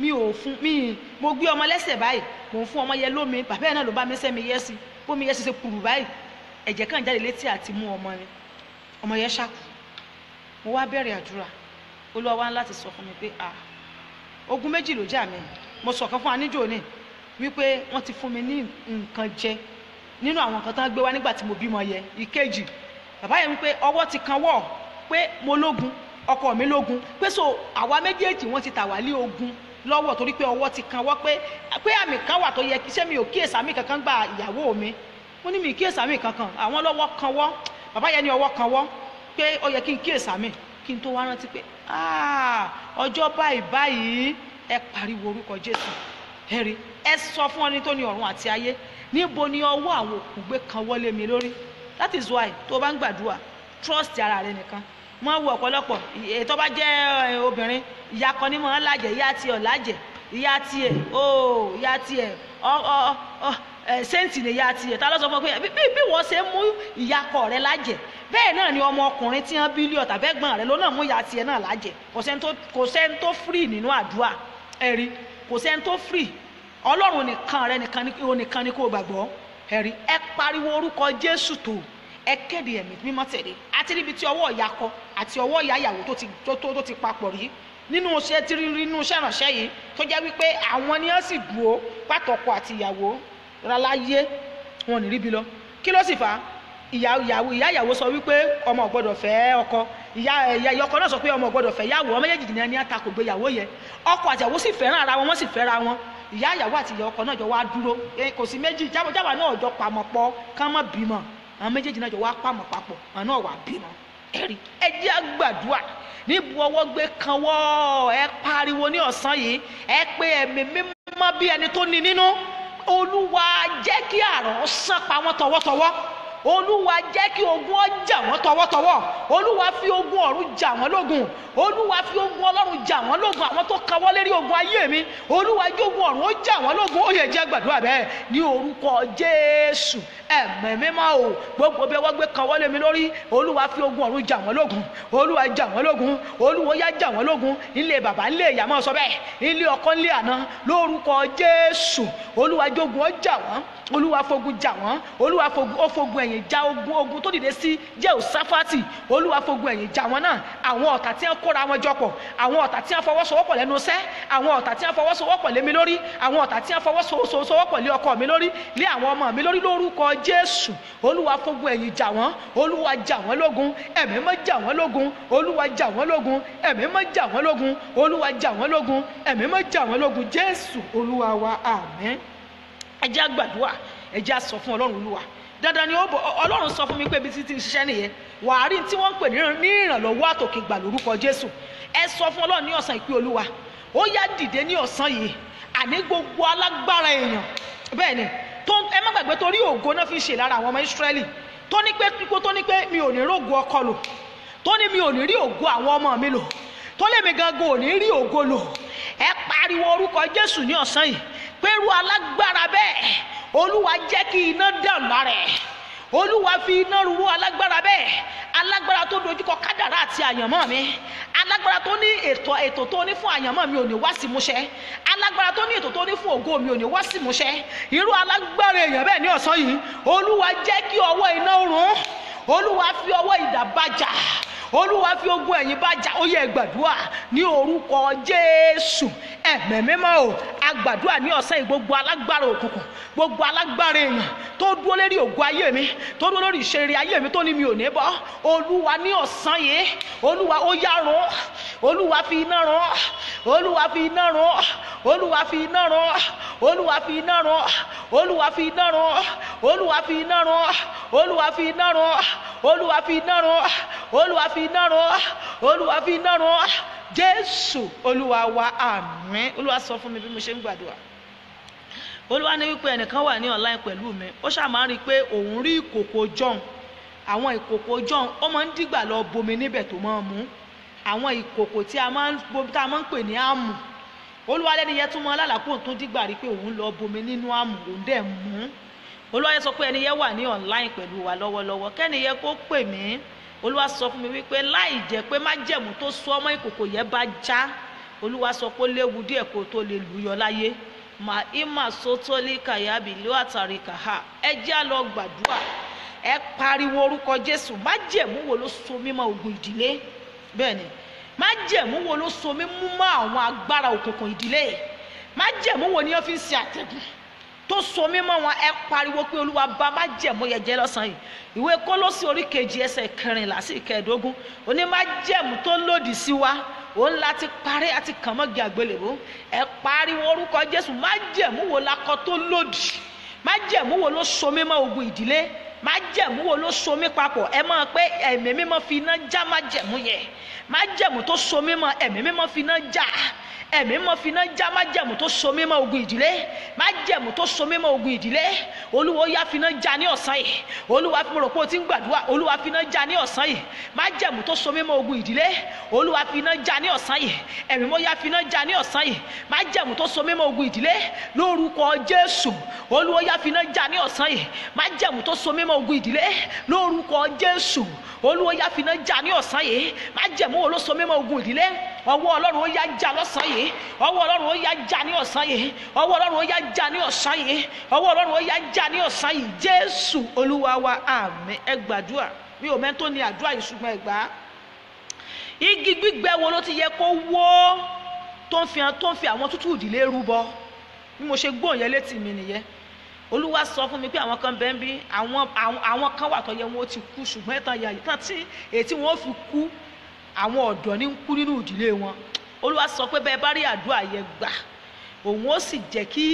mi ò fún mi mo gbé ọmọ lẹ́sẹ̀ báyìí mo ń fún ọmọ yẹn lómi bàbá yẹn náà ló bá mi sẹ́mi yẹ́ sí bómi yẹ́ sí ṣe kùrù báyìí ẹ̀jẹ̀ kan jáde létí àti mú ọmọ yẹn ọmọ yẹn ṣàkù mo wá bẹ̀rẹ̀ àdúrà olúwa wá láti sọ fún mi pé ah ogun méjì ló jà mí mo sọ̀kan fún aníjò ní wípé wọ́n ti fún mi ní nǹkan jẹ nínú àwọn nǹkan tó ń gbé wá nígbà tí mo bímọ yẹ ìkejì bàbá yẹn wípé ọwọ́ ti kan wọ̀ pé mo lógun ọkọ mi lógun pé so àwa méjèèjì wọ́n ti tà wá lé ogun lọ́wọ́ torí pé ọwọ́ ti kan wọ́ pé pé àmì kan wà tó yẹ kí sẹ́mi ò kíyèsàmì kankan gba ìyàwó mi mo ní mi kíyèsàmì kankan àwọn lọ́wọ́ kan wọ́ bàbá yẹn ní ọwọ́ kan wọ́ pé ó yẹ kí n kíyèsàmì kí n tó wá rántí pé ọjọ́ báyìí báyìí ẹ pariwo orúkọ jésù ẹrí ẹ sọ fún ẹni tó ní ọ̀run àti ayé níbo ni ọwọ́ àwọn òkú gbé kan wọlé mi lórí that is why tó o bá ń gbàdúrà trust ara rẹ nìkan wọn wo ọ̀pọ̀lọpọ̀ ètò bá jẹ́ obìnrin ìyá kan ní mọ ọlájẹ ìyá tiẹ̀ ọlájẹ ìyá tiẹ̀ ooo ìyá tiẹ̀ ọ ọ ọ sẹ́ǹtì ni ìyá tiẹ̀ ta ló sọ fún ọ pé bí wọ́n ṣe mú ìyá kọ rẹ lájẹ bẹ́ẹ̀ náà ni ọmọ ọkùnrin tí wọ́n bí lé ọ̀tà bẹ́ẹ̀ gbọ́n rẹ ló náà mú ìyá tiẹ̀ náà lájẹ kò sẹ́ni tó free nínú àdúrà ẹ̀rí kò sẹ́ni tó free ọlọ́run nìkan rẹ nìkan ni kò gbàgbọ́ ẹ̀rí ẹ pariwo orúkọ jésù tó ẹ kéde ẹ̀mí mímọ́ tẹ̀lé àti níbi tí ọwọ́ ìyá kọ àti ọwọ́ ìyá ìyàwó tó ti papọ̀ rí nínú iṣẹ́ tí nínú iṣẹ́ ìrànṣẹ́ yìí tó jẹ́ wípé àwọn ni wọ́n sì dúró pàtọ́kọ àti ìyàwó ráláyé wọn ò ní ríbi lọ kí ló sì fà á ìyá ìyàwó sọ wípé ọmọ ò gbọ́dọ̀ fẹ́ ọkọ ìyá ìyá ọkọ náà sọ pé ọmọ gbọ́dọ̀ fẹ́ yàwó ọmọ méjèèjì ni ẹni àtakò gbéyàwó yẹn ọkọ àtìyàwó sì fẹ́ràn ara wọn wọ́n sì fẹ́ra wọn ìyá ìyàwó àti ìyá ọkọ náà jọ wá dúró kò sí méjì jábàjábà náà jọ pamọ́ pọ̀ kán mọ́ bímọ àwọn méjèèjì náà jọ wá pamọ́ papọ̀ àwọn náà wà bímọ ẹ̀rí ẹjẹ́ àgbàdua níbu ọwọ́ gbé kanwọ́ ẹ pariwo ní ọ̀sán yìí ẹ pé ẹ̀mí mímọ́ bí ẹni tó ní nínú olúwa jẹ́ kí àrùn sàn pa wọ́n tọwọ́tọwọ́ olúwa jẹ́ kí ogun ọ jà wọ́n tọwọ́tọwọ́ olúwa fi ogun ọ̀run jà wọ́n lógun olúwa fi ogun ọlọ́run jà wọ́n lógun àwọn tó kawọ́ lérí ogun ayé mi olúwa jẹ́ ogun ọ̀run ó jà wọ́n lógun ó yẹ jẹ́ gbàdúrà bẹ́ẹ̀ ní orúkọ jésù ẹ̀mí mímọ́ o gbogbo bí wọ́n gbé kawọ́ lé mi lórí olúwa fi ogun ọ̀run jà wọ́n lógun olúwa jà wọ́n lógun olúwa yá jà wọ́n lógun ilé bàbá ilé ìyá máa sọ bẹ́ẹ̀ ilé ọkọ ilé àná lórúkọ jésù olúwa jẹ́ ogun ọ olúwa fogun jà wọ́n olúwa fogun ó fogun ẹ̀yìn já ogun ogun tó dìde sí Jèhóṣáfátì olúwa fogun ẹ̀yìn jà wọ́n náà àwọn ọ̀tá tí wọ́n kóra wọn jọpọ̀ àwọn ọ̀tá tí wọ́n fọwọ́sowọ́pọ̀ lẹ́nu iṣẹ́ àwọn ọ̀tá tí wọ́n fọwọ́sowọ́pọ̀ lé mi lórí àwọn ọ̀tá tí wọ́n fọwọ́sowọ́pọ̀ lé ọkọ mi lórí lé àwọn ọmọ mi lórí lórúkọ Jésù olúwa fogun ẹ̀yìn jà wọ́n olúwa jà wọ́n lógun ẹ̀mí mọ́ jà wọ́n lógun olúwa jà wọ́n lógun ẹ̀mí mọ́ jà wọ́n lógun olúwa jà wọ́n lógun ẹ̀mí mọ́ jà wọ́n lógun Jésù olúwa wa Amen ẹ jẹ́ á gbàdúrà ẹ jẹ́ á sọ fún ọlọ́run olúwa dandan ni ọlọ́run sọ fún mi pé ibi tí ti ń ṣiṣẹ́ nìyẹn wàá rí tí wọ́n ń pè ní ìrànlọ́wọ́ àtòkè gbà lórúkọ jésù ẹ sọ fún ọlọ́run ní ọ̀sán ìpín olúwa ó yá dìde ní ọ̀sán yìí àní gbogbo alágbára èèyàn bẹ́ẹ̀ ni ẹ má gbàgbé torí ògo náà fi ń ṣe lára àwọn ọmọ ìsírẹ́lì tó ní pé tó ní pé mi ò ní rógo ọkọ lò tó ní mi ò ní rí ògo àwọn ọmọ mi lò tó lè mi gangan ò ní rí ògo lò ẹ pariwo orúkọ jésù ní ọ̀sán yìí pẹ̀lú alágbára bẹ́ẹ̀ olúwa jẹ́ kí iná dàn lára ẹ̀ olúwa fi iná ruru alágbára bẹ́ẹ̀ alágbára tó dojúkọ kádàrá àti àyànmọ́ mi alágbára tó ní ètò ètò tó ní fún àyànmọ́ mi ò ní wá sí múṣẹ alágbára tó ní ètò tó ní fún ògo mi ò ní wá sí múṣẹ irú alágbára èèyàn bẹ́ẹ̀ ní ọ̀sán yìí olúwa jẹ́ kí ọwọ́ iná rún olúwa fi ọwọ́ idà olúwa fi ogun ẹ̀yìn bá jà ó yẹ gbàdúrà ní orúkọ jésù ẹ̀mẹ̀ mímọ́ o agbàdúrà ní ọ̀sán yìí gbogbo alágbára òkùnkùn gbogbo alágbára èèyàn tó dúró lérí ògùn ayé mi tó dúró lórí ìṣeré ayé mi tó ní mi ò ní bọ́ olúwa ní ọ̀sán yìí olúwa ó yá run olúwa fi iná run olúwa fi iná run olúwa fi iná run olúwa fi iná run olúwa fi iná run olúwa fi iná run olúwa fi iná run olúwa fi iná run olúwa fi fi iná run wá olúwa fi iná run wá jésù olúwa wa àmín olúwa sọ fún mi bí mo ṣe ń gbàdúrà olúwa ní wípé ẹnìkan wà ní online pẹ̀lú mi ó ṣàmà rí i pé òun rí ìkòkò john àwọn ìkòkò john ó máa ń dìgbà lọ bomi níbẹ̀ tó máa mú àwọn ìkòkò tí a máa ń pè ní àmù olúwa lẹ́ni yẹn tún mọ alálàkó tó dìgbà rí i pé òun lọ bomi nínú àmù òun dẹ̀ mú olúwa yẹn sọ pé ẹni yẹn wà ní online pẹ̀lú wa lọ́wọ́lọ́wọ́ kẹ́ni yẹn kó pè mí olúwa sọ fún mi wípé láì jẹ́ pé májẹ̀mú tó so ọmọ ìkòkò yẹn bá já olúwa sọ pé ó léwu díẹ̀ kó tó lè lù yọ láyé mà ímà sótólì kàyàbì ló àtàrí kàhà ẹ jẹ́ á lọ gbàdúrà ẹ pariwo orúkọ jésù májẹ̀mú wo ló so mímọ́ ogun ìdílé bẹ́ẹ̀ ni májẹ̀mú wo ló so mímọ́ àwọn agbára òkùnkùn ìdílé májẹ̀mú wo ni wọ́n fi ń ṣe àtẹ̀gùn tó so mímọ́ wọn ẹ pariwo pé olúwa bá má jẹ̀mú yẹn jẹ́ yìí ìwé kólósì orí kejì ẹsẹ̀ kẹrìnlá sí ìkẹẹ̀dógún òní má jẹ̀mú tó lòdì sí wa òun láti parí àti kàn mọ́gi àgbélébó ẹ pariwo orúkọ jésù má jẹ̀mú wo lakọ tó lòdì má jẹ̀mú wo ló so mímọ́ ogun ìdílé má jẹ̀mú wo ló so mí papọ̀ ẹ máa pé ẹ̀mí mímọ́ fi iná já má jẹ̀mú yẹ má jẹ̀mú tó so mímọ́ ẹ̀mí mímọ́ fi iná já ẹ̀mí mọ́ finá já májẹ̀mú tó so mímọ́ ogun ìdílé májẹ̀mú tó so mímọ́ ogun ìdílé olúwa ya finá já ní ọ̀sán yìí olúwa fi mọ̀rọ̀ pé o ti ń gbàdúrà olúwa finá já ní ọ̀sán yìí májẹ̀mú tó so mímọ́ ogun ìdílé olúwa finá já ní ọ̀sán yìí ẹ̀mí mọ́ yá finá já ní ọ̀sán yìí májẹ̀mú tó so mímọ́ ogun ìdílé lórúkọ jésù olúwa yá finá já ní ọ̀sán yìí májẹ̀mú tó so mímọ́ ogun ìdílé lórúkọ jésù olúwa yá finá já ní ọ̀sán yìí májẹ̀mú wo ló so mímọ́ ogun ìdílé ọwọ́ ọlọ́run ó yá já lọ́sàn yìí ọwọ́ ọlọ́run ó yá já ní ọ̀sán yìí ọwọ́ ọlọ́run ó yá já ní ọ̀sán yìí ọwọ́ ọlọ́run ó yá já ní ọ̀sán yìí jésù olúwa wa àmín ẹ gbàdúrà mi ò mẹ́tò ní àdúrà yìí ṣùgbọ́n ẹ gbà á igi gbígbẹ wo ló ti yẹ kó wó tó ń fi hàn tó ń fi àwọn tútù ìdílé rúbọ bí mo ṣe gbóhùn yẹn létí mi nìyẹn olúwa sọ fún mi pé àwọn kan bẹ́ẹ̀ bí àwọn kan wà tó yẹ wọn ó ti kú ṣùgbọ́n ẹ̀tàn yàyí tán tí èyí tí wọ́n fi kú àwọn ọ̀dọ́ ní ń kú nínú ìdílé wọn olúwa sọ pé bẹ́ẹ̀ bá rí àdúrà yẹn gbà òun ó sì jẹ́ kí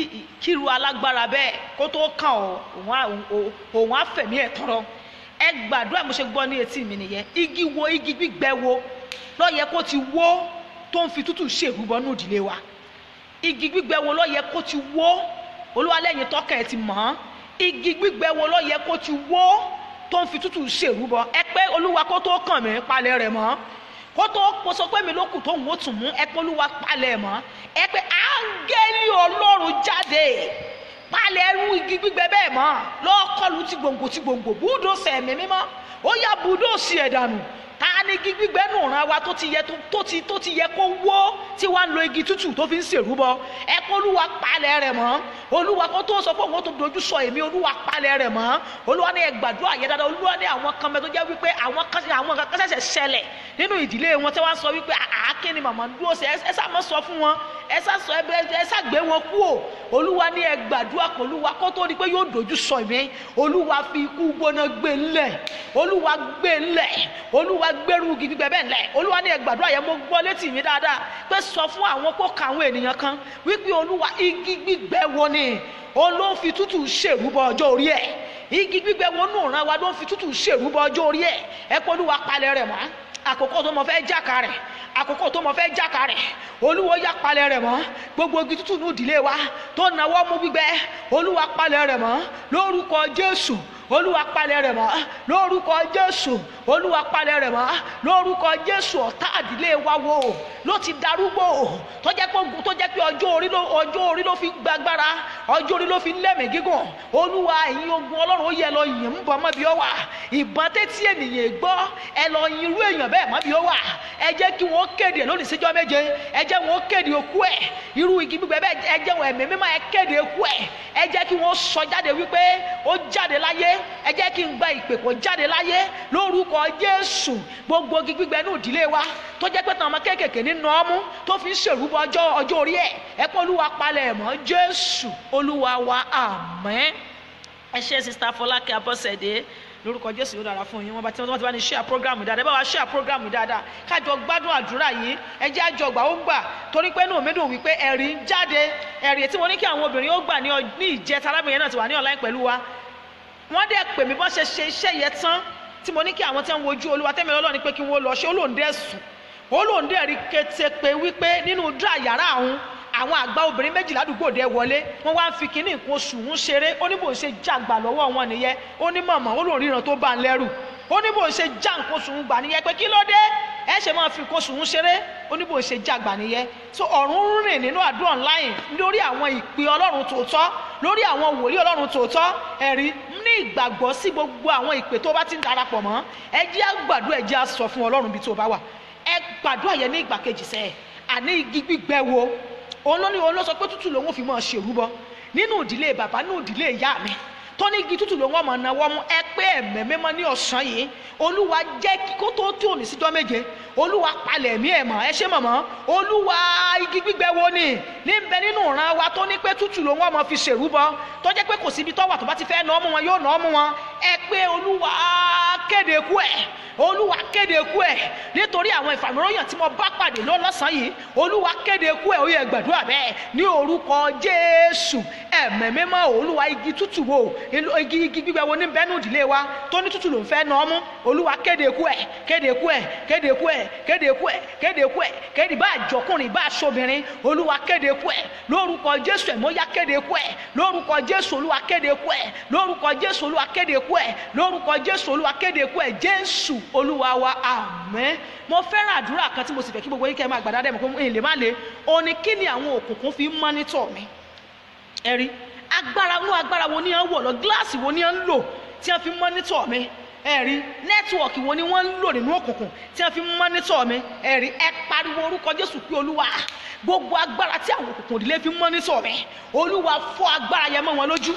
kíru alágbára bẹ́ẹ̀ kó tó kàn ọ́ òun á fẹ̀mí ẹ̀ tọrọ ẹ gbàdúrà mo ṣe gbọ́ ní etí mi nìyẹn igi wo igi gbígbẹ wo ló yẹ kó ti wó tó ń fi tútù ṣe ìrúbọ nínú ìdílé wa igi gbígbẹ wo ló kó ti wó olúwa lẹ́yìn tọ́kẹ̀ ti mọ̀ ọ́n igi gbígbẹ wo ló kó ti wó tó ń fi tútù ṣe ìrúbọ ẹ pé olúwa kó tó kàn mí palẹ̀ rẹ̀ mọ́ kó tó kó sọ pé mi ló kù tó ń wò tún mú ẹ pé olúwa palẹ̀ mọ́ ẹ pé áńgẹ́lì ọlọ́run jáde palẹ̀ ẹrú igi gbígbẹ bẹ́ẹ̀ mọ́ lọ́ọ́ kọlù ti gbòǹgbò ti gbòǹgbò búdòsẹ̀ ẹ̀mí mímọ́ ó yá búdòsì ẹ̀dànù ta ni igi gbígbẹ́ nù ràn wa tó ti yẹ tó ti yẹ kó wó tí wàá lo igi tútù tó fi ń ṣèrúbọ ẹ kó olúwa palẹ̀ rẹ̀ mọ́ olúwa kó tó sọ fún òun tó dojú sọ èmi olúwa palẹ̀ rẹ̀ mọ́ olúwa ní ẹ yẹ dáadáa olúwa ní àwọn kan mẹ́tọ́ jẹ́ wípé àwọn kan ṣẹ̀ṣẹ̀ ṣẹlẹ̀ nínú ìdílé wọn tí wọ́n sọ wípé àáké ni màmá dúró sí ẹ sá sọ fún wọn ẹ sá sọ ẹ sá gbé wọn kú o olúwa ní ẹ gbàdúrà kó olúwa kó tó di pé yóò dojú sọ mi olúwa fi ikú gbóná gbé ńlẹ̀ olúwa gbé ńlẹ̀ olúwa gbẹrú gidi gbẹbẹ ńlẹ̀ olúwa ní ẹ gbàdúrà yẹn mo gbọ́ létí mi dáadáa pé sọ fún àwọn kó ka àwọn ènìyàn kan wípé olúwa igi gbígbẹ wo ni olófin tútù ṣèrúbọ ọjọ́ orí ẹ̀ igi gbígbẹ wọnú ọ̀ràn wa ló ń fi tútù ṣèrúbọ ọjọ́ orí ẹ̀ ẹ kó olúwa palẹ̀ rẹ̀ mọ́ àkókò tó mọ fẹ́ jáka rẹ̀ àkókò tó mọ fẹ́ jáka rẹ̀ olúwo yá palẹ̀ rẹ̀ mọ́ gbogbo igi tútù ní ìdílé wa tó nawọ́ mú gbígbẹ olúwa palẹ̀ rẹ̀ mọ́ lórúkọ jésù olúwa palẹ̀ rẹ̀ mọ́ lórúkọ jésù olúwa palẹ̀ rẹ̀ mọ́ lórúkọ jésù ọ̀tá àdílé wa wo ló ti darúgbó tó jẹ́ pé ogun tó jẹ́ pé ọjọ́ orí ló ọjọ́ orí ló fi gbàgbára ọjọ́ orí ló fi lẹ́mìí gígùn olúwa ẹ̀yin ogun ọlọ́run ó yẹ lọ yìn ń bọ̀ mọ́ bí ó wà ìbọn tẹ́tí ènìyàn gbọ́ ẹ lọ yin irú èèyàn bẹ́ẹ̀ mọ́ ó wà ẹ jẹ́ kí wọ́n ó kéde lónìí síjọ́ méje ẹ wọn kéde okú ẹ̀ irú igi gbígbẹ bẹ́ẹ̀ ẹ wọn ẹ̀mí mímọ́ ẹ kéde okú ẹ jẹ́ kí wọ́n sọ jáde wípé ó jáde láyé ẹ kí n gba ìpè kó jáde láyé lórúkọ Jésù gbogbo igi gbígbẹ inú ìdílé wa tó jẹ́ pé tàwọn ọmọ kéékèèké ní ọmú tó fi ń ṣèrúbọ ọjọ́ ọjọ́ orí ẹ̀ ẹ pé olúwa palẹ̀ ẹ̀ Jésù olúwa wa àmín ẹ ṣé sista Fọlákẹ́ Abọ́sẹ̀dé lórúkọ jésù yóò dára fún yín wọn bá tí wọn ti bá ní ṣíà programu dáadáa ẹ bá wa ṣíà programu dáadáa kájọ gbádùn àdúrà yìí ẹ jẹ́ àjọ gbà ó gbà torí pé inú mi dùn wípé ẹ̀rí ń jáde ẹ̀rí tí mo ní kí àwọn obìnrin ó gbà ní ìjẹta arábìnrin náà ti wà ní online pẹ̀lú wa wọ́n dẹ̀ pè mí bọ́n ṣe ṣe iṣẹ́ yẹn tán tí mo ní kí àwọn tí wọ́n wojú olúwa tẹ́mi ọlọ́run pé kí wọ́n lọ ṣe ó lóun dẹ̀ sùn ó lóun dẹ̀ rí kété pé wípé nínú dúrà yàrá àwọn àwọn àgbà obìnrin méjì ládùúgbò dẹ wọlé wọn wá ń fi kínní nǹkan oṣù ń ṣeré ó ní bò ń ṣe jàgbà lọ́wọ́ wọn nìyẹn ó ní mọ̀mọ́ ó lòun ríran tó bá ń lẹ́rù ó ní bò ń ṣe já nǹkan oṣù ń gbà nìyẹn pé kí ló dé ẹ ṣe máa fi nǹkan oṣù ń ṣeré ó ní bò ń ṣe jàgbà nìyẹn so ọ̀run rìn nínú àdúrà online lórí àwọn ìpè ọlọ́run tòótọ́ lórí àwọn wòlíì ọlọ́run tòótọ́ ẹ̀rí ní ìgbàgbọ́ sí gbogbo àwọn ìpè tó bá ti ń darapọ̀ mọ́ ẹ jẹ́ àgbàdua ẹ jẹ́ àsọ fún ọlọ́run bí tó bá wà ẹ gbàdúrà yẹn ní ìgbà sẹ́ẹ̀ àní igi wo òun ló ní òun ló sọ pé tútù lòun ò fi máa ṣèrúbọ nínú ìdílé bàbá nínú ìdílé ìyá mi tó ní igi tútù ló wọ́n mọ̀ náwó mú ẹ pé ẹ̀mẹ́ mímọ́ ní ọ̀sán yìí olúwa jẹ́ kó tó tí ò ní síjọ́ méje olúwa palẹ̀ mí ẹ̀ mọ̀ ẹ ṣe mọ̀mọ́ olúwa igi gbígbẹ wo ni ní bẹ nínú ìran wa tó ní pé tútù ló wọ́n mọ̀ fi ṣèrúbọ tó jẹ́ pé kò síbi tó wà tó bá ti fẹ́ nà ọmú wọn yóò nà ọmú wọn ẹ pé olúwa kéde kú ẹ̀ olúwa kéde kú ẹ̀ nítorí àwọn ìfàmìíràn tí mo bá pàdé lọ́sàn-án yìí olúwa kéde kú ẹ̀ ó yẹ gbàdúrà bẹ́ẹ̀ ní orúkọ jésù ẹ̀mẹ́ mímọ́ olúwa igi tútù wo igi igi gbígbẹ wo ní bẹ́nu ìdílé wa tó ní tútù ló ń fẹ́ nà ọ́ mú olúwa kéde ikú ẹ̀ kéde ikú ẹ̀ kéde ikú ẹ̀ kéde ikú ẹ̀ kéde ikú ẹ̀ kéde bá àjọkùnrin bá aṣọbìnrin olúwa kéde ikú ẹ̀ lórúkọ jésù ẹ̀ mọ́yá kéde ikú ẹ̀ lórúkọ jésù olúwa kéde ikú ẹ̀ lórúkọ jésù olúwa kéde ikú ẹ̀ lórúkọ jésù olúwa kéde ikú ẹ̀ jésù olúwa wa àmín mo fẹ́ràn àdúrà kan tí mo sì fẹ́ kí gbogbo yín kẹ́ máa gbàdá dẹ̀ mọ́ pé n lè má le òní kí ni àwọn òkùnkùn fi mọ́nítọ̀ mi ẹ̀rí agbára wo agbára wo ni à ń wọ̀ lọ gíláàsì wo ni à lò tí wọ́n fi mọ́nítọ̀ mi ẹ̀rí nẹ́tíwọ̀kì wo ni wọ́n ń lò nínú òkùnkùn tí wọ́n fi mọ́nítọ̀ mi ẹ̀rí ẹ pariwo orúkọ Jésù pé Olúwa gbogbo agbára tí àwọn òkùnkùn òdìlé fi mọ́nítọ̀ mi Olúwa fọ́ agbára yẹn mọ́ wọn lójú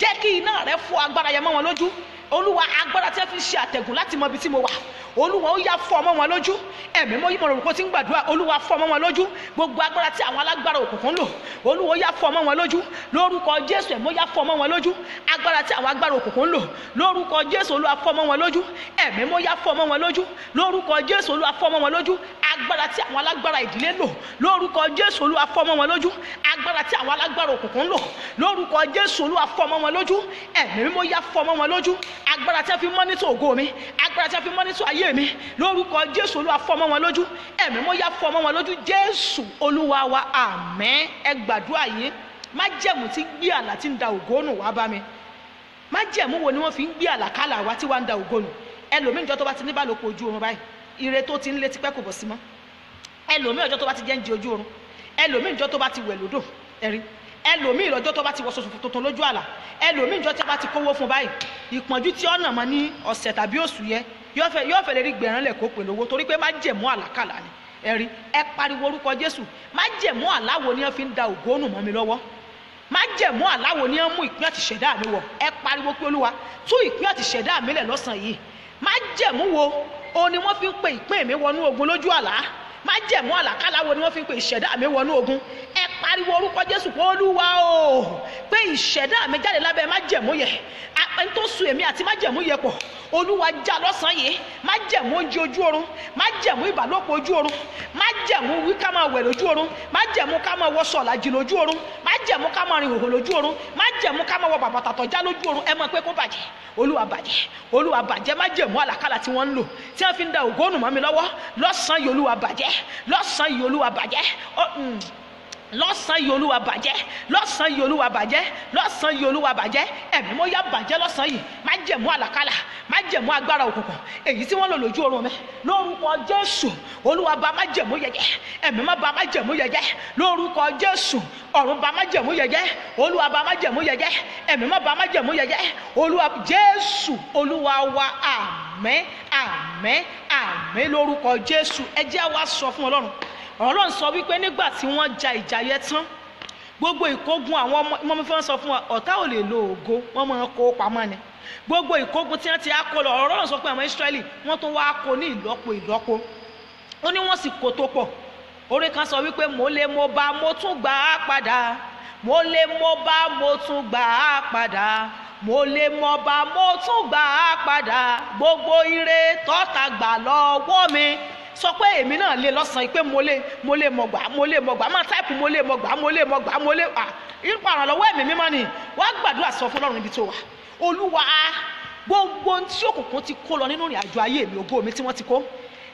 jẹ́ kí iná rẹ fọ́ agbára yẹn mọ́ wọn lójú olúwa agbára tí a fi ń ṣe àtẹ̀gùn láti mọ ibi tí mo wà olúwa ó yá fọ́ ọmọ wọn lójú ẹ̀mí mọ́ yímọ̀ òrùkọ́ tí ń gbàdúrà olúwa fọ́ ọmọ wọn lójú gbogbo agbára tí àwọn alágbára òkùnkùn lò olúwa ó yá fọ́ ọmọ wọn lójú lórúkọ jésù ẹ̀mí ó yá fọ́ ọmọ wọn lójú agbára tí àwọn agbára òkùnkùn lò lórúkọ jésù olúwa fọ́ ọmọ wọn lójú ẹ̀mí mọ́ yá fọ́ ọmọ wọn lójú lórúkọ jésù olúwa fọ́ ọmọ wọn lójú agbára tí àwọn alágbára ìdílé lò lórúkọ jésù olúwa fọ́ ọmọ wọn lójú agbára tí àwọn alágbára òkùnkùn lò lórúkọ jésù olúwa fọ́ ọmọ wọn lójú ẹ̀mí mọ́ yá fọ́ ọmọ wọn lójú agbára tí a fi mọ́nítò ògo mi agbára tí a fi mọ́nítò ayé mi lórúkọ jésù olúwa fọmọ wọn lójú ẹ̀mí mo yá fọmọ wọn lójú jésù olúwa wa àmín ẹ gbàdúrà yìí májẹ̀mú tí gbé àlá tí ń da ògo nù wá bá mi májẹ̀mú wo ni wọ́n fi ń gbé àlàkálà wá tí wá ń da ògo nù ẹlòmíì ìjọ tó bá ti ní bálòpọ̀ ojú oorun báyìí ire tó ti ń lé tipẹ́ kò bọ̀ sí mọ́ ẹlòmíì ìjọ tó bá ti jẹ́ ń di ojú oorun ẹlòmíì ìjọ tó bá ti wẹ̀ lódò ẹ̀rí ẹlòmíì lọ́jọ́ tó bá ti wọṣọ tuntun lójú àlà ẹlòmíì ìjọ tí a bá ti kówó fún báyìí ìpọ́njú tí ọ̀nà mọ́ ní ọ̀sẹ̀ tàbí oṣù yẹ yóò fẹ́ lè rí gbẹ̀rán lẹ̀ kó pèlú owó torí pé má jẹ̀mú àlàkàlà ni ẹ̀rí ẹ pariwo orúkọ Jésù má jẹ̀mú àláwo ni wọ́n fi ń da ògónù mọ́ mi lọ́wọ́ má jẹ̀mú àláwo ni wọ́n mú ìpín àti ṣẹ̀dá mi wọ̀ ẹ pariwo pé Olúwa tú ìpín àti ṣẹ̀dá mi lẹ̀ lọ́sàn yìí má jẹ̀mú wo òun ni wọ́n fi ń pe ìpín mi wọnú ogun lójú àlá májẹ̀mú àlàkálà wo ni wọ́n fi pe ìṣẹ̀dá mi wọnú ogun ẹ pariwo orúkọ jésù pé olúwa o pé ìṣẹ̀dá mi jáde lábẹ́ májẹ̀mú yẹ apẹ́ni tó sun èmi àti májẹ̀mú yẹ pọ̀ olúwa já lọ́sàn-án yìí májẹ̀mú oúnjẹ ojú oorun májẹ̀mú ìbálòpọ̀ ojú oorun májẹ̀mú wí ká máa wẹ̀ lójú oorun májẹ̀mú ká máa wọṣọ ọ̀làjì lójú oorun jẹ̀mú ká máa rin ìhòhò lójú oorun má jẹ̀mú ká máa wọ bàbàtà tó já lójú oorun ẹ mọ̀ pé kó bàjẹ́ olúwa bàjẹ́ olúwa bàjẹ́ má jẹ̀mú àlàkálà tí wọ́n ń lò tí wọ́n fi ń da ògónù lọ́wọ́ lọ́sàn-án yìí olúwa bàjẹ́ lọ́sàn-án yìí olúwa bàjẹ́ mm lọ́sàn-án yìí olúwa bàjẹ́ lọ́sàn-án yìí olúwa bàjẹ́ lọ́sàn-án yìí olúwa bàjẹ́ ẹ̀mí mo yá bàjẹ́ lọ́sàn-án yìí má jẹ̀mú àlàkálà má jẹ̀mú agbára òkùnkùn èyí tí wọ́n lò lójú oorun mi lórúkọ jésù olúwa bá má jẹ̀mú yẹ̀yẹ́ ẹ̀mí má bá má jẹ̀mú yẹ̀yẹ́ lórúkọ jésù ọ̀run bá má jẹ̀mú yẹ̀yẹ́ olúwa bá má jẹ̀mú yẹ̀yẹ́ ẹ̀mí má bá má jẹ̀mú yẹ̀yẹ́ olúwa jésù olúwa wa àmín àmín àmín lórúkọ jésù ẹ jẹ́ wá sọ fún ọlọ́run ọlọ́run sọ wípé nígbà tí wọ́n ja ìjà yẹn tán gbogbo ìkógun àwọn ọmọ ọmọ mi fẹ́ sọ fún wa ọ̀tá ò lè lo ògo wọ́n máa kó pamọ́ ni gbogbo ìkógun tí wọ́n ti á kó lọ ọlọ́run sọ pé àwọn Ísírẹ́lì wọ́n tún wáá kó ní ìlọ́po ìlọ́po ó ní wọ́n sì kó tó pọ̀ orí kan sọ wípé mo lè mo bá mo tún gbà á padà mo lè mo bá mo tún gbà á padà mo lè mo bá mo tún gbà á padà gbogbo ire tọ́ta gbà lọ́wọ́ mi sọ pé èmi náà lè lọ́sàn-án pé mo lè mo lè mọ̀ gbà mo lè mọ̀ gbà máa táìpù mo lè mọ̀ gbà mo lè mọ̀ gbà mo lè à ipa ìrànlọ́wọ́ ẹ̀mí mímọ́ ni wàá gbàdúrà sọ fún ọlọ́run ibi tó wà olúwa gbogbo tí òkùnkùn ti kó lọ nínú ìrìn àjò ayé mi ògo mi tí wọ́n ti kó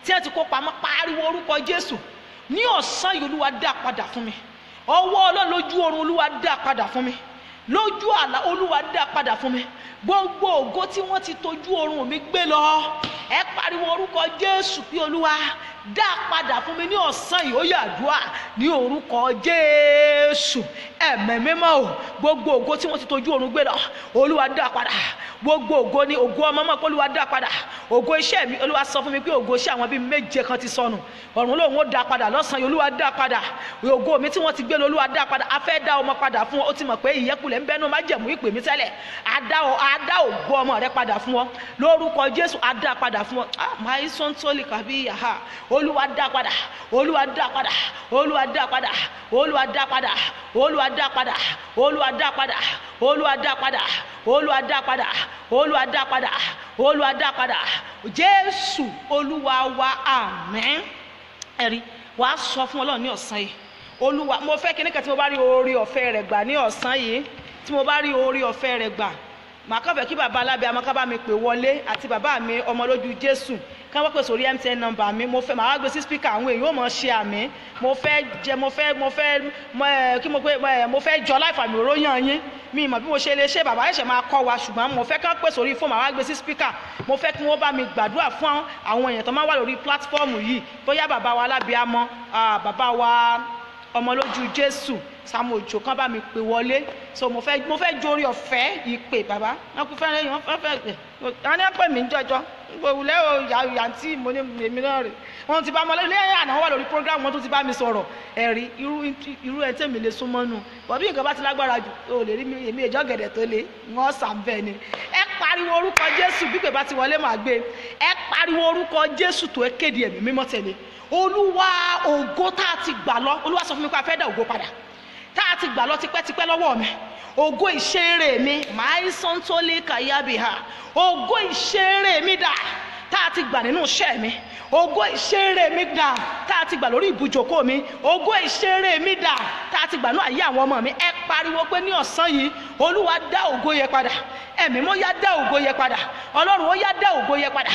tí wọ́n ti kó pamọ́ pariwo orúkọ jésù ní ọ̀sán yìí olúwa dá padà fún mi ọwọ́ ọlọ́run lójú oorun olúwa dá padà fún mi lójú àlá olúwa dá padà fún mi gbogbo ògo tí wọ́n ti tọ́jú oorun mi gbé lọ ẹ pariwo orúkọ jésù pé olúwa dá padà fún mi ní ọ̀sán yìí ó yàdúà ní orúkọ jésù ẹ̀mẹ̀ mímọ́ o gbogbo ògo tí wọ́n ti tojú oorun gbé lọ olúwa dá padà gbogbo ògo ni ògo ọmọ mọ̀ pé olúwa dá padà ògo iṣẹ́ mi olúwa sọ fún mi pé ògo iṣẹ́ àwọn bíi méje kan ti sọnù ọ̀run lòun ó dá padà lọ́sàn yìí olúwa dá padà ògo mi tí wọ́n ti gbé lọ olúwa dá padà a fẹ́ dá ọmọ padà fún ọ ó ti mọ̀ pé ìyẹ́kulẹ̀ ń bẹ́nu májẹ̀mú ìpè mi tẹ́lẹ̀ àdá ògo ọmọ rẹ padà fún ọ lórúkọ jésù àdá padà fún ọ ah, máa olúwa dá padà olúwa dá padà olúwa dá padà olúwa dá padà olúwa dá padà olúwa dá padà olúwa dá padà olúwa dá padà olúwa dá padà olúwa dá padà jésù olúwa wa àmín ẹ̀rí wàá sọ fún ọlọ́run ní ọ̀sán yìí olúwa mo fẹ́ kí nìkan tí mo bá rí oore ọ̀fẹ́ rẹ̀ gbà ní ọ̀sán yìí tí mo bá rí oore ọ̀fẹ́ rẹ̀ gbà màá kàn fẹ́ kí bàbá alábẹ́ amákábá mi pè wọlé àti bàbá mi ọmọ lójú jésù kán wọ́n pè sórí mtn number mi mo fẹ́ màá wá gbé sí spíkà àwọn èèyàn ò mọ̀ ṣe àmì mo fẹ́ jẹ mo fẹ́ mo fẹ́ kí mo pé mo fẹ́ jọ láì fàmì òró yàn yín mi mọ̀ bí mo ṣe lè ṣe bàbá ẹ̀ṣẹ̀ máa kọ́ wa ṣùgbọ́n mo fẹ́ kán pè sórí fóònù màá wá gbé sí spíkà mo fẹ́ kí wọ́n bá mi gbàdúrà fún àwọn èèyàn tó máa wà lórí pílátífọ́ọ̀mù yìí bóyá bàbá wa alábìámọ bàbá wa ọmọlójú jésù samu ojo kan bá mi pè wọlé so mo fẹ́ mo fẹ́ jórí ọ̀fẹ́ ìpè bàbá wọn kò fẹ́ lẹ́yìn wọn fẹ́ fẹ́ pè wọn ní wọn pè mí jọjọ òwúlẹ̀ o yàǹtí mo ní èmi náà rè wọn ti bá mọ lẹ́yìn àná wọn wà lórí program wọn tó ti bá mi sọ̀rọ̀ ẹ̀rí irú ẹ̀ tẹ̀mí lè súnmọ́ nù bọ̀bí nǹkan bá ti lágbára jù o lè rí èmi ìjọ gẹ̀dẹ̀ tó le wọn sàn ni ẹ pariwo orúkọ Jésù bí pé ti wọlé màá gbé ẹ pariwo orúkọ Jésù tó ẹ kéde ẹ̀mí mímọ́ tẹ̀lé olúwa ògo tá a ti gbà lọ olúwa sọ fún mi pé a fẹ́ dá ògo padà tá a ti gbà lọ tipẹ́tipẹ́ lọ́wọ́ mi ògo ìṣeré mi màá sàn tó lè kàyábì ha ògo ìṣeré mi dà tá a ti gbà nínú iṣẹ́ mi ògo ìṣeré mi dà tá a ti gbà lórí ibùjókòó mi ògo ìṣeré mi dà tá a ti gbà ní àyè àwọn ọmọ mi ẹ pariwo pé ní ọ̀sán yìí olúwa dá ògo yẹ padà ẹ̀mí mọ́ yá dá ògo yẹ padà ọlọ́run ó yá dá ògo yẹ padà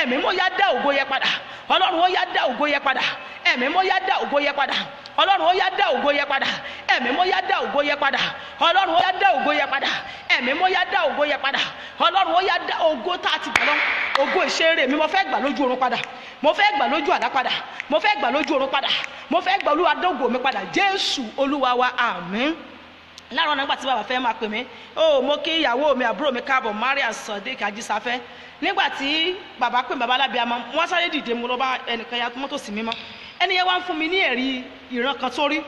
ẹ̀mí mọ́ yá dá ògo yẹ padà ọlọ́run ó yá dá ògo yẹ padà ẹ̀mí mọ́ yá dá ògo yẹ padà ọlọ́run ó yá dá ògo yẹ padà ẹ̀mí mọ́ yá dá ògo yẹ padà ọlọ́run ó yá dá ògo yẹ padà ẹ̀mí mọ́ yá dá ògo yẹ padà ọlọ́run ó yá dá ògo tá a ti gbà lọ ògo ìṣeré mi mo fẹ́ gbà lójú oorun padà mo fẹ́ gbà lójú àlá padà mo fẹ́ gbà lójú oorun padà mo fẹ́ gbà olúwa dógò mi padà jésù olúwa wa àmín láàárọ̀ nígbà tí bàbá fẹ́ máa pè mí ó mo kí ìyàwó mi àbúrò mi káàbọ̀ Maria Sadiq Ajísáfẹ́ nígbà tí bàbá pè bàbá lábẹ́ àmọ́ wọ́n sáré dìde mo lọ bá ẹnìkan ya mọ́tò sí mímọ́ ẹni yẹn wá ń fún mi ní ẹ̀rí ìran kan tó rí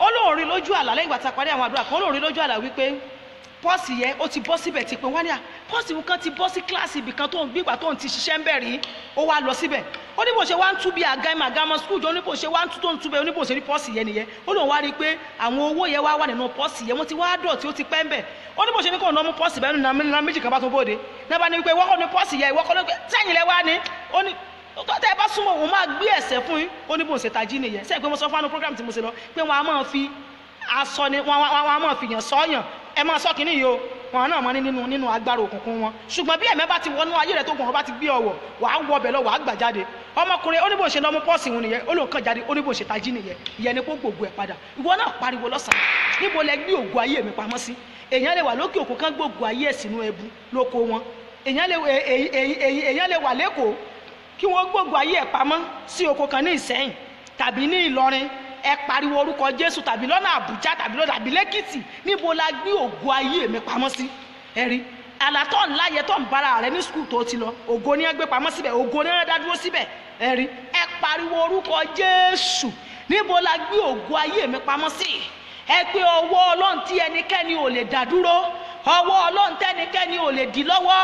olóòrin lójú àlá lẹ́yìn ìgbà tá a parí àwọn àdúrà kan olóòrin lójú àlá wípé pọ́ọ̀sì yẹn ó ti bọ́ síbẹ̀ ti pé wọ́n ní à pọ́ọ̀sì kan ti bọ́ sí kíláàsì ibì kan tó ń gbígbà tó ń ti ṣiṣẹ́ ń bẹ̀ rí ó wá lọ síbẹ̀ ó ní bó ṣe wá ń tú bí àgámọ̀ àgámọ̀ skul jọ oníbò ṣe wá ń tú tó ń tú bẹ̀ oníbò ṣe rí pọ́ọ̀sì yẹn nìyẹn ó lóun wá rí i pé àwọn owó yẹn wá wà nínú pọ́ọ̀sì yẹn wọ́n ti wá dọ̀tí ó ti pẹ́ ń bẹ̀ ó ní bó ṣe ní kò ná mú pọ́ọ̀sì bẹ́ẹ̀ nínú méjì kan bá tó bóde náà bá ní wípé wọ́kọ̀ ní pọ́ọ̀sì yẹn ìwọ́kọ̀ ní sẹ́yìn ní tó tẹ́ ẹ bá súnmọ́ òun máa gbé ẹ̀sẹ̀ fún yín ó ní bó ṣe tají nìyẹn sẹ́yìn pé mo sọ fún àwọn program tí mo ṣe lọ pé wọ́n á máa fi aṣọ ni wọ́n á máa fi yàn sọ́yàn ẹ máa sọ kínní yìí o wọn náà máa ní nínú nínú agbára òkùnkùn wọn ṣùgbọ́n bí ẹ̀mẹ́ bá ti wọnú ayé rẹ̀ tó kùn wọn bá ti gbé ọwọ́ wàá wọ ọbẹ̀ lọ wàá gbà jáde ọmọkùnrin oníbòṣe lọmú pọ́ọ̀sì ìhun nìyẹn olóòkàn jáde oníbòṣe tají nìyẹn ìyẹn ni kó gbogbo ẹ̀ padà ìwọ náà pariwo lọ́sàn-án níbo lẹ gbé ògùn ayé ẹ̀ sínú ẹbu lóko kí wọ́n gbógun ayé ẹ̀ pamọ́ sí oko kan ní ìsẹ́yìn tàbí ní ìlọrin ẹ pariwo orúkọ jésù tàbí lọ́nà àbújá tàbí lọ́nà àbí níbo la gbé ògo ayé mi pamọ́ sí ẹ rí àlàtọ̀ ńlá yẹ tó ń bára rẹ ní skul tó ti lọ ògo ni ẹ gbé pamọ́ síbẹ̀ ògo ni ẹ dádúró síbẹ̀ ẹ rí ẹ pariwo orúkọ jésù níbo la gbé ògo ayé mi pamọ́ sí ẹ pé ọwọ́ ọlọ́run tí ẹnikẹ́ni ò lè dá ọwọ́ ọlọ́run tẹ́nikẹ́ni ò lè dí lọ́wọ́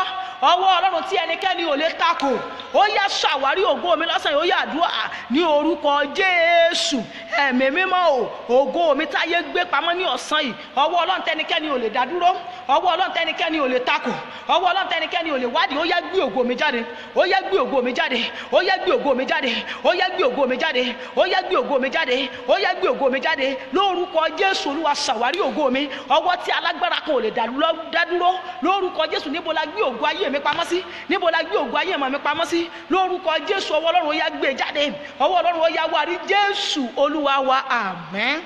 ọwọ́ ọlọ́run tí ẹnikẹ́ni ò lè takò ó yá ṣàwárí ògo mi lọ́sàn yìí ó yá àdúrà ní orúkọ jésù ẹ̀mí mímọ́ o ògo mi táyé gbé pamọ́ ní ọ̀sán yìí ọwọ́ ọlọ́run tẹ́nikẹ́ni ò lè dádúró ọwọ́ ọlọ́run tẹ́nikẹ́ni ò lè takò ọwọ́ ọlọ́run tẹ́nikẹ́ni ò lè wádìí ó yá gbé ògo mi jáde ó yá gbé ògo mi jáde ó yá gbé ògo mi jáde ó yá gbé ògo mi jáde ó yá gbé ògo mi jáde ó yá gbé ògo mi jáde lórúkọ jésù olúwa ṣàwárí ògo mi ọwọ́ tí alágbára kan ò lè dàlú lọ́ olúwa dádúró lórúkọ jésù níbo la gbé ògo ayé mi pamọ́ sí níbo la gbé ògo ayé mọ̀ mi pamọ́ sí lórúkọ jésù ọwọ́ ọlọ́run ó yá gbé e jáde ọwọ́ ọlọ́run ó yá wá rí jésù olúwa wa àmín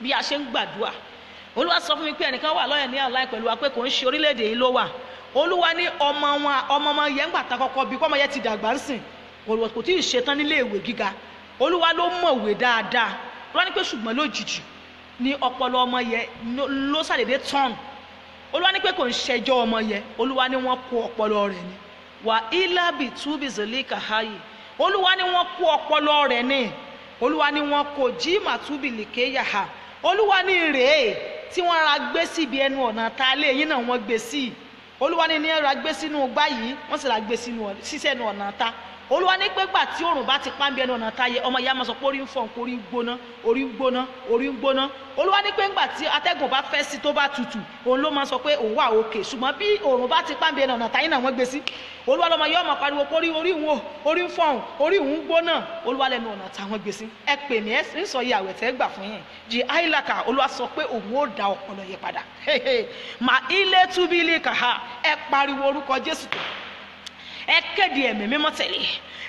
bí a ṣe ń gbàdúrà olúwa sọ fún mi pé ẹnìkan wà lọ́yẹ̀ ní àlàyé pẹ̀lú wa pé kò ń ṣe orílẹ̀-èdè yìí ló wà olúwa ní ọmọ wọn ọmọ ọmọ yẹn gbà ta kọkọ bí kọ́mọ yẹn ti dàgbà ń sìn kò tí ì ṣetán nílé ìwé gíga olúwa ló mọ̀wé dáadáa olúwa ní pé ṣùgbọ́n lójijì ni ọpọlọ ọmọ yẹn ló ṣàdédé tán olúwa ní pé kò ń ṣẹjọ́ ọmọ yẹn olúwa ní wọ́n kó ọpọlọ rẹ̀ ni wà ílàbì túbì zèlíkà háyì olúwa ní wọ́n kó ọpọlọ rẹ̀ ni olúwa ní wọ́n kó jìmà túbì lìkéyà ha olúwa ní rèé tí wọ́n ra gbé síbi ẹnu ọ̀nà ta lé yín náà wọ́n gbé sí olúwa ní ní ra gbé sínú gbá yìí wọ́n sì ra gbé sínú ọ̀nà ta olúwa ní pé gbà tí oòrùn bá ti pa ń bí ẹnu ọ̀nà táyé ọmọ ìyá máa sọ pé orí ń fọ̀n orí ń gbóná orí ń gbóná orí ń gbóná olúwa ní pé ńgbà tí atẹ́gùn bá fẹ́ sí tó bá tutù òun ló máa sọ pé òun wà òkè ṣùgbọ́n bí oòrùn bá ti pa ń bí ẹnu ọ̀nà táyé náà wọ́n gbé sí olúwa lọ́mọ yóò máa pariwo pé orí orí ń wò orí ń fọ̀n orí ń gbóná olúwa lẹ́nu ọ̀nà táwọn gbé sí ẹ pè mí ẹ ń sọ iye àwẹ̀ tẹ́ gbà fún yẹn jì áìlàkà olúwa sọ pé òun ó da ọpọlọ yẹn padà mà ilé túbílì kàá ẹ pariwo orúkọ jésù tó ẹ kéde ẹ̀mí mímọ́ tẹ̀lé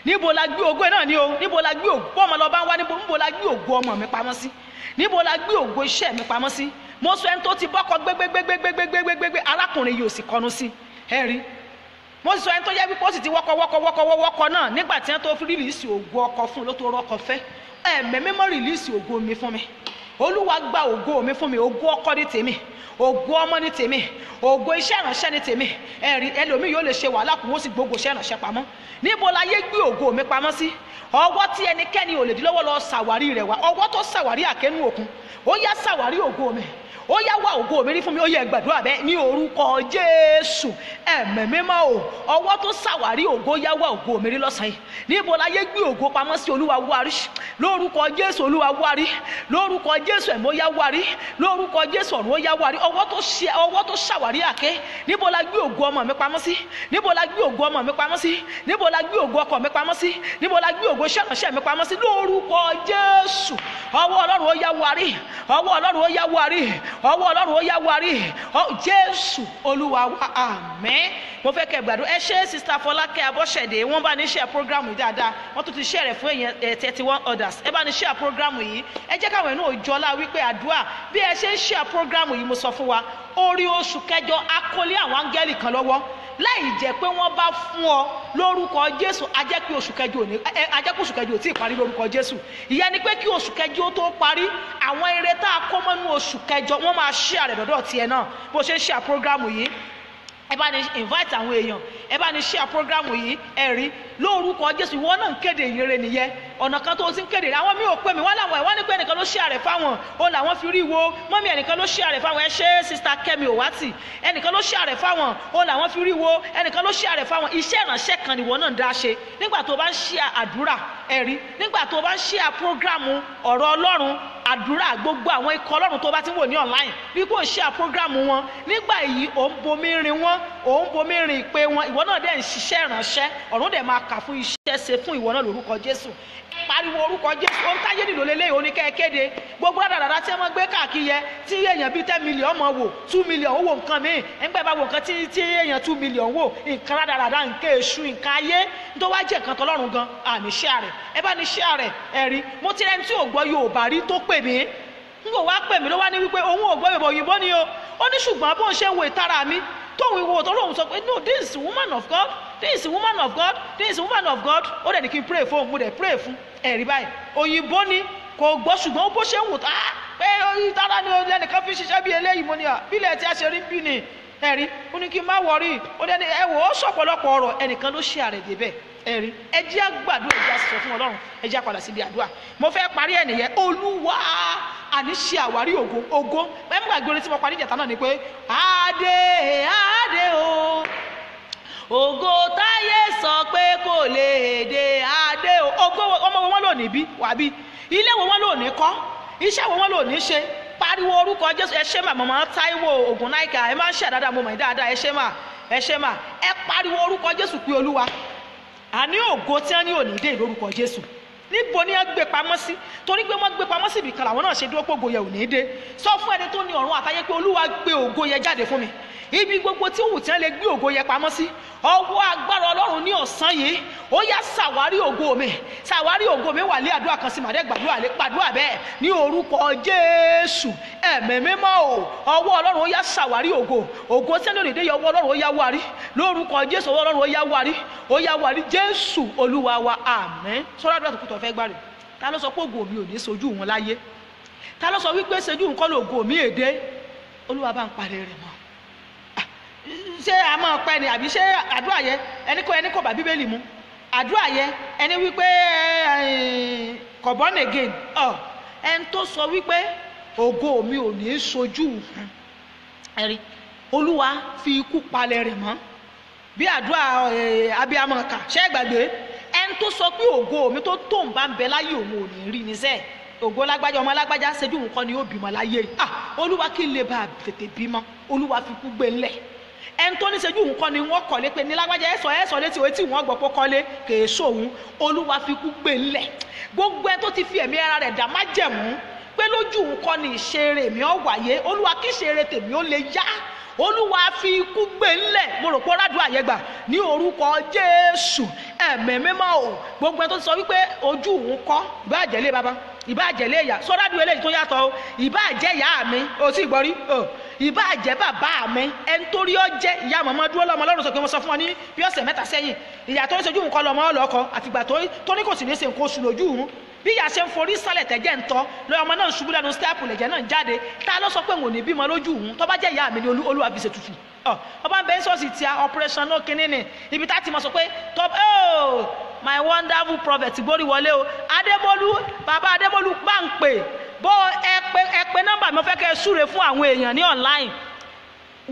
níbo la gbé ògo náà ni o níbo la gbé ògo ọmọ lọ́ba ń wá níbo la gbé ògo ọmọ mi pamọ́ sí níbo la gbé ògo iṣẹ́ mi pamọ́ sí mo sọ ẹni tó ti bọ́kọ gbégbégbégbégbégbégbé arákùnrin yìí ò sì kọnu sí ẹ rí mo sọ ẹni tó yẹ wípé ó sì ti wọ́kọ wọ́kọ wọ́kọ wọ́kọ náà nígbà tí wọ́n tó fi rìlíìsì ògo ọkọ fún un ló tó rọ́kọ fẹ́ ẹ̀mí mímọ́ ògo mi fún mi olúwa gba ògo mi fún mi ògo ọkọ ní tèmi ògo ọmọ ní tèmi ògo iṣẹ́ ìránṣẹ́ ní tèmi ẹ̀rí ẹlòmíì yóò lè ṣe wàhálà kó wọ́n sì gbogbo iṣẹ́ ìránṣẹ́ pamọ́ níbo la yé gbé ògo mi pamọ́ sí ọwọ́ tí ẹnikẹ́ni ò lè dín lọ́wọ́ lọ ṣàwárí rẹ̀ wá ọwọ́ tó ṣàwárí àkẹ́nu òkun ó yá ṣàwárí ògo mi ó yá wá ògo mi rí fún mi ó yẹ gbàdúrà bẹ́ẹ̀ ní orúkọ jésù ẹ̀mẹ̀ mímọ́ o ọwọ́ tó ṣàwárí ògo yá wá ògo mi rí lọ́sàn yìí níbo láyé gbé ògo pamọ́ sí olúwa wárí lórúkọ jésù olúwa wárí lórúkọ jésù ẹ̀mọ́ yá wárí lórúkọ jésù ọ̀run ó yá wárí ọwọ́ tó ṣàwárí àké níbo la gbé ògo ọmọ mi pamọ́ sí níbo la gbé ògo ọmọ mi pamọ́ sí níbo la gbé ògo ọkọ mi pamọ́ sí níbo la gbé ògo ṣẹ́ránṣẹ́ mi pamọ́ sí lórúkọ jésù ọwọ́ ọlọ́run ó yá wárí ọwọ́ ọlọ́run ó yá wárí ọwọ́ ọlọ́run ó yá warí jésù olúwa wa àmín mo fẹ́ kẹ́ gbàdúrà ẹ ṣe sista fọlákẹ́ abọ́ṣẹ̀dé wọ́n bá ní ṣe program yìí dáadáa wọ́n tún ti ṣe rẹ̀ fún èèyàn thirty one others ẹ bá ní ṣe program yìí ẹ jẹ́ káwọn ẹ̀ náà jọlá wípé àdúrà bí ẹ ṣe ń ṣe program yìí mo sọ fún wa orí oṣù kẹjọ akólé àwọn áńgẹ́lì kan lọ́wọ́ láì jẹ́ pé wọ́n bá fún ọ lórúkọ jésù ajẹ́ pé oṣù kẹjọ ò ní ajẹ́ pé oṣù kẹjọ ò tí ì parí lórúkọ jésù ìyẹn ni pé kí oṣù kẹjọ ó tó parí àwọn eré tá a kọ́ mọ́nú oṣù kẹjọ wọ́n máa ṣí àrẹ̀ dọ́dọ̀ tiẹ̀ náà bó ṣe ń ṣe àpọ́grámù yìí ẹ bá ní invite àwọn èèyàn ẹ bá ní share programu yìí ẹ rí lórúkọ jésù ìwọ náà ń kéde ìyìnrere ọ̀nà kan tó ti ń kéde àwọn mi ò pè mí wọ́n làwọn ẹ̀ wọ́n ní pé ẹnìkan ló ṣe àrẹ̀ fáwọn o làwọn fi rí wo mọ́mí ẹnìkan ló ṣe àrẹ̀ fáwọn ẹ ṣe sista Kẹ́mi Òwátì ẹnìkan ló ṣe àrẹ̀ fáwọn o làwọn fi rí wo ẹnìkan ló ṣe àrẹ̀ fáwọn iṣẹ́ ìránṣẹ́ kan nìwọ náà dá ṣe nígbà tó bá ń ṣe àdúrà ẹ̀rí nígbà tó bá ń ṣe àpógrámù ọ̀rọ̀ Ọlọ́run àdúrà gbogbo àwọn ikọ̀ Ọlọ́run tó bá ti wò ní online bí kò ṣe àpógrámù wọn nígbà yìí òun bomi rin wọn òun bomi rin ìpè wọn ìwọ náà dẹ̀ ń ṣiṣẹ́ ìránṣẹ́ ọ̀run dẹ̀ máa kà fún iṣẹ́ ṣe fún ìwọ náà lórúkọ Jésù pariwo orúkọ jésù ohun táyé nìlò lélẹ́yìn oníkẹ́ kéde gbogbo àdàdàdà tí wọ́n gbé káàkiri yẹ tí èèyàn bíi ten million mọ̀ wò two million ó wò nǹkan míì ẹgbẹ́ bá wò nǹkan tí èèyàn two million wò nǹkan àdàdàdà nǹkan èṣù nǹkan ayé tó wá jẹ́ nǹkan tọ́lọ́run gan àmì ṣẹ́ rẹ̀ ẹ bá ní ṣẹ́ rẹ̀ ẹ̀rí mo ti rẹ́ni tí ò gbọ́ Yorùbá rí tó pè mí n kò wá pè mí ló wá ní wípé òun ò gbọ́ Yorùbá òyìnbó ni o ó ní ṣùgbọ́n bó ń ṣe wo ìtara mi tóun ìwo tó lóun sọ pé no this woman of God this woman of God this woman of God ó dẹ̀ ní kí n pray fún òun dẹ̀ pray fún ẹ̀rí báyìí òyìnbó ni kò gbọ́ ṣùgbọ́n bó ṣe ń wò tá ah, pé ìtara ni ẹnìkan fi ṣiṣẹ́ bí eléyìí mo ní à ah, bílẹ̀ tí a ṣe rí bí ni ẹ̀rí ó ní kí n má wọrí ó dẹ́ni ẹ wò ó sọ̀pọ̀lọpọ̀ ọ̀rọ̀ ẹnìkan ló ṣe àrẹ̀ débẹ̀ ẹ̀rí ẹ jẹ́ àgbàdúrà ẹ̀jẹ̀ àṣìṣe fún ọlọ́run ẹ jẹ́ àpàdà síbi àdúrà mo fẹ́ parí ẹ̀ nìyẹn olúwa àní ṣe àwárí ògo ògo ẹ mú àgbèrè tí mo parí ìjàtà náà ni pé adé adé o ògo táyé sọ pé kò lè èdè adé ògo ọmọ wọn lò ní bí wàbí ilé wọn lò ní kọ́ iṣẹ́ wọn lò ní ṣe pariwo orúkọ jésù ẹ ṣe mà màmá táíwò ògùn náìkà ẹ máa ń ṣe àdáadáa mo mọ̀ dáadáa ẹ mà ẹ mà ẹ pariwo orúkọ jésù pé olúwa àní ògo tí wọn ní òní dé lórúkọ jésù níbo ni ẹ gbé pamọ́ sí torí pé wọ́n gbé pamọ́ sí ibì kan làwọn náà ṣe dúró pé ògo yẹ ò ní dé sọ fún ẹni tó ní ọ̀run àtayé pé olúwa gbé ògo yẹ jáde fún mi ibi gbogbo tí òwò tí wọ́n lè gbé ògo yẹ pamọ́ sí ọwọ́ agbára ọlọ́run ní ọ̀sán yìí ó yá ṣàwárí ògo mi ṣàwárí ògo mi wà lé àdúrà kan sí màdé gbàdúrà lé pàdúrà bẹ́ẹ̀ ní orúkọ jésù ẹ̀mí mímọ́ o ọwọ́ ọlọ́run ó yá ṣàwárí ògo ògo tí wọ́n lè dé yẹ ọwọ́ ọlọ́run ó yá wárí lórúkọ jésù ọwọ́ ọlọ́run ó yá wárí ó yá wárí jésù olúwa wa àmín sọ́dọ̀ àdúrà tó kù tọ́f fẹ́ gbàdùn ta ló sọ pé ògo mi ò ní sojú wọn láyé ta ló sọ wípé sojú nǹkan ló ògo mi èdè olúwa bá ń parẹ́ rẹ̀ mọ́ ah, ṣé a máa pẹ́ ni àbí ṣé àdúrà yẹ ẹni kò ẹni kò bá bíbélì mu àdúrà yẹ ẹni wípé kò eh, born again ọ oh, ẹni tó sọ wípé ògo mi ò ní sojú ẹ̀rí olúwa fi ikú palẹ̀ rẹ̀ mọ́ bí àdúrà eh, abiyamọ kà ṣé gbàgbé ẹni tó sọ pé ògo mi tó tó ń bá ń bẹ láyé òun ò ní rí ni sẹ́ẹ̀ ògo lágbájá ọmọ lágbájá ṣẹ́jú òun ni yóò bímọ láyé ah olúwa kí n lè bá a tètè bímọ olúwa fi kú gbé ńlẹ̀ ẹni tó ní ṣẹ́jú òun kọ́ ni wọ́n kọ́lé pé ní lágbájá ẹ̀sọ́ ẹ̀sọ́ létí òwe tí wọ́n gbọ́ pé kọ́lé kèé sóhun olúwa fi kú gbé ńlẹ̀ gbogbo ẹ tó ti fi ẹ̀mí ara rẹ̀ dá májẹ̀mú pé lójú òun ni ìṣeré mi ó wáyé olúwa kí ìṣeré tèmi ó lè yá olúwa fi ikú gbé ńlẹ̀ mo rò pé rádùn àyẹ̀gbà ní orúkọ jésù ẹ̀mí mímọ́ o gbogbo ẹ tó sọ wípé ojú òun kọ́ ìbá àjẹlé baba ìbá àjẹlé ìyá sọ́dá ìbá jẹ́ bàbá mi ẹni tó rí ọ jẹ́ ìyá màmá dúró lọ́mọ ọlọ́run sọ pé wọ́n sọ fún wọn ní bí ọ̀sẹ̀ mẹ́ta sẹ́yìn ìyá tó ń sojú nǹkan lọ́mọ ọlọ́kọ àtìgbà tó ní kò sì ní ṣe nǹkan oṣù lójú òun bí ìyá ṣe ń forí sálẹ̀ tẹ́jẹ́ ń tọ́ lọ́yọ̀ ọmọ náà ṣubú lẹ́nu stẹ́ẹ̀pù lẹ̀jẹ̀ náà jáde tá a lọ sọ pé wọn ò ní bímọ lójú òun tó bá jẹ́ ìyá mi ní olúwa fi ṣe tutù ọba bẹ́ẹ̀ sọ́ọ̀sì tí a operation náà kínní ni ibi tá a ti mọ̀ sọ pé top oh my wonderful prophet gbórí wọlé o adébólú bàbá adébólú gbàǹpè bó ẹ pé ẹ pé nọ́mbà mi fẹ́ kẹ́ ẹ súre fún àwọn èèyàn ní online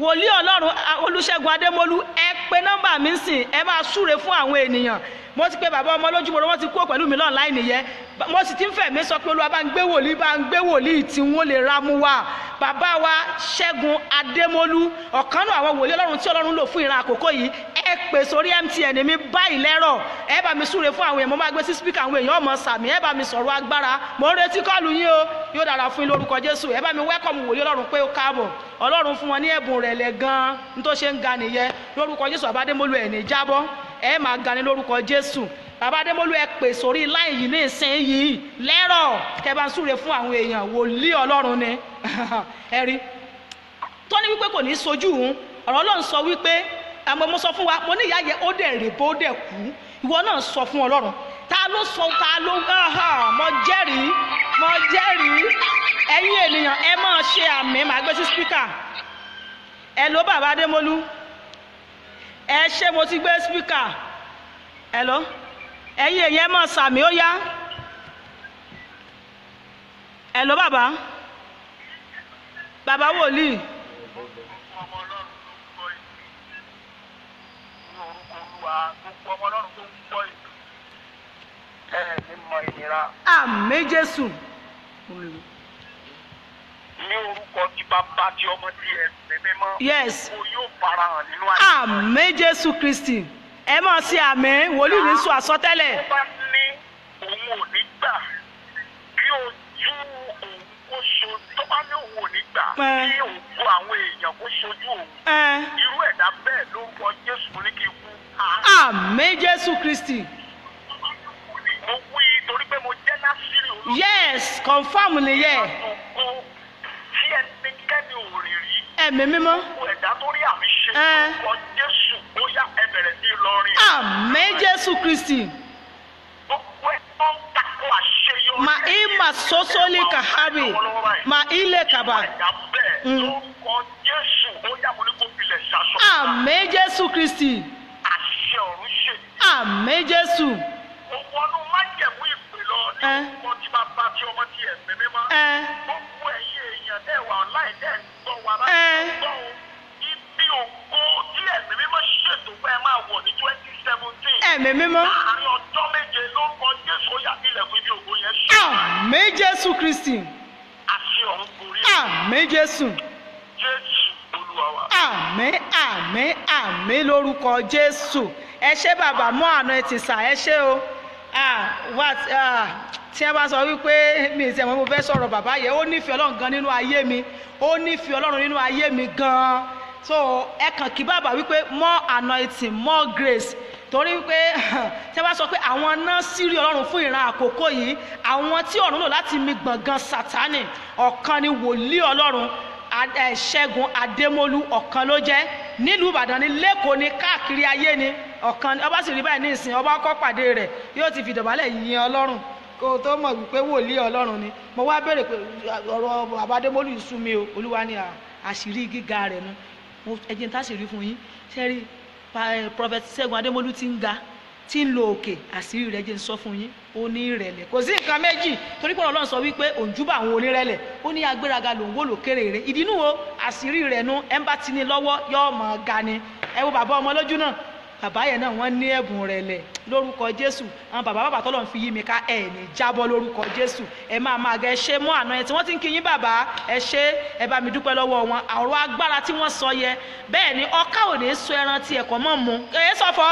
wòlíì ọlọ́run olùṣègùn adémọlú ẹ pé nọ́mbà mi sìn ẹ máa súre fún àwọn ènìyàn mo ti pe bàbá ọmọ lójúmọ́rọ́ wọ́n ti kú pẹ̀lú mi lọ́nà láì nìyẹn mo sì ti ń fẹ̀mí sọ pé olúwa bá ń gbé wòlíì bá ń gbé wòlíì tí wọ́n lè ra mú wa bàbá wa ṣẹ́gun adémọ́lú ọ̀kan náà àwọn wòlíì ọlọ́run tí ọlọ́run lò fún ìran àkókò yìí ẹ pè sórí mtn mi báyìí lẹ́rọ̀ ẹ bá mi súre fún àwọn èèyàn mo máa gbé sí spíkà àwọn èèyàn ọmọ sàmì ẹ bá mi sọ̀rọ̀ agbára mo ń retí kọ́ọ̀lù yín o yóò dára fún yín lórúkọ jésù ẹ bá mi wẹ́kọ̀mù wòlíì ọlọ́run pé ó káàbọ̀ ọlọ́run fún wọn ní ẹ̀bùn rẹ̀ lẹ̀ gan-an ní tó ṣe ń ga nìyẹn lórúkọ jésù àbádémọ́lú ẹ̀ ní jábọ́ ẹ máa gani lórúkọ jésù bàbá adémọlú ẹ pè sórí láì yìí ní ìsìn yìí lẹ́rọ̀ kẹ bá ń súre fún àwọn èèyàn wòlíì ọlọ́run ni ẹ rí tó wípé kò ní í sojú òun ọ̀rọ̀ ọlọ́run sọ wípé àmọ́ mo sọ fún wa mo ní ìyá yẹ ó dẹ̀ rè bó dẹ̀ kú ìwọ náà sọ fún ọlọ́run ta ló sọ ta ló mo jẹ́rìí mo jẹ́rìí ẹ̀yin ènìyàn ẹ máa ṣe àmì màá gbé sí spíkà ẹ ló bàbá adémọlú ẹ ṣé mo ti gbé spíkà ẹ lọ ẹ̀yin èyàn mọ̀ sàmì ó yá ẹ lọ bàbá bàbá wòlíì. Àmín Jésù ní orúkọ ti bàbá ti ọmọ ti ẹ̀mí mímọ́. yes owó yóò fara hàn nínú àyè. àmín jésù kristi ẹ mọ̀ sí àmín wòlíì ní sọ àsọtẹ́lẹ̀. ó bá ní òun ò ní gbà kí ojú òun kó so tó bá ní òun ò ní gbà kí òun kó àwọn èèyàn kó sojú òun. irú ẹ̀dá bẹ́ẹ̀ lórúkọ jésù ní kí n kú. àmín jésù kristi. mo wí torí pé mo jẹ́ násìrì olóògbé. yes confam nìyẹn. ìyá tó tí ẹnikẹ́ni ò rìn rí. ẹ̀mí mímọ́. gbogbo ẹ̀dá tó rí àmì ṣe lórúkọ jésù ó ẹ bẹ̀rẹ̀ sí lọ́rin. àmín jésù kristi. gbogbo ẹ̀ tó ń takò àṣeyọrí. mà í mà sọ́sọ́lì kàhábì mà í lè kàbà. lórúkọ jésù ó mo ní kó filẹ̀ ṣaṣọ. àmín jésù kristi. àṣẹ ọ̀run ṣe. àmín jésù. gbogbo ọdún májẹ̀mú ìpè lọ ní ọmọ tí bá bá tí ọmọ tí ẹ̀mí mímọ́. gbogbo ẹ̀yìn èèyàn tẹ̀ wà online tẹ̀ ń gbọ́ wa bá ń eh. gbọ́ o ibi ògo tí ẹ̀mí mímọ́ ṣètò pé ẹ máa wọ̀ ní twenty seventeen. ẹ̀mí mímọ́. láàárín ọjọ́ méje ló kọ jésù yà ilẹ̀kùn ibi ògo yẹn ṣe. àmín jésù kristi. àṣẹ ọ̀hún gorí. àmín jésù. jésù olúwa wa. àmín àmín àmín lórúkọ jésù ẹ ṣé bàbá mọ́ àná ẹ ti sà ẹ ṣé o. Ah, ah, tí ẹ bá sọ wípé mi ìsẹ̀ mo fẹ́ sọ̀rọ̀ bàbá yẹn ó nífẹ̀ẹ́ ọlọ́run gan nínú ayé mi ó nífẹ̀ẹ́ ọlọ́run nínú ayé mi gan so ẹ kàn kí bàbá wípé more anointing more grace torí wípé tí ẹ bá sọ pé àwọn náà sírí ọlọ́run fún ìran àkókò yìí àwọn tí ọ̀run lò láti mi gbọ̀ngàn sátánì ọ̀kan ni wòlíì ọlọ́run eh, ṣẹ́gun adémọlú ọ̀kan ló jẹ́ nílùú ìbàdàn ni lẹ́kọ̀ọ́ ni káàkiri ayé ni ọ̀kan ọba sì rí báyìí ní ìsìn ọba kọ́ pàdé rẹ̀ yóò ti fìdọ̀bálẹ̀ yin ọlọ́run kó o tó mọ̀ wípé wòlíì ọlọ́run ni mo wá béèrè pé ọ̀rọ̀ àbádémọ́lù sú mi o olúwa ni àṣírí gíga rẹ̀ nu mo ẹ̀jẹ̀ tá sì rí fún yín sẹ́rí prophet Ṣẹ́gun Adémọ́lú ti ń ga ti ń lo òkè àṣírí rẹ̀ jẹ́ ń sọ fún yín ó ní ìrẹ̀lẹ̀ kò sí nǹkan méjì torí pé ọlọ́run sọ wípé òǹjúbà àwọn onírẹ̀lẹ̀ ó ní agbéraga lòun wò lókèrè rẹ̀ ìdí nù o àṣírí rẹ̀ nu ẹ̀ ń bá ti ní lọ́wọ́ yóò mọ̀ ga ni ẹ wo bàbá ọmọ lójú náà bàbá yẹn náà wọ́n ní ẹ̀bùn rẹ̀ lẹ̀ lórúkọ jésù àwọn bàbá bàbá tọ́lọ̀ ń fi yí mi ká ẹ̀ ní jábọ́ lórúkọ jésù ẹ máa máa gẹ ṣe mọ́ àná yẹn tí wọ́n ti ń kí yín bàbá ẹ ṣe ẹ bá mi dúpẹ́ lọ́wọ́ wọn ọ̀rọ̀ agbára tí wọ́n sọ yẹ bẹ́ẹ̀ ni ọkà ò ní sọ ẹran tí ẹ̀kọ́ mọ̀ mu èyí sọ̀fọ̀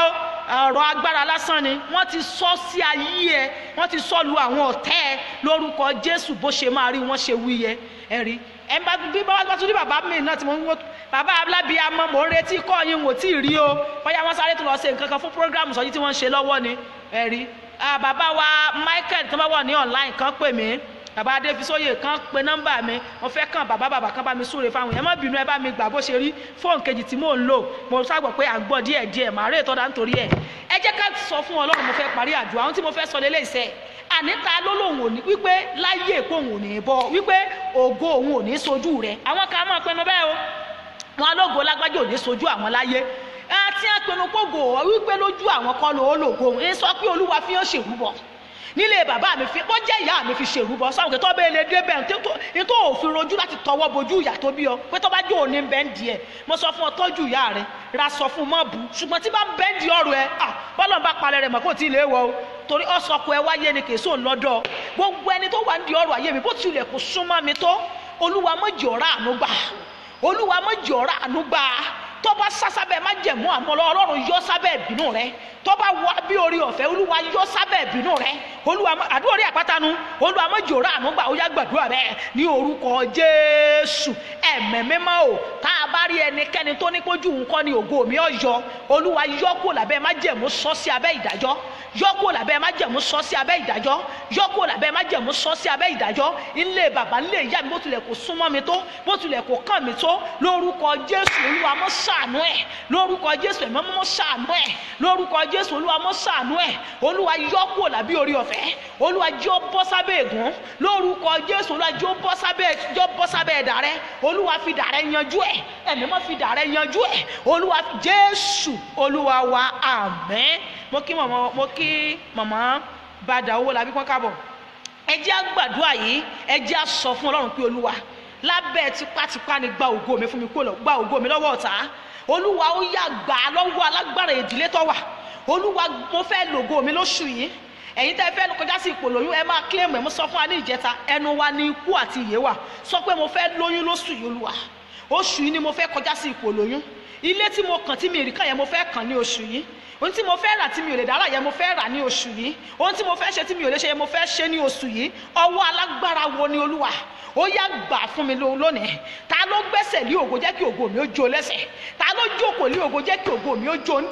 ọ̀rọ̀ agbára lásán ni wọ́n ti sọ sí ayé ẹ wọ́n ti sọ lu àwọn ọ̀tẹ́ lórúkọ jésù bó ṣe máa rí wọ́n ṣe wí yẹ ẹ̀rí ẹnba bí bá tún rí bàbá mi náà tí mo ń wo bàbá alábi amọ mò ń retí kọ́ yín wò tí ì rí o bóyá wọ́n sáré tó lọ ṣe nǹkan kan fún programu sọ́jí tí wọ́n ń ṣe lọ́wọ́ ni ẹ̀rí bàbá wa Michael tó bá wà ní online kan pè mí bàbá adéfisóye kan pe nọ́mbà mi mo fẹ́ kàn bàbá bàbá kan bá mi súre fáwọn ẹ má bínú ẹ bá mi gbà bó ṣe rí fóònù kejì tí mò ń lò mo ságbọ̀ pé à ń gbọ́ díẹ̀ díẹ̀ màá rí ìtọ́dá nítorí ẹ̀ ẹ jẹ́ ká sọ fún Ọlọ́run mo fẹ́ parí àdúrà ohun tí mo fẹ́ sọ lélẹ́yìí sẹ́ẹ̀ àníta ló lòun ò ní wípé láyé èkó òun ogo ní bọ wípé ògo òun ò sojú rẹ àwọn kan máa pinnu bẹ́ẹ̀ o wọn alógo lágbájá ò sojú àwọn láyé àti àpinnu kógo wípé lójú àwọn kan lòó lògo ń sọ fi hàn nílé bàbá mi fi wọ́n jẹ́ ìyá mi fi ṣèrúbọ sọ́run kí tó bẹ́ẹ̀ lè dé bẹ́ẹ̀ ní tó òfin rojú láti tọwọ́ bojú ìyá tó bí ọ pé tó bá jó òní ń bẹ́ẹ̀ ń di ẹ̀ mo sọ fún ọ tọ́jú ìyá rẹ ra sọ fún mọ́ bu ṣùgbọ́n tí bá ń bẹ́ẹ̀ ń di ọrọ̀ ẹ bọ́lọ̀ ń bá palẹ̀ rẹ̀ mọ̀ kó tí ì lè wọ o torí ọ̀sọ̀kọ ẹ wáyé ni kèso ńlọ́dọ̀ gbogbo ẹni tó wà ń di ọrọ̀ ayé mi bó tilẹ̀ kó súnmọ́ mi tó olúwa tọ́ba sá sábẹ́ má jẹ̀mú àmọ́ ọlọ́run yọ sábẹ́ ìbínú rẹ tọ́ba wá bí orí ọ̀fẹ́ olúwa yọ sábẹ́ ìbínú rẹ olúwa àdúrà orí àpátánu olúwa mọ́jọ́rọ́ ànúgbà ó yá gbàdúrà rẹ ní orúkọ jésù ẹ̀mẹ́ mímọ́ o tá a bá rí ẹnikẹ́ni tó ní pójú nǹkan ni ògo mi ọ̀yọ́ olúwa yọ kó làbẹ́ má jẹ̀mú sọ sí abẹ́ ìdájọ́ yọkúrò lábẹ́ májẹ̀mú sọ sí abẹ́ ìdájọ́ yọkúrò lábẹ́ májẹ̀mú sọ sí abẹ́ ìdájọ́ ńlẹ̀ bàbá ńlẹ̀ ìyá mi bó tilẹ̀ kò súnmọ́ mi tó bó tilẹ̀ kò kàn mi tó lórúkọ jésù olúwa mọ́ ṣàánú ẹ̀ lórúkọ jésù ẹ̀mọ́ mọ́ ṣàánú ẹ̀ lórúkọ jésù olúwa mọ́ ṣàánú ẹ̀ olúwa yọkúrò lábẹ́ orí ọ̀fẹ́ olúwa jọ bọ́ sábẹ́ ègún lórúkọ jésù olúwa jọ bọ́ sábẹ́ jọ bọ́ sábẹ́ ẹ̀dà rẹ olúwa fi dà rẹ yanjú ẹ̀ ẹ̀mí mọ́ fi dà yanjú ẹ̀ olúwa jésù olúwa wa àmín mo kí mọ̀mọ́ mo kí mọ̀mọ́ bàdà owó làbí pọ́n kábọ̀ ẹ jẹ́ àgbàdua yìí ẹ jẹ́ àsọ fún ọlọ́run pé olúwa lábẹ́ tipátipá ni gba ògo mi fún mi kúrò gba ògo mi lọ́wọ́ ọ̀tá olúwa ó yà gbà á lọ́wọ́ alágbára ìdílé tó wà olúwa mo fẹ́ lògo mi lóṣù yìí ẹ̀yin tẹ́ fẹ́ kọjá sí ipò lóyún ẹ máa kílẹ̀mù ẹ̀ mo sọ fún wa ní ìjẹta ẹnu wa ní ikú àti ìyè wa sọ pé mo fẹ́ lóyún lóṣù yìí olúwa oṣù yìí ni mo fẹ́ kọjá sí ipò lóyún ilé tí mo kàn tí mi ì rí kàn yẹn mo fẹ́ kàn ní oṣù yìí ohun tí mo fẹ́ rà tí mi ò lè dára yẹ mo fẹ́ rà ní oṣù yìí ohun tí mo fẹ́ ṣe tí mi ò lè ṣe yẹ mo fẹ́ ṣe ní oṣù yìí ọwọ́ alágbára wo ni olúwa ó yá gbà fún mi lónìí ta ló gbẹ́sẹ̀ lé ògo jẹ́ kí ògo mi ó jó lẹ́sẹ̀ ta ló jókòó lé ògo jẹ́ kí ògo mi ó jó ń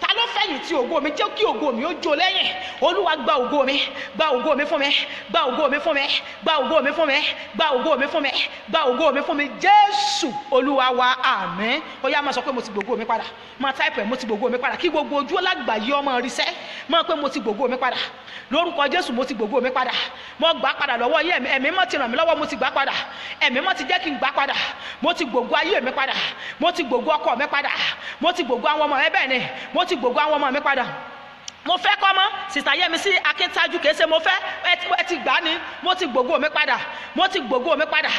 ta ló fẹ̀yìn tì ògo mi jẹ́ kí ògo mi ó jó lẹ́yìn olúwa gba ògo mi gba ògo mi fún mi gba ògo mi fún mi gba ògo mi fún mi gba ògo mi fún mi gba ògo mi fún mi jésù olúwa wa àmín ó yá máa sọ pé mo ti gbogbo mi padà máa táìpù ẹ̀ mo ti gbogbo mi padà kí gbogbo ojú dúró lágbàáyé ọmọ ríṣẹ́ mọ̀ pé mo ti gbogbo mi padà lórúkọ Jésù mo ti gbogbo mi padà mo gbà padà lọ́wọ́ yín ẹ̀mí mọ́ ti ràn mí lọ́wọ́ mo ti gbà padà ẹ̀mí mọ́ ti jẹ́ kí n gbà padà mo ti gbogbo ayé mi padà mo ti gbogbo ọkọ mi padà mo ti gbogbo àwọn ọmọ mi bẹ́ẹ̀ ni mo ti gbogbo àwọn ọmọ mi padà mo fẹ́ kọ́ mọ́ sìtà Yẹ́misí Akíntàjú kèése mo fẹ́ ẹ ti gbà á mo ti gbogbo mi padà mo ti gbogbo mi padà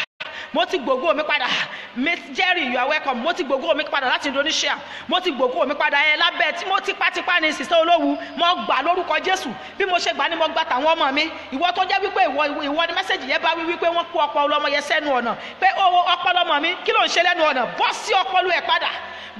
mo ti gbogbo mi padà miss jerry you are welcome mo ti gbogbo mi padà láti indonesia mo ti gbogbo mi padà ẹ lábẹ́ tí mo tipátipá ní sísẹ́ olówù mo gbà lórúkọ jésù bí mo ṣe gbà ni mo gbà tàwọn ọmọ mi ìwọ tó jẹ́ wípé ìwọ ìwọ ni mẹ́sẹ̀gì yẹn bá wí wípé wọ́n kó ọpọ ọlọmọ yẹn sẹ́nu ọ̀nà pé owó ọpọlọ ọmọ mi kí ló ń ṣe lẹ́nu ọ̀nà bọ́ sí ọpọlọ ẹ̀ padà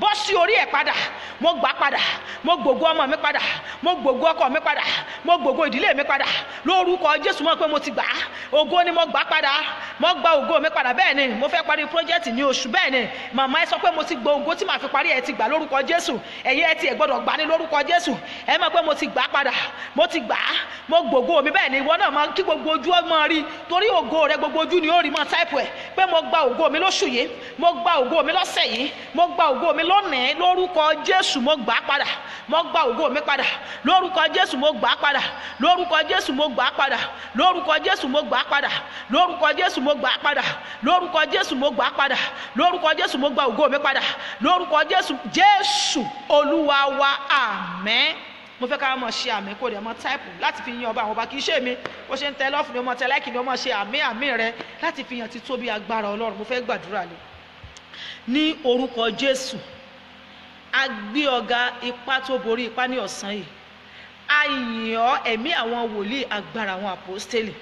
bọ́ sí orí ẹ̀ padà mo gbà padà mo gbogbo ọmọ mi padà mo gbogbo ọkọ mi padà mo gbogbo ìdílé mi padà lórúkọ jésù mọ̀ pé mo ti gbà ògo ni mo gbà padà mo gba ògo mi padà bẹ́ẹ̀ ni mo fẹ́ parí project ní oṣù bẹ́ẹ̀ ni màmá ẹ sọ pé mo ti gbòǹgó tí màá fi parí ẹ ti gbà lórúkọ jésù ẹ̀yin ẹ ti ẹ̀ gbọ́dọ̀ gbà ní lórúkọ jésù ẹ mọ̀ pé mo ti gbà padà mo ti gbà á mo gbògo mi bẹ́ẹ̀ ni ìwọ náà máa kí gbogbo ojú ọ máa rí torí ògo rẹ gbogbo ojú ni ó rí máa táìpù ẹ pé mo gba ògo mi lóṣù yìí mo gba ògo mi lọ́sẹ̀ yìí mo gba ògo mi lónìí lórúkọ jésù mo gbà á padà mo gba ògo mi padà lórúkọ jésù mo gbà á padà lórúkọ jésù mo gbà á padà lórúkọ jésù mo gbà á padà lórúkọ jésù mo gbà á padà lórúkọ jésù mo gbà á padà lórúkọ jésù mo gba ògo mi padà lórúkọ jésù jésù olúwa wa àmín mo fẹ́ ká mọ̀ ṣe àmì kò dẹ̀ mọ̀ táìpù láti fi yan ọba àwọn ọba kì í ṣe mi bó ṣe ń tẹ lọ́ọ̀fù ni ó mọ̀ tẹ láìkì ni ó mọ̀ ṣe àmì àmì rẹ láti fi hàn títóbi agbára ọlọ́run mo fẹ́ gbàdúrà lé ní orúkọ jésù a gbé ọ̀gá ipá tó borí ipá ní ọ̀sán yìí a yìn ọ́ ẹ̀mí àwọn wòlíì agbára àwọn àpòstélì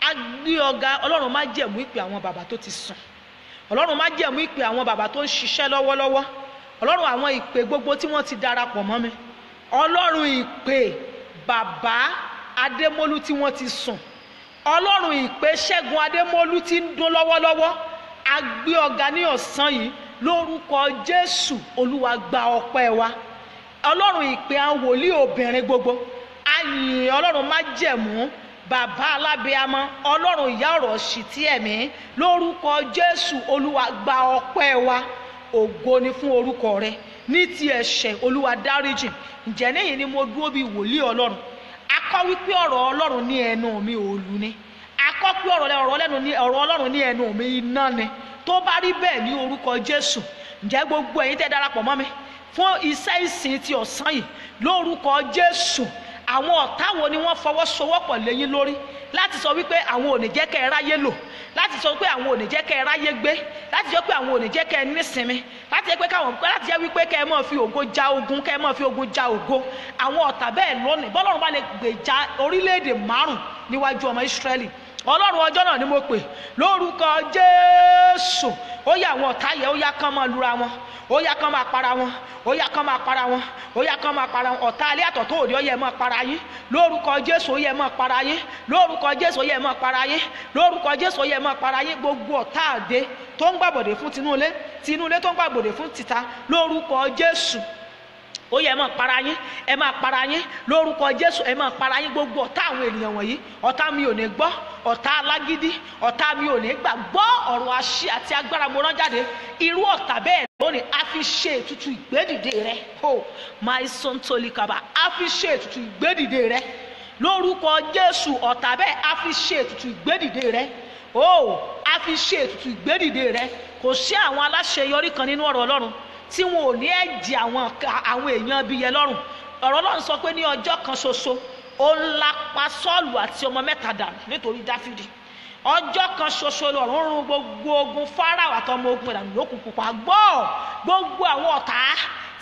a gbé ọ̀gá ọlọ́run má jẹ̀mú ìpè àwọn bàbá tó ti sùn ọlọ́run má jẹ̀mú ìpè àwọn bàbá tó ń ṣiṣẹ́ lọ́wọ́lọ́wọ́ ọlọ́run àwọn ìpè gbogbo tí wọ́n ti darapọ̀ mọ́ mi ọlọ́run ìpè bàbá adémọ́lú tí wọ́n ti sùn ọlọ́run ìpè ṣẹ́gun adémọ́lú tí ń dún lọ́wọ́lọ́wọ́ a gbé ọ̀gá ní ọ̀sán yìí lórúkọ jésù olúwa gba ọpẹ́ wa ọlọ́run ìpè àwọn wòlíì obìnrin gbogbo a yìn ọlọ́run má jẹ̀mú bàbá alábíàmọ ọlọ́run ìyá ọ̀rọ̀ sì tí ẹ̀mí lórúkọ jésù olúwa gba ọpẹ́ wa ògo ni fún orúkọ rẹ ní ti ẹ̀ṣẹ̀ olúwa dáríjì ǹjẹ́ níyìn ni mo dúró bíi wòlíì ọlọ́run akọ́ wípé ọ̀rọ̀ ọlọ́run ní ẹnu mi òòlù ni akọ́ pé ọ̀rọ̀ ọlọ́run ní ẹnu mi iná ni tó bá rí bẹ́ẹ̀ ní orúkọ jésù ǹjẹ́ gbogbo ẹ̀yin tẹ́ darapọ̀ mọ́ mi fún iṣẹ́ ìsìn ti ọ̀sán yìí lórúkọ jésù àwọn ọ̀tá wo ni wọ́n fọwọ́sowọ́pọ̀ lẹ́yìn lórí láti sọ wípé àwọn ò ní jẹ́ kẹ́ ẹ ráyé lò láti sọ pé àwọn ò ní jẹ́ kẹ́ ẹ ráyé gbé láti sọ pé àwọn ò ní jẹ́ kẹ́ ẹ nísinmi láti jẹ́ pé káwọn láti jẹ́ wípé kẹ́ ẹ máa fi ògo ja ogun kẹ́ ẹ máa fi ogun ja ògo àwọn ọ̀tá bẹ́ẹ̀ lónìí bọ́lọ́run bá lè gbèjà orílẹ̀-èdè márùn-ún níwájú ọmọ Ísírẹ́lì ọlọ́run ọjọ́ náà ni mo pè lórúkọ jésù ó yà àwọn ọ̀tá yẹ ó yá kán máa lura wọn ó yá kán máa para wọn ó yá kán máa para wọn ó yá kán máa para wọn ọ̀tá alẹ́ àtọ̀ tó òde ó yẹ máa para yín lórúkọ jésù ó yẹ máa para yín lórúkọ jésù ó yẹ máa para yín lórúkọ jésù ó yẹ máa para yín gbogbo ọ̀tá àdé tó ń gbàbọ̀dé fún tinúlé tinúlé tó ń gbàbọ̀dé fún tìta lórúkọ jésù ó yẹ ẹ máa para yín ẹ máa para yín lórúkọ jésù ẹ máa para yín gbogbo ọ̀tá àwọn ènìyàn wọ̀nyí ọ̀tá mi ò ní gbọ́ ọ̀tá alágídí ọ̀tá mi ò ní gbà gbọ́ ọ̀rọ̀ àṣì àti agbára mo rán jáde irú ọ̀tá bẹ́ẹ̀ lónìí a fi ṣe ètùtù ìgbédìde rẹ ho my son tolikaba a fi ṣe ètùtù ìgbédìde rẹ lórúkọ jésù ọ̀tá bẹ́ẹ̀ a fi ṣe ètùtù ìgbédìde rẹ o a fi ṣe ètùtù ìgbédìde rẹ kò sí àwọn aláṣeyọrí kan nínú ọ̀rọ̀ ọlọ́run tí wọn ò ní ẹ̀jẹ̀ àwọn àwọn èèyàn bí yẹn lọ́rùn ọ̀rọ̀ náà ń sọ pé ní ọjọ́ kan ṣoṣo ó ń lapa sọ́ọ̀lù àti ọmọ mẹ́ta dànù nítorí dáfídì ọjọ́ kan ṣoṣo lọ́rùn rún gbogbo ogun fáráwà àtọmọ ogun ìdànù lókun pupa gbọ́ gbogbo àwọn ọ̀tá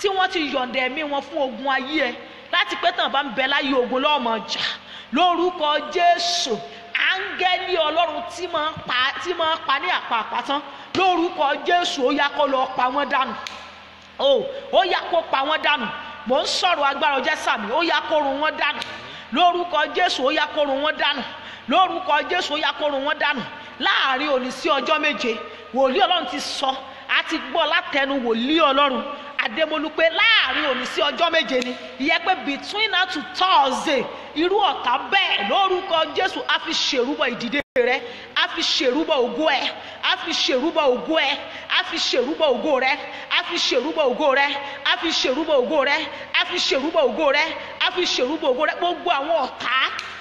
tí wọ́n ti yọ̀ǹda ẹ̀mí wọn fún ogun ayé ẹ láti pé tàn bá ń bẹ láyé ogun lọ́mọ jà lórúkọ jésù áńgẹ́lì ọlọ́run tí máa pa ní àpàpàtán lórúkọ jésù ó yá kó lọ pa wọ́n dànù o ó yá kó pa wọ́n dànù mò ń sọ̀rọ̀ agbára ọjọ́ sàmì ó yá kó run wọ́n dànù lórúkọ jésù ó yá kó run wọ́n dànù lórúkọ jésù ó yá kó run wọ́n dànù láàrin òní sí ọjọ́ méje wòlíì ọlọ́run ti sọ a ti gbọ́ látẹnu wòlíì ọlọ́run adémolú pé láàrin òní sí ọjọ́ méje ni ìyẹn pé between now to thursday irú ọ̀tá bẹ́ẹ̀ lórúkọ jésù á fi ṣèrúbọ ìdìde rẹ á fi ṣèrúbọ ògo ẹ á fi ṣèrúbọ ògo ẹ á fi ṣèrúbọ ògo rẹ á fi ṣèrúbọ ògo rẹ á fi ṣèrúbọ ògo rẹ á fi ṣèrúbọ ògo rẹ á fi ṣèrúbọ ògo rẹ gbogbo àwọn ọ̀tá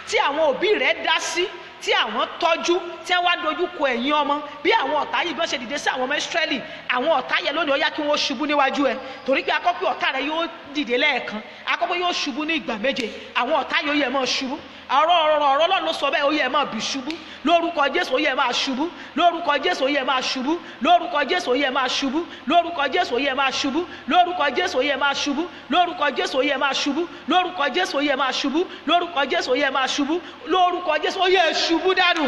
tí àwọn òbí rẹ dá sí tí àwọn tọ́jú tí wọ́n wá dojú kọ ẹ̀yìn ọmọ bí àwọn ọ̀tá yìí bí wọ́n ṣe dìde sí àwọn ọmọ Ísírẹ́lì àwọn ọ̀tá yẹn lónìí ó yá kí wọ́n ṣubú níwájú ẹ̀ torí pé akọ́pẹ́ ọ̀tá rẹ yóò dìde lẹ́ẹ̀kan akọ́pẹ́ yóò ṣubú ní ìgbà méje àwọn ọ̀tá yóò yẹ mọ́ ṣubú ọ̀rọ̀ ọ̀rọ̀ ọ̀rọ̀ Ọlọ́run ló sọ bẹ́ẹ̀ ó yẹ máa bì ṣubú lórúkọ Jésù ó yẹ máa ṣubú lórúkọ Jésù ó yẹ máa ṣubú lórúkọ Jésù ó yẹ máa ṣubú lórúkọ Jésù ó yẹ máa ṣubú lórúkọ Jésù ó yẹ máa ṣubú lórúkọ Jésù ó yẹ máa ṣubú lórúkọ Jésù ó yẹ máa ṣubú lórúkọ Jésù ó yẹ máa ṣubú lórúkọ Jésù ó yẹ ṣubú dànù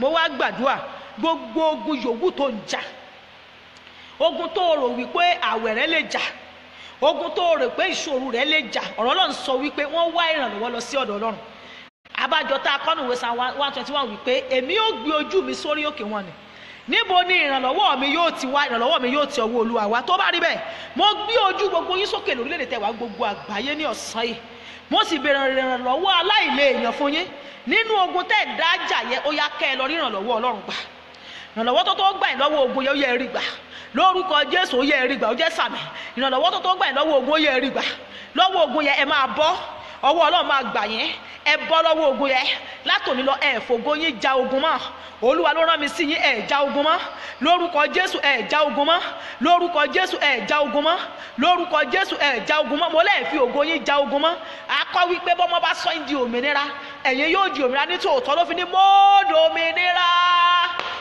mo wá gbàdúrà gbogbo ogun yòówù tó ń jà ogun tó rò wípé àwẹ̀ rẹ lè jà ogun tó rò pé ìṣòro rẹ lè jà ọ̀rọ̀ Ọlọ́run sọ wípé wọ́n wá ìrànlọ́wọ́ lọ sí ọ̀dọ̀ Ọlọ́run abájọ tá a kọ́ nù wẹ́sà one twenty one wípé èmi yóò gbé ojú mi sórí òkè wọn ni níbo ni ìrànlọ́wọ́ mi yóò ti wá ìrànlọ́wọ́ mi yóò ti ọwọ́ olúwa wá tó bá rí bẹ́ẹ̀ mo gbé ojú gbogbo yín sókè lórílẹ̀‐èdè tẹ̀wá gbogbo àgbáyé ní ọ̀sán yìí mo sì bèrè ìrànlọ́wọ́ aláìlè èèyàn fún yín nínú ogun tẹ́ ẹ̀ dá jà yẹ ó yá kẹ́ ẹ lọ rí ìrànlọ́wọ́ ọlọ́run gbà ìrànlọ́wọ́ tó tó gbà ẹ̀ lọ́wọ́ ogun yẹ ó yẹ ẹ rí gbà lórúkọ jésù ó yẹ ẹ rí gbà ó jẹ́ sàmì ìrànlọ́wọ́ tó tó gbà ẹ̀ ogun ó yẹ ẹ rí gbà lọ́wọ́ ogun yẹ ẹ máa bọ́ ọwọ́ ọlọ́run máa gbà yẹn ẹ bọ́ lọ́wọ́ ogun yẹn látòní lọ ẹ fògo yín ja ogun mọ́ olúwa ló rán mi sí yín ẹ ja ogun mọ́ lórúkọ jésù ẹ ja ogun mọ́ lórúkọ jésù ẹ ja ogun mọ́ lórúkọ jésù ẹ ja ogun mọ́ mo lẹ́ẹ̀ fi ògo yín ja ogun mọ́ akọ́ wípé bọ́mọ bá sọ yín di òmìnira ẹ̀yin yóò di òmìnira ní tòótọ́ ló fi ní mo dòmìnira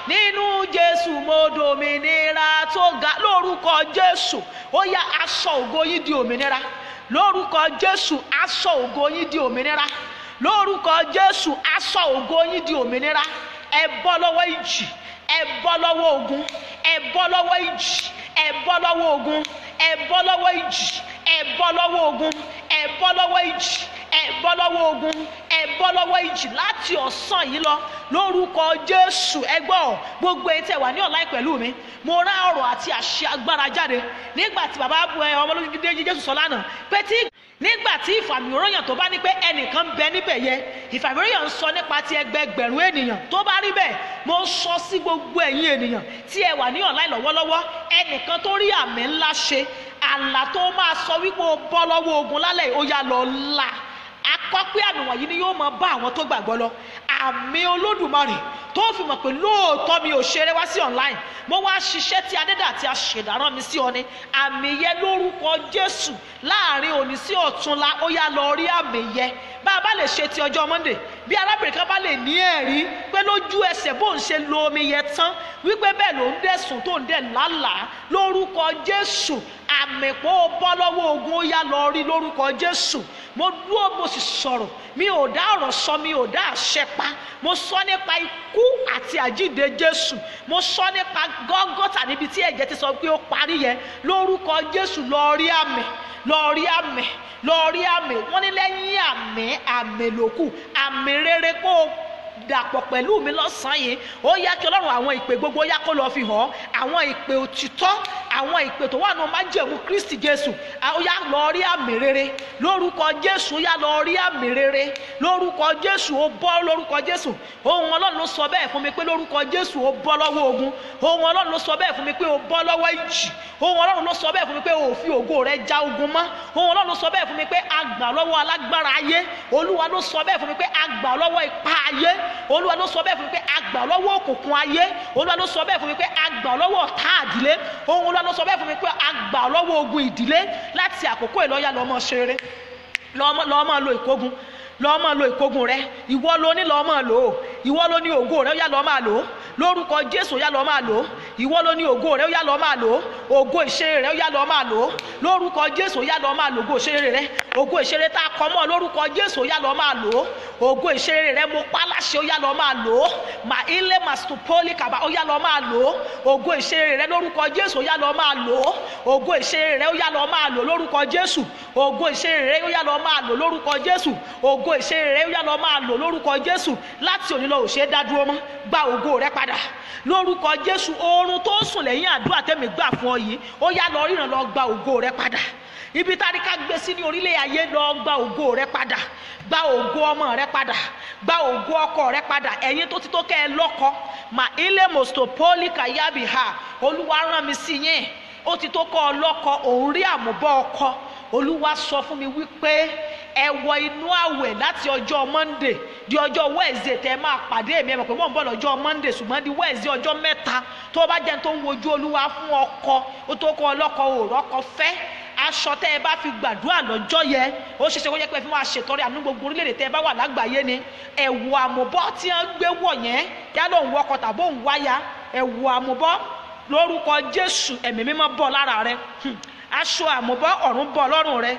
nínú jésù mo dòmìnira tó ga lórúkọ jésù ó yá aṣọ ògo yín di òmìnira lórúkọ jésù aṣọ ògo yín di òmìnira lórúkọ jésù aṣọ ògo yín di òmìnira ẹ bọ́ lọ́wọ́ ìjì ẹ bọ́ lọ́wọ́ ogun ẹ bọ́ lọ́wọ́ ìjì ẹ bọ́ lọ́wọ́ ogun ẹ bọ́ lọ́wọ́ ìjì ẹ bọ́ lọ́wọ́ ogun ẹ bọ́ lọ́wọ́ ìjì ẹ bọ́ lọ́wọ́ ogun ẹ bọ́ lọ́wọ́ ìjì láti ọ̀sán yìí lọ lórúkọ jésù ẹgbọ́ gbogbo etí ẹ wà ní ọ̀la pẹ̀lú mi mo rá ọ̀rọ̀ àti àṣẹ agbára jáde nígbà tí bàbá eh, ọmọ olójú jésù sọ lánàá pé tí nígbà tí ìfàmìíròyìn tó bá ní pé ẹnìkan bẹ níbẹ̀ yẹ ìfàmìíròyìn sọ nípa ti ẹgbẹgbẹ̀rún ènìyàn tó bá rí bẹ́ẹ̀ mo sọ sí gbogbo ẹ̀yin ènìyàn tí ẹ wà ní ọ̀la ìlọ́wọ́lọ́wọ́ ẹnìkan tó rí àmì ńlá ṣe àlà tó máa sọ wípé o bọ́ lọ́wọ́ ogun lálẹ́ ó yá lọ ńlá akọ́pẹ́ àmì wọ̀nyí ni yóò máa bá àwọn tó gbàgbọ́ lọ àmì olódùmarè tó fi mọ̀ pé lóòótọ́ mi ò ṣeré wá sí online mo wá ṣiṣẹ́ tí adédà àti aṣèdáràn mi sí ọ ni àmì yẹ lórúkọ Jésù láàrin òní sí ọ̀túnla ó yá lọ rí àmì yẹ bá a bá lè ṣe ti ọjọ́ Monday bí arábìnrin kan bá lè ní ẹ̀rí pé lójú ẹsẹ̀ bó ń ṣe lo omi yẹ tán wípé bẹ́ẹ̀ ló ń dẹ̀sùn tó ń dẹ̀ lálàá lórúkọ Jésù àmì bọ́ lọ́wọ́ ogun ó yá lọ rí lórúkọ Jésù mo dúró mo sì sọ̀rọ̀ mi ò dá ọ̀rọ̀ sọ mi ò dá àṣẹ pa mo sọ nípa ikú ikú àti àjíǹde jésù mo sọ nípa gọ́gọ́tà níbi tí ẹ̀jẹ̀ ti sọ pé ó parí yẹn lórúkọ jésù lọ rí àmì lọ rí àmì lọ rí àmì wọ́n ní lẹ́yìn àmì àmì lòkù àmì rere kó o dàpọ̀ pẹ̀lú mi lọ́sàn-án yìí ó yá kí ọlọ́run àwọn ìpè gbogbo yá kó lọ fi hàn àwọn ìpè òtítọ́ àwọn ìpè tó wà nù májẹ̀mú kristi jésù ó yá lọ rí àmì rere lórúkọ jésù yá lọ rí àmì rere lórúkọ jésù ó bọ́ lórúkọ jésù ohun ọlọ́run ló sọ bẹ́ẹ̀ fún mi pé lórúkọ jésù ó bọ́ lọ́wọ́ ogun ohun ọlọ́run ló sọ bẹ́ẹ̀ fún mi pé ó bọ́ lọ́wọ́ ìjì ohun ọlọ́run ló sọ bẹ́ẹ̀ fún mi pé ó fi ògo rẹ̀ já ogun mọ́ ohun ọlọ́run ló sọ bẹ́ẹ̀ fún mi pé a lọ́wọ́ alágbára ayé olúwa ló sọ bẹ́ẹ̀ fún mi pé a lọ́wọ́ ipá ayé olúwa ló sọ bẹ́ẹ̀ fún mi pé agbà lọ́wọ́ òkùnkùn ayé olúwa ló sọ bẹ́ẹ̀ fún mi pé agbà lọ́wọ́ ọ̀tá àdílé òun olúwa ló sọ bẹ́ẹ̀ fún mi pé agbà lọ́wọ́ ogun ìdílé láti àkókò ìlọ́yà lọ́mọ ṣeré lọ́mọ lo ìkógun lọ́mọ lo ìkógun rẹ ìwọ ló ní lọ́mọ lò ó ìwọ ló ní ògo rẹ ó yá lọ́mọ lò ó lórúkọ jésù yá lọ máa lò ìwọ ló ní ògo rẹ yá lọ máa lò ògo ìṣeré rẹ yá lọ máa lò lórúkọ jésù yá lọ máa lò ògo ìṣeré rẹ ògo ìṣeré tá a kọ mọ́ lórúkọ jésù yá lọ máa lò ògo ìṣeré rẹ mo pa láṣẹ ó yá lọ máa lò mà ilé mastopoli kàbá ó yá lọ máa lò ògo ìṣeré rẹ lórúkọ jésù ó yá lọ máa lò ògo ìṣeré rẹ ó máa lò lórúkọ jésù ògo ìṣeré rẹ ó máa lò lórúkọ jésù ògo ìṣeré rẹ ó máa lò lórúkọ jésù láti òní lọ òṣèré dádúró padà lórúkọ jésù oorun tó sùn lẹ́yìn àdúrà tẹ̀mí gbà fún ọ yìí ó yá lọ ríran lọ gba ògo rẹ padà ibi tá a ní ká gbé sí ní orílẹ̀ ayé lọ gba ògo rẹ padà gba ògo ọmọ rẹ padà gba ògo ọkọ rẹ padà ẹ̀yin tó ti tó kẹ́ ẹ lọ́kọ mà ilé mostopoli kayabi ha olúwa rán mi sí yín ó ti tó kọ́ ọ lọ́kọ òun rí àmúbọ́ ọkọ olúwa sọ fún mi wípé ẹ wọ inú àwẹ̀ láti ọjọ́ monday di ọjọ́ wednesday tẹ́ ẹ máa pàdé mi ẹ mọ̀ pé mò ń bọ̀ lọ́jọ́ monday ṣùgbọ́n di wednesday ọjọ́ mẹ́ta tó o bá jẹ́ tó ń wojú olúwa fún ọkọ ó tó kọ ọlọ́kọ òòrọ̀ ọkọ fẹ́ aṣọ tẹ́ ẹ bá fi gbàdúrà lọ́jọ́ yẹn ó ṣeéṣe kó jẹ́ pé ẹ fi máa ṣètọrẹ àánú gbogbo orílẹ̀-èdè tẹ́ ẹ bá wà lágbàáyé ni ẹ̀wù àmúbọ́ tí wọ́n gbé wọ̀ yẹn yálò òun wọkọ̀ tàbí òun wáyà ẹ̀wù àmúbọ́ lórúkọ jésù ẹ̀mí mímọ́ bọ̀ lára rẹ aṣọ àmúbọ́ ọ̀run bọ̀ lọ́rùn rẹ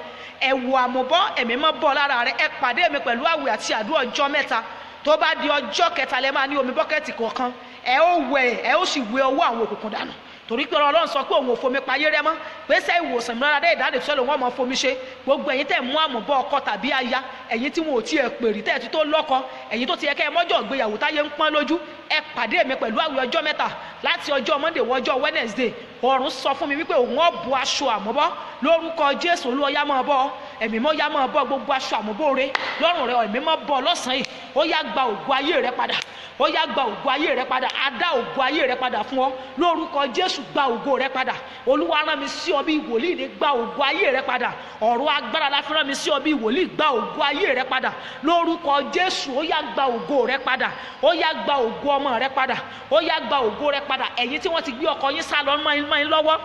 ẹ̀wù àmúbọ́ ẹ̀mí mọ́ bọ́ lára rẹ ẹ pàdé mi pẹ̀lú àwẹ̀ àti àdúrà ọjọ́ mẹ́ta tó bá di ọjọ́ kẹta lẹ́ máa ní omi bọ́kẹ́tì kọ̀ọ̀kan ẹ ó wẹ̀ ẹ ó sì wẹ ọwọ́ àwọn òkùnkùn dànù torí pé ọlọ́run sọ pé òun ò fomi payé rẹ mọ́ pé sẹ́ ìwòsàn mìíràn adé ìdáde tó lòun ọmọ fomi ṣe gbogbo ẹ̀yin tẹ̀ mú àmúbọ̀ ọkọ tàbí aya ẹ̀yin tí wọn ò tiẹ̀ pèrè tẹ̀ tó lọ́kọ ẹ̀yin tó ti yẹ kẹ́ ẹ mọ́jọ́ ìgbéyàwó táyé ń pọ́n lójú ẹ pàdé mi pẹ̀lú àwẹ̀ ọjọ́ mẹ́ta láti ọjọ́ monday wọ ọjọ́ wednesday ọ̀run sọ fún mi wípé òun ọ̀ bu aṣọ àmúbọ̀ lórúkọ jésù olúwa yá bọ́ ẹ̀mí mọ́ yá máa bọ́ gbogbo aṣọ àmúbóore lọ́rùn rẹ ẹ̀mí mọ́ bọ́ lọ́sàn-án yìí ó yá gba ògùn ayé rẹ padà ó yá gba ògo ayé rẹ padà á dá ògo ayé rẹ padà fún ọ lórúkọ jésù gba ògo rẹ padà olúwa rán mi sí ọ bí wòlíì ní gba ògo ayé rẹ padà ọ̀rọ̀ agbára la fi rán mi sí ọ bí wòlíì gba ògo ayé rẹ padà lórúkọ jésù ó yá gba ògo rẹ padà ó yá gba ògo ọmọ rẹ padà ó yá gba ògo rẹ padà ẹ̀yin tí wọ́n ti gbé ọkọ yín sá lọ mọ́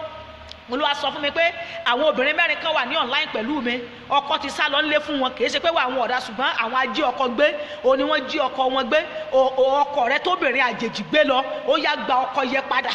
olúwa sọ fún mi pé àwọn obìnrin mẹ́rin kan wà ní online pẹ̀lú mi ọkọ ti sá lọ nílé fún wọn kìí ṣe pé àwọn ọ̀dà ṣùgbọ́n àwọn ají ọkọ gbé òní wọ́n jí ọkọ wọn gbé ọkọ rẹ tóbìnrin àjèjì gbé lọ ó yá gba ọkọ yẹ padà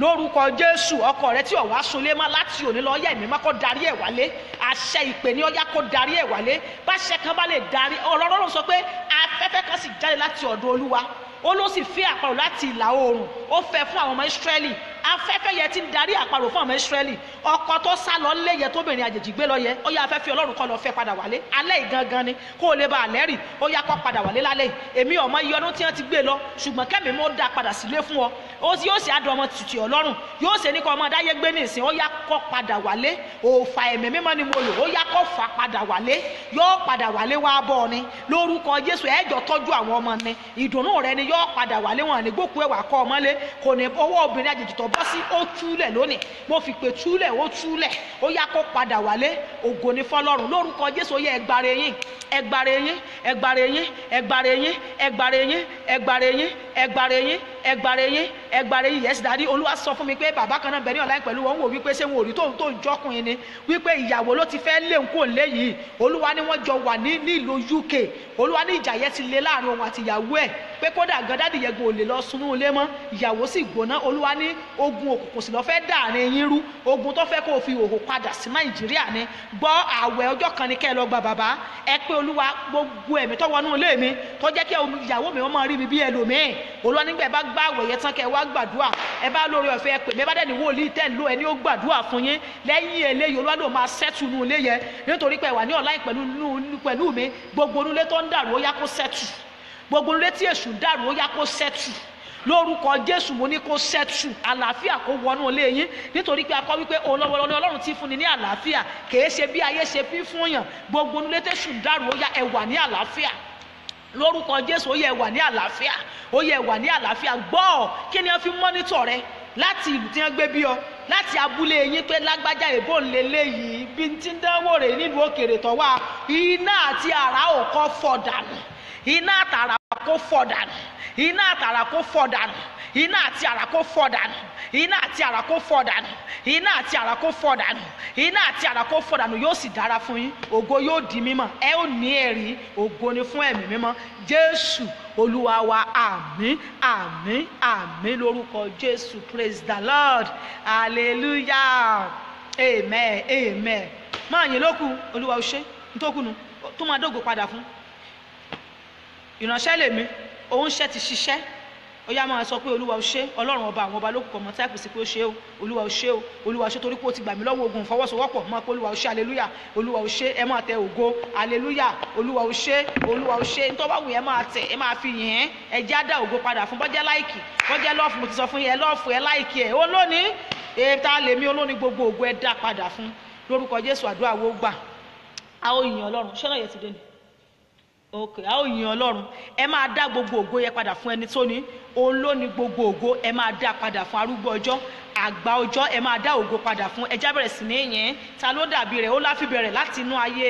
lórúkọ jésù ọkọ rẹ tí ọwá sunlé má láti òní lọ yẹ ìmí má kó darí ẹ wálé àṣẹ ìpè ní ọyá kó darí ẹ wálé báṣẹ kan bá lè darí ọlọ́run sọ pé afẹ́fẹ́ kan sì jáde láti ọ̀dọ̀ olúwa ó ló sì fẹ́ àparò láti ìlà oòrùn ó fẹ́ fún àwọn ọmọ ìsírẹ́lì afẹ́fẹ́ yẹn ti ń darí àparò fún ọmọ Ísírẹ́lì ọkọ tó sá lọ lé yẹ tóbìnrin àjèjì gbé lọ yẹ ó yá afẹ́fẹ́ Ọlọ́run kọ́ lọ fẹ́ padà wálé alẹ́ ìgangan ni kó o lè ba àlẹ́ rì ó yá kọ́ padà wálé lálẹ́ èmi ọmọ iye ọdún tí wọ́n ti gbé lọ ṣùgbọ́n kẹ́mi mo dá padà sílé fún ọ ó sì yóò ṣe adùn ọmọ tùtù Ọlọ́run yóò ṣe ní kọ́ ọmọ adáyé gbé ní ìsìn ó yá kọ́ padà wálé òòfà ẹ̀mí mímọ́ ni mo lò ó yá kọ́ fà padà wálé yóò padà wálé wá bọ́ ọ ni lórúkọ Jésù ẹ̀jọ̀ tọ́jú àwọn ọmọ ni ìdùnnú rẹ ni yóò padà wálé wọn ní gbókùú ẹ̀wà bọ́ sí ó túlẹ̀ lónìí mo fi pé túlẹ̀ ó túlẹ̀ ó yá kó padà wálé ògo ní fọlọ́run lórúkọ jésù yẹ ẹgbàre yín ẹgbàre yín ẹgbàre yín ẹgbàre yín ẹgbàre yín ẹgbàre yín ẹgbàre yín ẹgbàre yín ẹgbàre yìí yẹsì dárí olúwa sọ fún mi pé bàbá kan náà bẹ̀rẹ̀ online pẹ̀lú wọn wò wípé ṣé wọn ò rí tóun tó ń jọkùnrin ni wípé ìyàwó ló ti fẹ́ lé nǹkó lé yìí olúwa ni wọ́n jọ wà ní nílùú UK olúwa ní ìjà yẹn ti lé láàrin òun àti ìyàwó ẹ̀ pé kódà gandadi yẹn gò lè lọ sunú ilé mọ́ ìyàwó sì gbóná olúwa ní ogun òkùnkùn sì lọ fẹ́ dàrin yín rú ogun tó fẹ́ kó o fi òhò padà sí Nàìjíríà ni gbọ́ àwẹ̀ ọjọ́ kan ni kẹ́ ẹ lọ gba bàbá ẹ pé olúwa gbogbo ẹ̀mí tó wọnú ilé mi tó jẹ́ kí ìyàwó mi wọ́n máa rí mi bí ẹlòmíì olúwa nígbà ẹ bá gbá àwẹ̀ yẹn tán kẹ́ ẹ wá wá gbàdúrà ẹ bá lórí ọ̀fẹ́ ẹ pè mí ẹ bá dẹ̀ ní wòlíì tẹ̀ ló ẹ ní ó gbàdúrà fún yín lẹ́yìn eléyìí olúwa ló máa sẹ́tù nù ilé yẹn nítorí pé ẹ wà ní ọ̀la pẹ̀lú mi gbogbo onúlé tó ń dàrú ó yá kó sẹ́tù gbogbo onúlé tí èṣù ń dàrú ó yá kó sẹ́tù lórúkọ jésù mo ní kó sẹ́tù àlàáfíà kó wọnú ilé yín nítorí pé a wípé olówólọ́ ni ọlọ́run ti fún ni ní àlàáfíà kèé ṣe bí ayé ṣe fi yàn gbogbo onúlé tẹ̀sùn dàrú ó yá ẹ ní àlàáfíà lórúkọ jésù ó yẹ wà ní àlàáfíà ó yẹ wà ní àlàáfíà gbọ́ ọ kí ni wọ́n fi mọ́nítọ̀ rẹ láti ìlú tí wọ́n gbé bí ọ láti abúlé yín pé lágbájá èbó ń lélẹ̀ yìí bí ti ń dánwò rè nílùú òkèrè tó wà iná àti àrá ò kọ́ fọ̀ dànù iná àtàrà kó fọ̀ dànù iná àtàrà kó fọ̀ dànù iná àti àrà kó fọ́ dànù iná àti àrà kó fọ́ dànù iná àti àrà kó fọ́ dànù iná àti àrà kó fọ́ dànù yóò sì dára fún yín ògo yóò di mímọ́ ẹ ó ní ẹ̀rí ògo ni fún ẹ̀mí mímọ́ jésù olúwa wa àmín àmín àmín lórúkọ jésù praise the lord hallelujah amen amen máa yín lókù olúwa ó ṣe ntókùnù tó máa dógò padà fún ìránṣẹ́ lèmi òun ṣe ti ṣiṣẹ́ ó yá máa sọ pé olúwa ó ṣe ọlọ́run ọba àwọn ọba ló kù kọ̀ mọ́ táìpù sí pé ó ṣe o olúwa ó ṣe o olúwa ó ṣe torí pé ó ti gbà mí lọ́wọ́ ogun ìfọwọ́sowọ́pọ̀ máa pé olúwa ó ṣe aleluya olúwa ó ṣe ẹ máa tẹ ògo aleluya olúwa ó ṣe olúwa ó ṣe nítorí bá wù yẹn máa tẹ ẹ máa fi yìn ẹ́ ẹ já dá ògo padà fún bọ́jẹ́ láìkì bọ́jẹ́ lọ́ọ̀fù mo ti sọ fún yẹn lọ́ọ̀fù ẹ láìkì ẹ ok a ó yin ọlọ́run ẹ máa dá gbogbo ògo yẹ padà fún ẹni tó ní òun ló ní gbogbo ògo ẹ máa dá padà fún arúgbó ọjọ́ àgbà ọjọ́ ẹ máa dá ògo padà fún ẹjá bẹ̀rẹ̀ sí ní yẹn ta ló dàbí rẹ̀ ó láfi bẹ̀rẹ̀ láti inú ayé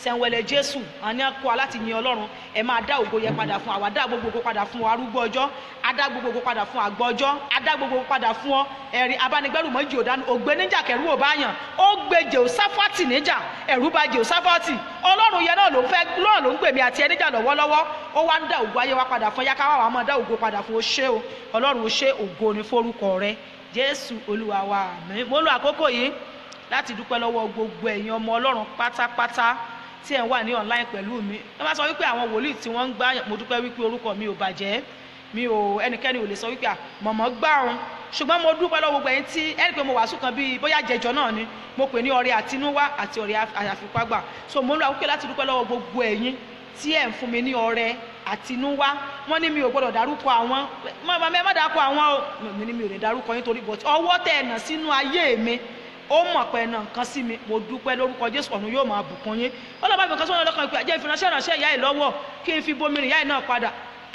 sẹ̀wẹ̀lẹ̀ jésù àní kó wa láti yin ọlọ́run ẹ máa dá ògo yẹn padà fún àwa dá gbogbo ògo padà fún arúgbó ọjọ́ adá gbogbo ògo padà fún àgbọ̀ ọjọ́ adá gbogbo ògo padà fún ọ ẹ̀rí abánigbẹ́rù mọ́jì òdánù ògbé níjà kẹ̀rú ò bá yàn ó gbé jèhosáfátì níjà ẹ̀rú bà jèhosáfátì ọlọ́run yẹn náà ló ń fẹ́ náà ló ń gbèmí àti ẹ níjà lọ́wọ́lọ́wọ́ ó wá ń dá ògo ayé wa padà fún yáká wà máa dá ògo padà fún o ṣé o ọlọ́run o ṣé ògo ni fórúkọ rẹ jésù olúwa wa àmín mo lo àkókò yìí láti dúpẹ́ lọ́wọ́ gbogbo ẹ̀yin ọmọ ọlọ́run pátápátá tí ẹ̀ ń wà ní online pẹ̀lú mi ẹ má sọ wípé àwọn wòlíì tí wọ́n ń gbà mo dúpẹ́ wípé orúkọ mi ò bàjẹ́ mi ò ẹnikẹ́ni ò lè sọ wípé mọ̀mọ́ gbà òun ṣùgbọ́n mo dúpẹ́ lọ́wọ́ gbogbo ẹ̀yin tí ẹni pé mo wàásù kan bíi bóyá jẹjọ náà ni mo pè ní ọrẹ àtinúwá àti ọrẹ àfipágbà so mo lo àkókò láti dúpẹ́ lọ́wọ́ gbogbo ẹ̀yin tí ẹ̀ ń fún mi ní ọrẹ àtinúwá wọ́n ní mi ò gbọ́dọ̀ dárúkọ àwọn mọ̀mọ́ mi ẹ má dárúkọ àwọn o mi ni mi ò lè dárúkọ yín torí bọ̀tí ọwọ́ tẹ̀ ẹ̀nà sínú ayé mi ó mọ̀ pé ẹ̀nà kan sí mi mo dúpẹ́ lórúkọ Jésù ọ̀nà yóò máa bùkún yín ọlọ́ba mi kan sọ́nà lọ́kàn pé ẹ̀jẹ̀ ìfiránṣẹ́ ìránṣẹ́ ìyá ẹ̀ lọ́wọ́ kí n fi bomirin ìyá ẹ̀ náà padà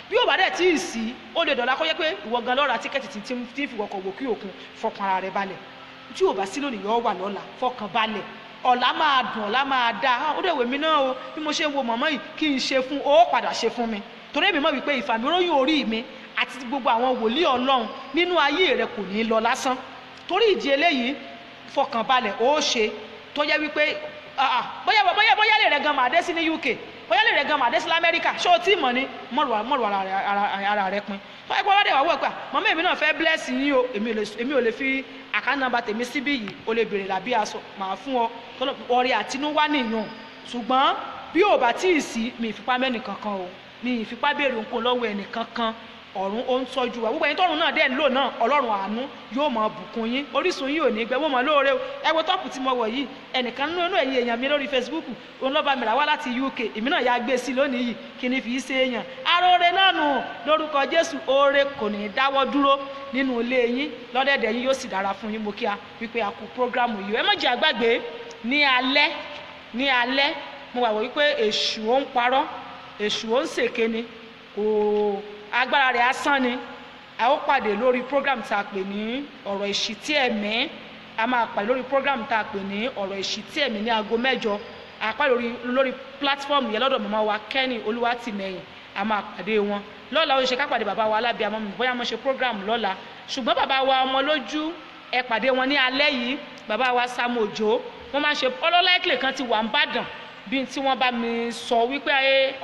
bí ó bá dẹ̀ tí ì sí ó lè dọ̀la kó yẹ pé ìwọ gan lọ́ra tíkẹ́ẹ̀tì tí ń fi wọkọ̀ wò kí òkun fọkàn ara rẹ̀ balẹ̀ tí ò bá sí lónìí yọ ọ̀la máa dùn ọ̀la máa dá ah, ó dẹ̀ wèmí náà o bí mo ṣe wo mọ̀mọ́ yìí kí n ṣe fún ó padà ṣe fún mi torí èmi mọ̀ wípé ìfàmì oróyìn orí mi àti gbogbo àwọn wòlíì ọlọ́run nínú ayé rẹ kò ní lọ lásán torí ìdí eléyìí fọkànbalẹ̀ ó ṣe tó jẹ́ wípé ah, ah, bóyá bóyá bóyá lè rẹ gan máa dé sí ní UK bóyá lè rẹ gan máa dé sí lamẹ́ríkà ṣé o tí mọ̀ ni mọ̀rọ̀ ara rẹ pin wọ́n ẹgbẹ́ ọlọ́dẹ wà wọ́ ẹ̀pà mọ́mọ́ èmi náà fẹ́ blẹ́sì yín o èmi ò lè fi àkànnàbà tèmi síbí yìí o lè bèrè làbí aṣọ màá fún ọ ọrẹ àtinúwá nìyàn ṣùgbọ́n bí ò bá tí ì sí mi ìfipá mẹ́nìkankan o mi ìfipá béèrè nǹkan lọ́wọ́ ẹnìkankan ọ̀run ó ń tọ́jú wa gbogbo ẹ̀yin tọ́run náà dẹ̀ ń lò náà ọlọ́run àánú yóò máa bùkún yín orísun yìí ò ní gbẹ wọ́n mọ̀ lóore o ẹ wo tọ́pù tí mo wọ̀ yìí ẹnìkan nínú ẹ̀yin èèyàn mi lórí facebook òun lọ́ba mìíràn wá láti uk èmi náà ya gbé sí lónìí yìí kí ni fi í ṣe èèyàn aróore náà nù lórúkọ jésù oore kò ní í dáwọ́ dúró nínú ilé yín lọ́dẹ̀dẹ̀ yín yóò sì agbára rẹ̀ asán ni a ó pàdé lórí program tá a pè ní ọ̀rọ̀ ìṣítí ẹ̀mí a máa pàdé lórí program tá a pè ní ọ̀rọ̀ ìṣítí ẹ̀mí ní aago mẹ́jọ a lórí lórí platform yẹn lọ́dọ̀ màmá wa Kenny Olúwatìmẹ̀yìn a máa pàdé wọn lọ́la ó ṣe ká pàdé bàbá wa alábíàmọ́ mi bóyá mo ṣe program lọ́la ṣùgbọ́n bàbá wa ọmọ lójú ẹ pàdé wọn ní alẹ́ yìí bàbá wa Sam Òjó wọ́n máa ń ṣe ọlọ́lá ìkìlẹ̀ kan ti wà ń bàdàn bíi tí wọ́n bá mi sọ wípé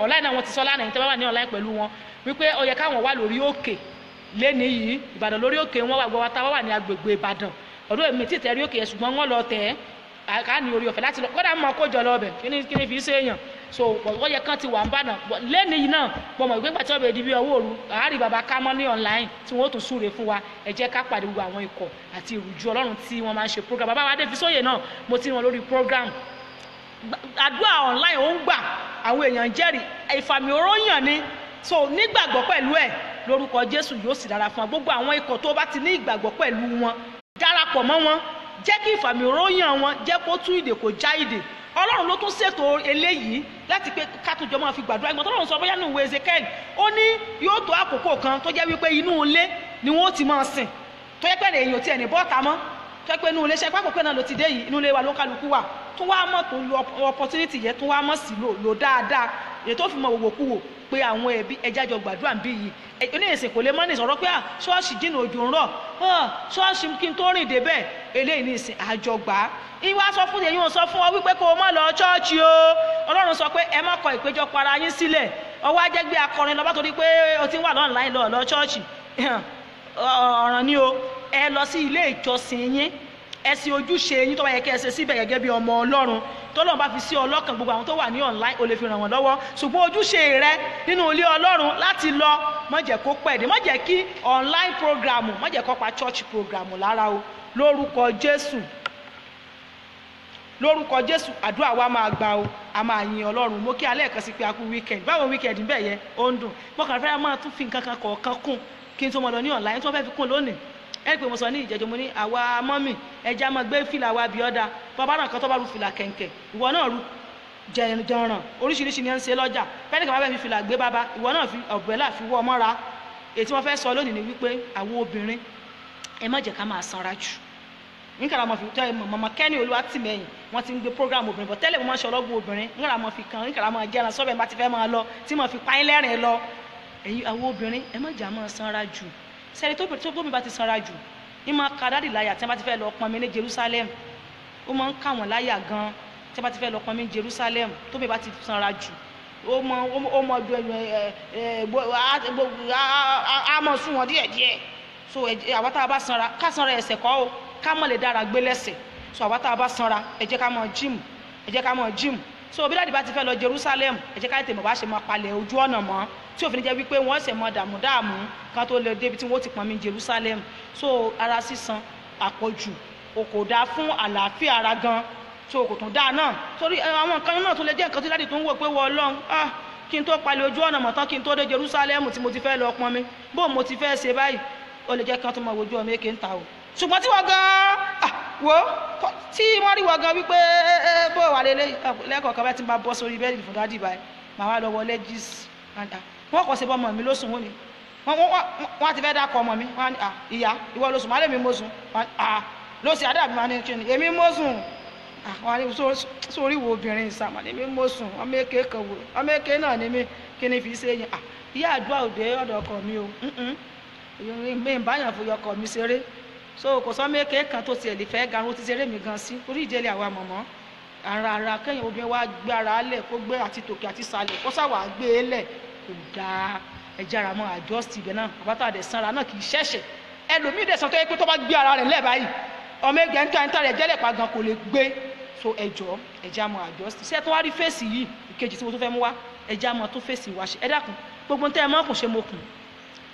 ọ̀la ìnáwó ti sọ lánàá yìí tẹ́ bá wà ní ọ̀la pẹ̀lú wọn wípé ó yẹ káwọn wà lórí òkè lẹ́ni yìí ìbàdàn lórí òkè wọn wà gbọ́wọ́ táwọn wà ní agbègbè ìbàdàn ọdún èmi tí tẹ̀rí òkè yẹn ṣùgbọ́n wọ́n lọ tẹ̀ ẹ́ ká ní orí ọ̀fẹ́ láti lọ kódà mọ kó jọ lọ bẹ̀ kí ni fi ṣe èèyàn so wọ́n yẹ kán ti wà ń bàdàn lẹ́ni yìí náà mo mọ̀ ìgbégbà tí wọ́n bẹ̀ di bí ọwọ́ òru àárí bàbá kámọ́ ní online tí wọ́n ó tún súre fún wa ẹ jẹ́ ká pàdé gbogbo àwọn ikọ̀ àti ìrújú ọlọ́run tí wọ́n máa ń ṣe program bàbá wa Adéfisóyè sóyè náà mo ti wọn lórí program àdúrà online ó ń gbà àwọn èèyàn jẹ́rìí ìfàmì òróyàn ni so nígbàgbọ́ pẹ̀lú ẹ̀ lórúkọ jésù yóò sì dára fún ọ gbogbo àwọn ikọ̀ tó bá ti ní ìgbàgbọ́ pẹ̀lú wọn darapọ̀ mọ́ wọn jẹ́ kí ìfàmì ròyìn wọn jẹ́ kó tú ìdè kó já ìdè ọlọ́run ló tún ṣètò eléyìí láti pé kátùjọ máa fi gbàdúrà ìgbà tọ́lọ́run sọ bóyá ní ìwé ezekiel ó ní yóò tó àkókò kan tó jẹ́ wípé inú ilé ni wọ́n ti máa sìn tó yẹ pé èèyàn tiẹ̀ ní bọ́ọ̀ta mọ́ tó yẹ pé inú ilé ṣe pápọ̀ pé náà ló ti dé yìí inú ilé wa ló kálukú wà tún wá mọ̀ tó lo opportunity yẹn tún wá mọ̀ sí lò lò dáadáa èyí tó fi mọ̀ wòwòkú wò pé àwọn ẹbí ẹja jọ gbàdúrà ń bí yìí oníyèsè kò lè mọ́ ní ìsọ̀rọ̀ pé ṣọ́ọ̀ṣì jìnnà òjò ń rọ̀ ṣọ́ọ̀ṣì kí n tó rìn débẹ̀ eléyìí ní ìsìn o má lọ o ọlọ́run sọ pé ẹ má kọ para yín sílẹ̀ o ti wà lọ́nà láì lọ́ọ̀ ṣọ́ọ̀ṣì ọ̀ràn ni o ẹ lọ sí ilé ìjọsìn ẹ̀sìn ojúṣe yín tó bá yẹ kí ẹ ṣe síbẹ̀ gẹ́gẹ́ bí ọmọ ọlọ́run tọ́lọ́run bá fi sí ọlọ́kàn gbogbo àwọn tó wà ní online o lè fi ràn wọ́n lọ́wọ́ ṣùgbọ́n ojúṣe rẹ nínú ilé ọlọ́run láti lọ má jẹ́ kó pẹ̀dé má jẹ́ kí online programu má jẹ́ pa church programu lára o lórúkọ jésù lórúkọ jésù àdúrà wa máa gba o a máa yin ọlọ́run mo kí alẹ́ kan sí pé a kú weekend báwo weekend bẹ́ẹ̀ yẹ ó ń dùn mo kàn fẹ́ràn máa tún fi nǹkan kan kọ̀ọ̀kan kún kí n tó mọ̀ lọ ní online tí wọ́n fẹ́ fi kún lónìí ẹ pé mo sọ ní ìjẹjọ mo ní àwa mọ́mì ẹja máa gbé fìlà wa bí ọ́dà bàbá náà kan tó bá ru fìlà kẹ̀ǹkẹ̀ ìwọ náà ru jẹ̀ràn oríṣiríṣi ni ẹ ń ṣe lọ́jà pẹ́ẹ́nì kan bá fẹ́ fi fìlà gbé bàbá ìwọ náà fi ọ̀bẹ́là fi wọ́ ọmọ ra èyí tí wọ́n fẹ́ sọ lónìí ni wípé àwọn obìnrin ẹ má jẹ́ ká máa sanra jù nkàrà mọ̀ fi tọ́ ẹ mọ̀mọ́ kẹ́ni olúwa tì mẹ́yìn wọ́n ti ń gbé program obìnrin bọ̀ tẹ́lẹ̀ mo máa ń ṣe ọlọ́gbọ̀n obìnrin nkàrà mọ̀ fi kàn nkàrà mọ̀ jẹ́ran sọ́bẹ̀ bá ti fẹ́ máa lọ tí mo fi pa ẹ́ lẹ́rìn lọ ẹ̀yin àwọn obìnrin ẹ má jà máa sanra jù sẹ́ni tó tó mi bá ti sanra jù ní máa ka dáàdì láyà tí wọ́n bá ti fẹ́ lọ pọn mi ní Jerusalem ó máa ń kà wọ́n láyà gan tí wọ́n bá ti fẹ́ lọ pọn mi ní Jerusalem tó mi bá ti sanra jù ó mọ ó mọ ju ẹnu ẹ ẹ á mọ sún wọn díẹ̀ díẹ̀ so àwa tá a bá sanra ká sanra ẹsẹ̀ kọ́ o ká mọ̀ lè dára gbé lẹ́sẹ̀ so àwa tá a bá sanra ẹ jẹ́ ká mọ gym ẹ jẹ́ ká mọ gym so bí dáàdì bá ti fẹ́ lọ Jerusalem ẹ jẹ́ ká tètè mọ̀ bá ṣe máa palẹ̀ ojú ọ̀nà mọ́ tí òfin jẹ́ wípé wọ́n ṣẹ̀ mọ dààmú dààmú kan tó lè débi tí wọ́n ti pọnmi Jerusalem so ara sísan àpọ̀jù òkò dá fún àlàáfíà ara gan so òkò tó dáa náà torí eh, àwọn nǹkan náà tó lè jẹ́ nǹkan tó dáàdì tó ń wò pé wọ́n lọ́n ah kí n tó palẹ̀ ojú ọ̀nà mọ̀tán kí n tó dé Jerusalem tí mo ti fẹ́ lọ pọnmi bó mo ti fẹ́ ṣe báyìí ó lè jẹ́ kí wọ́n tó mọ ojú ọmọ èké ń ta o ṣùgbọ́n tí wọ́n gan ah, wo tí wọ́n rí wọ́n gan wípé eh, eh, bó wà lé lẹ́kọ̀ọ́ kan bá ti máa bọ́ sórí bẹ́ẹ̀lì fún dádì báyìí màá wá lọ wọlé jíìsì wọ́n kọ̀ sí bọ́ ọmọ mi ló sùn wọ́n ni wọ́n ti fẹ́ dákọ̀ ọmọ mi wọ́n á ìyá ìwọ ló sùn má lèmi mo sùn ló sì àdàbí wọn ni kí ni èmi mo sùn àwọn ni sórí wo obìnrin ìsàmà ni mi mo sùn ọmọ èké kan wò ọmọ náà ni mi kí ni fi ṣe yẹn ìyá àdúrà òde ọ̀dọ̀ ọkọ mi o mi báyàn fún ọkọ mi ṣeré so kò sọ ọmọ èké kan tó tiẹ̀ lè fẹ́ gan ó ti ṣeré mi gan sí orí ìdílé àwa mọ̀mọ́ ara ara kẹ́yìn obìnrin wa gbára lẹ̀ kó gbé àti tòkè àti sàlẹ̀ kó sàwà gbé e lẹ̀ kò dáa ẹjẹ ara mọ adjust ibẹ̀ náà àbátà àdẹ sanra náà kì í ṣẹ̀ṣẹ̀ ẹlòmíì dẹ̀ sọ tó yẹ pé tó bá gbé ara rẹ̀ lẹ̀ báyìí ọmọ ẹgbẹ́ ń tọ́ ẹni tọ́ rẹ̀ jẹ́lẹ̀ pa gan kò lè gbé so ẹjọ́ ẹjẹ àmọ́ adjust ṣé tó wá rí fèsì yìí ìkejì tí mo tó fẹ́ mú wá ẹjẹ àmọ́ tó fèsì wá ṣe ẹ dákun gbogbo tẹ́ ẹ mọ́ kùn ṣe mo kùn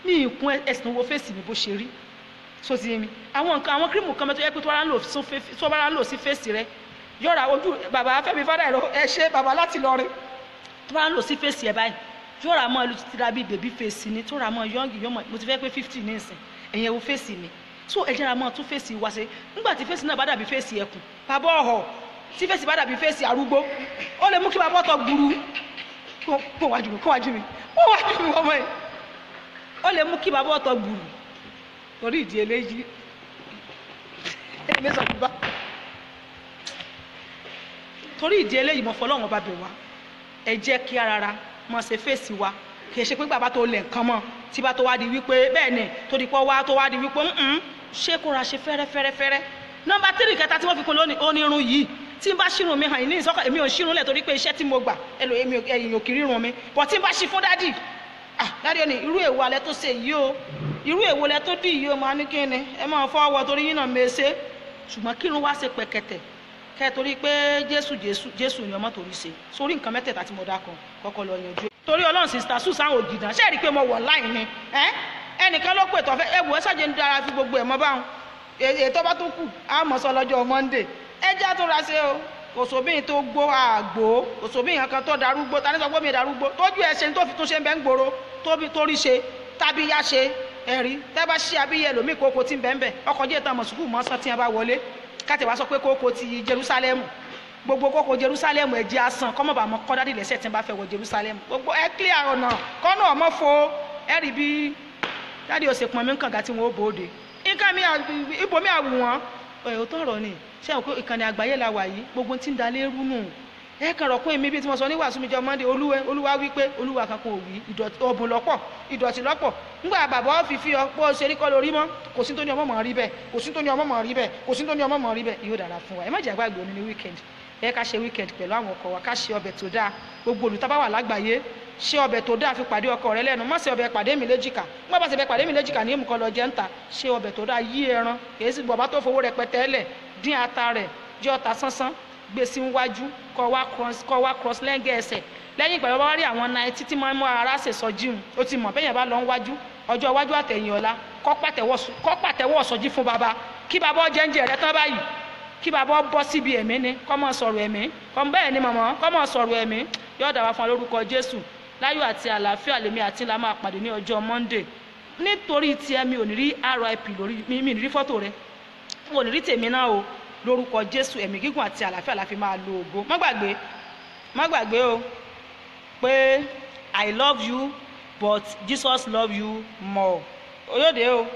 ní ìkún ẹ̀sìn wo fèsì mi bó ṣe rí so ti mi àwọn nǹkan àwọn kírímù kan mẹ́tọ́ yẹ pé tó bá ń lò sí fèsì rẹ yọ̀ọ̀ra ojú bàbá Fẹ́mi fádà ẹ̀ ṣe bàbá láti lọrin tó bá ń lò sí fèsì ẹ̀ báyìí yóò rà mọ́ ìlú títí ra bíi bèbí fèsì ni tó rà mọ́ yọ́ǹgì yọ́mọ mo ti fẹ́ pé fifty ní ìsìn ẹ̀yẹn wo fèsì mi so ẹ̀jẹ̀ ra mọ́ tún fèsì wá ṣe nígbà tí fèsì náà bá dàbí fèsì ẹkùn bàbá ọ̀họ̀ tí fèsì bá dàbí fèsì arúgbó ó lè mú kí bàbá ọ̀tọ̀ gburu kó wájú mi kó wájú mi kó wájú mi ọmọ yìí ó lè mú kí bàbá ọ̀tọ̀ gburu torí ìdí eléyìí ilé sọ̀tún bá torí ìdí eléyìí mo fọlọ́run ọba bẹ̀ wá ẹ jẹ́ kí ara mọ̀ ṣe fèsì wa kì í ṣe pé bàbá tó lẹ̀ nǹkan mọ́ tí bá tó wá di wípé bẹ́ẹ̀ ni tó di pọ́ wá tó wá di wípé ṣé kó ra ṣe fẹ́rẹ́fẹ́rẹ́fẹ́rẹ́ nọmba tírì kẹta tí wọ́n fi kún lónìí onírun yìí tí n bá ṣírun mi hàn ní ìsọ́kọ̀ èmi ò ṣírun lẹ̀ torí pé iṣẹ́ tí mo gbà ẹ̀yìn ò kiri rùn mi bọ̀ tí n bá ṣí fún dádì ah dádì ni irú èwo alẹ́ tó ṣe yìí o irú èwo alẹ́ tó dì yìí o máa ní kí ni ẹ máa fọwọ́ torí yín náà mèsè ṣùgbọ́n kírun wá ṣe pẹ̀kẹ̀tẹ̀ kẹ́ torí pé jésù jésù ni ọmọ torí ṣe sórí nǹkan mẹ́tẹ̀ẹ̀ta tí mo dá kan kọ́kọ́ lọ yanjú. torí ọlọ́run sista susan Ogidan. ṣe é rí i pé mo wọ̀ láì ni ẹnìkan ló pè tọ́fẹ́ ẹ̀wù ẹ̀ṣọ́jẹ́ ń dára fi gbogbo ẹ̀ mọ́ báwọn ètò bá tó kù á mọ̀ sọ lọ́jọ́ Monday ẹjẹ́ tó ra ṣe o kò sóbìnrin tó gbó àgbò kò sóbìnrin kan tó darúgbó tani sọ pé mi darúgbó tójú ẹ ṣe tó fi tún ṣe ń bẹ́ ń gbòòrò torí ṣe tábíyá ṣe ẹ̀rí tẹ́bá ṣí abíyẹ lómi kókó tí ń bẹ́ẹ̀ bẹ́ẹ̀ ọkọ̀ jẹ́ ìtàn mọ̀sùkú mọ́sán tí wọ́n bá wọlé káti wá sọ pé kókó ti Jerusalem gbogbo kókó jerusalem ẹ jẹ asan kọ́mọ̀ bá mọ kọ́dádì lẹ́sẹ̀ tí bá fẹ́ wọ jerusalem gbogbo ẹ clear ọ̀nà kọ́nà ọmọ fo ẹ rí bí dáàdi ọ̀sẹ̀ pọn mi ń kànga tí wọ́n ó bòde nǹkan mi ibò mi àwù wọn ò tọrọ ni ṣé ìkànnì àgbáyé la wà yìí gbogbo ti ń da lérú nù ẹ kàn rọ̀ pé èmi bí tí mo sọ ní wàásù mi olúwa olúwa wí pé olúwa kan nígbà bàbá ọmọ mọ rí kò sí ọmọ mọ rí kò ẹ ká ṣe weekend pẹ̀lú àwọn ọkọ wa ká ṣe ọbẹ̀ tó dáa gbogbo olùtaba wà lágbàáyé ṣe ọbẹ̀ tó dáa fi pàdé ọkọ rẹ lẹ́nu má ṣe ọbẹ̀ pàdé mi léjìká má bá ṣe ọbẹ̀ pàdé mi léjìká ní ìmùkọ́ lọ jẹ́ ń ta ṣe ọbẹ̀ tó dáa yí ẹran kìí sì bọ̀bá tó fowó rẹpẹtẹ lẹ̀ dín ata rẹ̀ jẹ́ ọta sánsán gbé sí wájú kọ́ wá cross lẹ́ngẹ̀ ẹsẹ̀ lẹ́yìn ìgbà bá rí àwọn náà títí máa ń mú ara ṣe sọ jíun ó ti mọ̀ bẹ́yẹn bá lọ ń wájú ọjọ́ iwájú àtẹ̀yìn ọ̀la kọ́ pàtẹ́wọ́ sọjí fún baba kí baba ọjẹ́ ń jẹ rẹ tán báyìí kí bàbá bọ́ síbi ẹ̀mí ni kọ́ mọ̀ sọ̀rọ̀ ẹ̀mí bẹ́ẹ̀ ni mọ̀mọ́ kọ́ mọ̀ sọ̀rọ̀ ẹ̀mí yóò dàbà fún lórúkọ jésù láyọ̀ àti àlàáfíà lèmi àti ńlá máa pàdé ní ọjọ́ monday nítorí tiẹ̀ mi ò ní rí rip lórí mi ní rí fọ́tò rẹ ò ní rí tèmi náà o lórúkọ jésù ẹ̀mí gígùn àti àlàáfíà la máa lo ògo má gbàgbé má gbàgbé o pé i love you but jesus love you more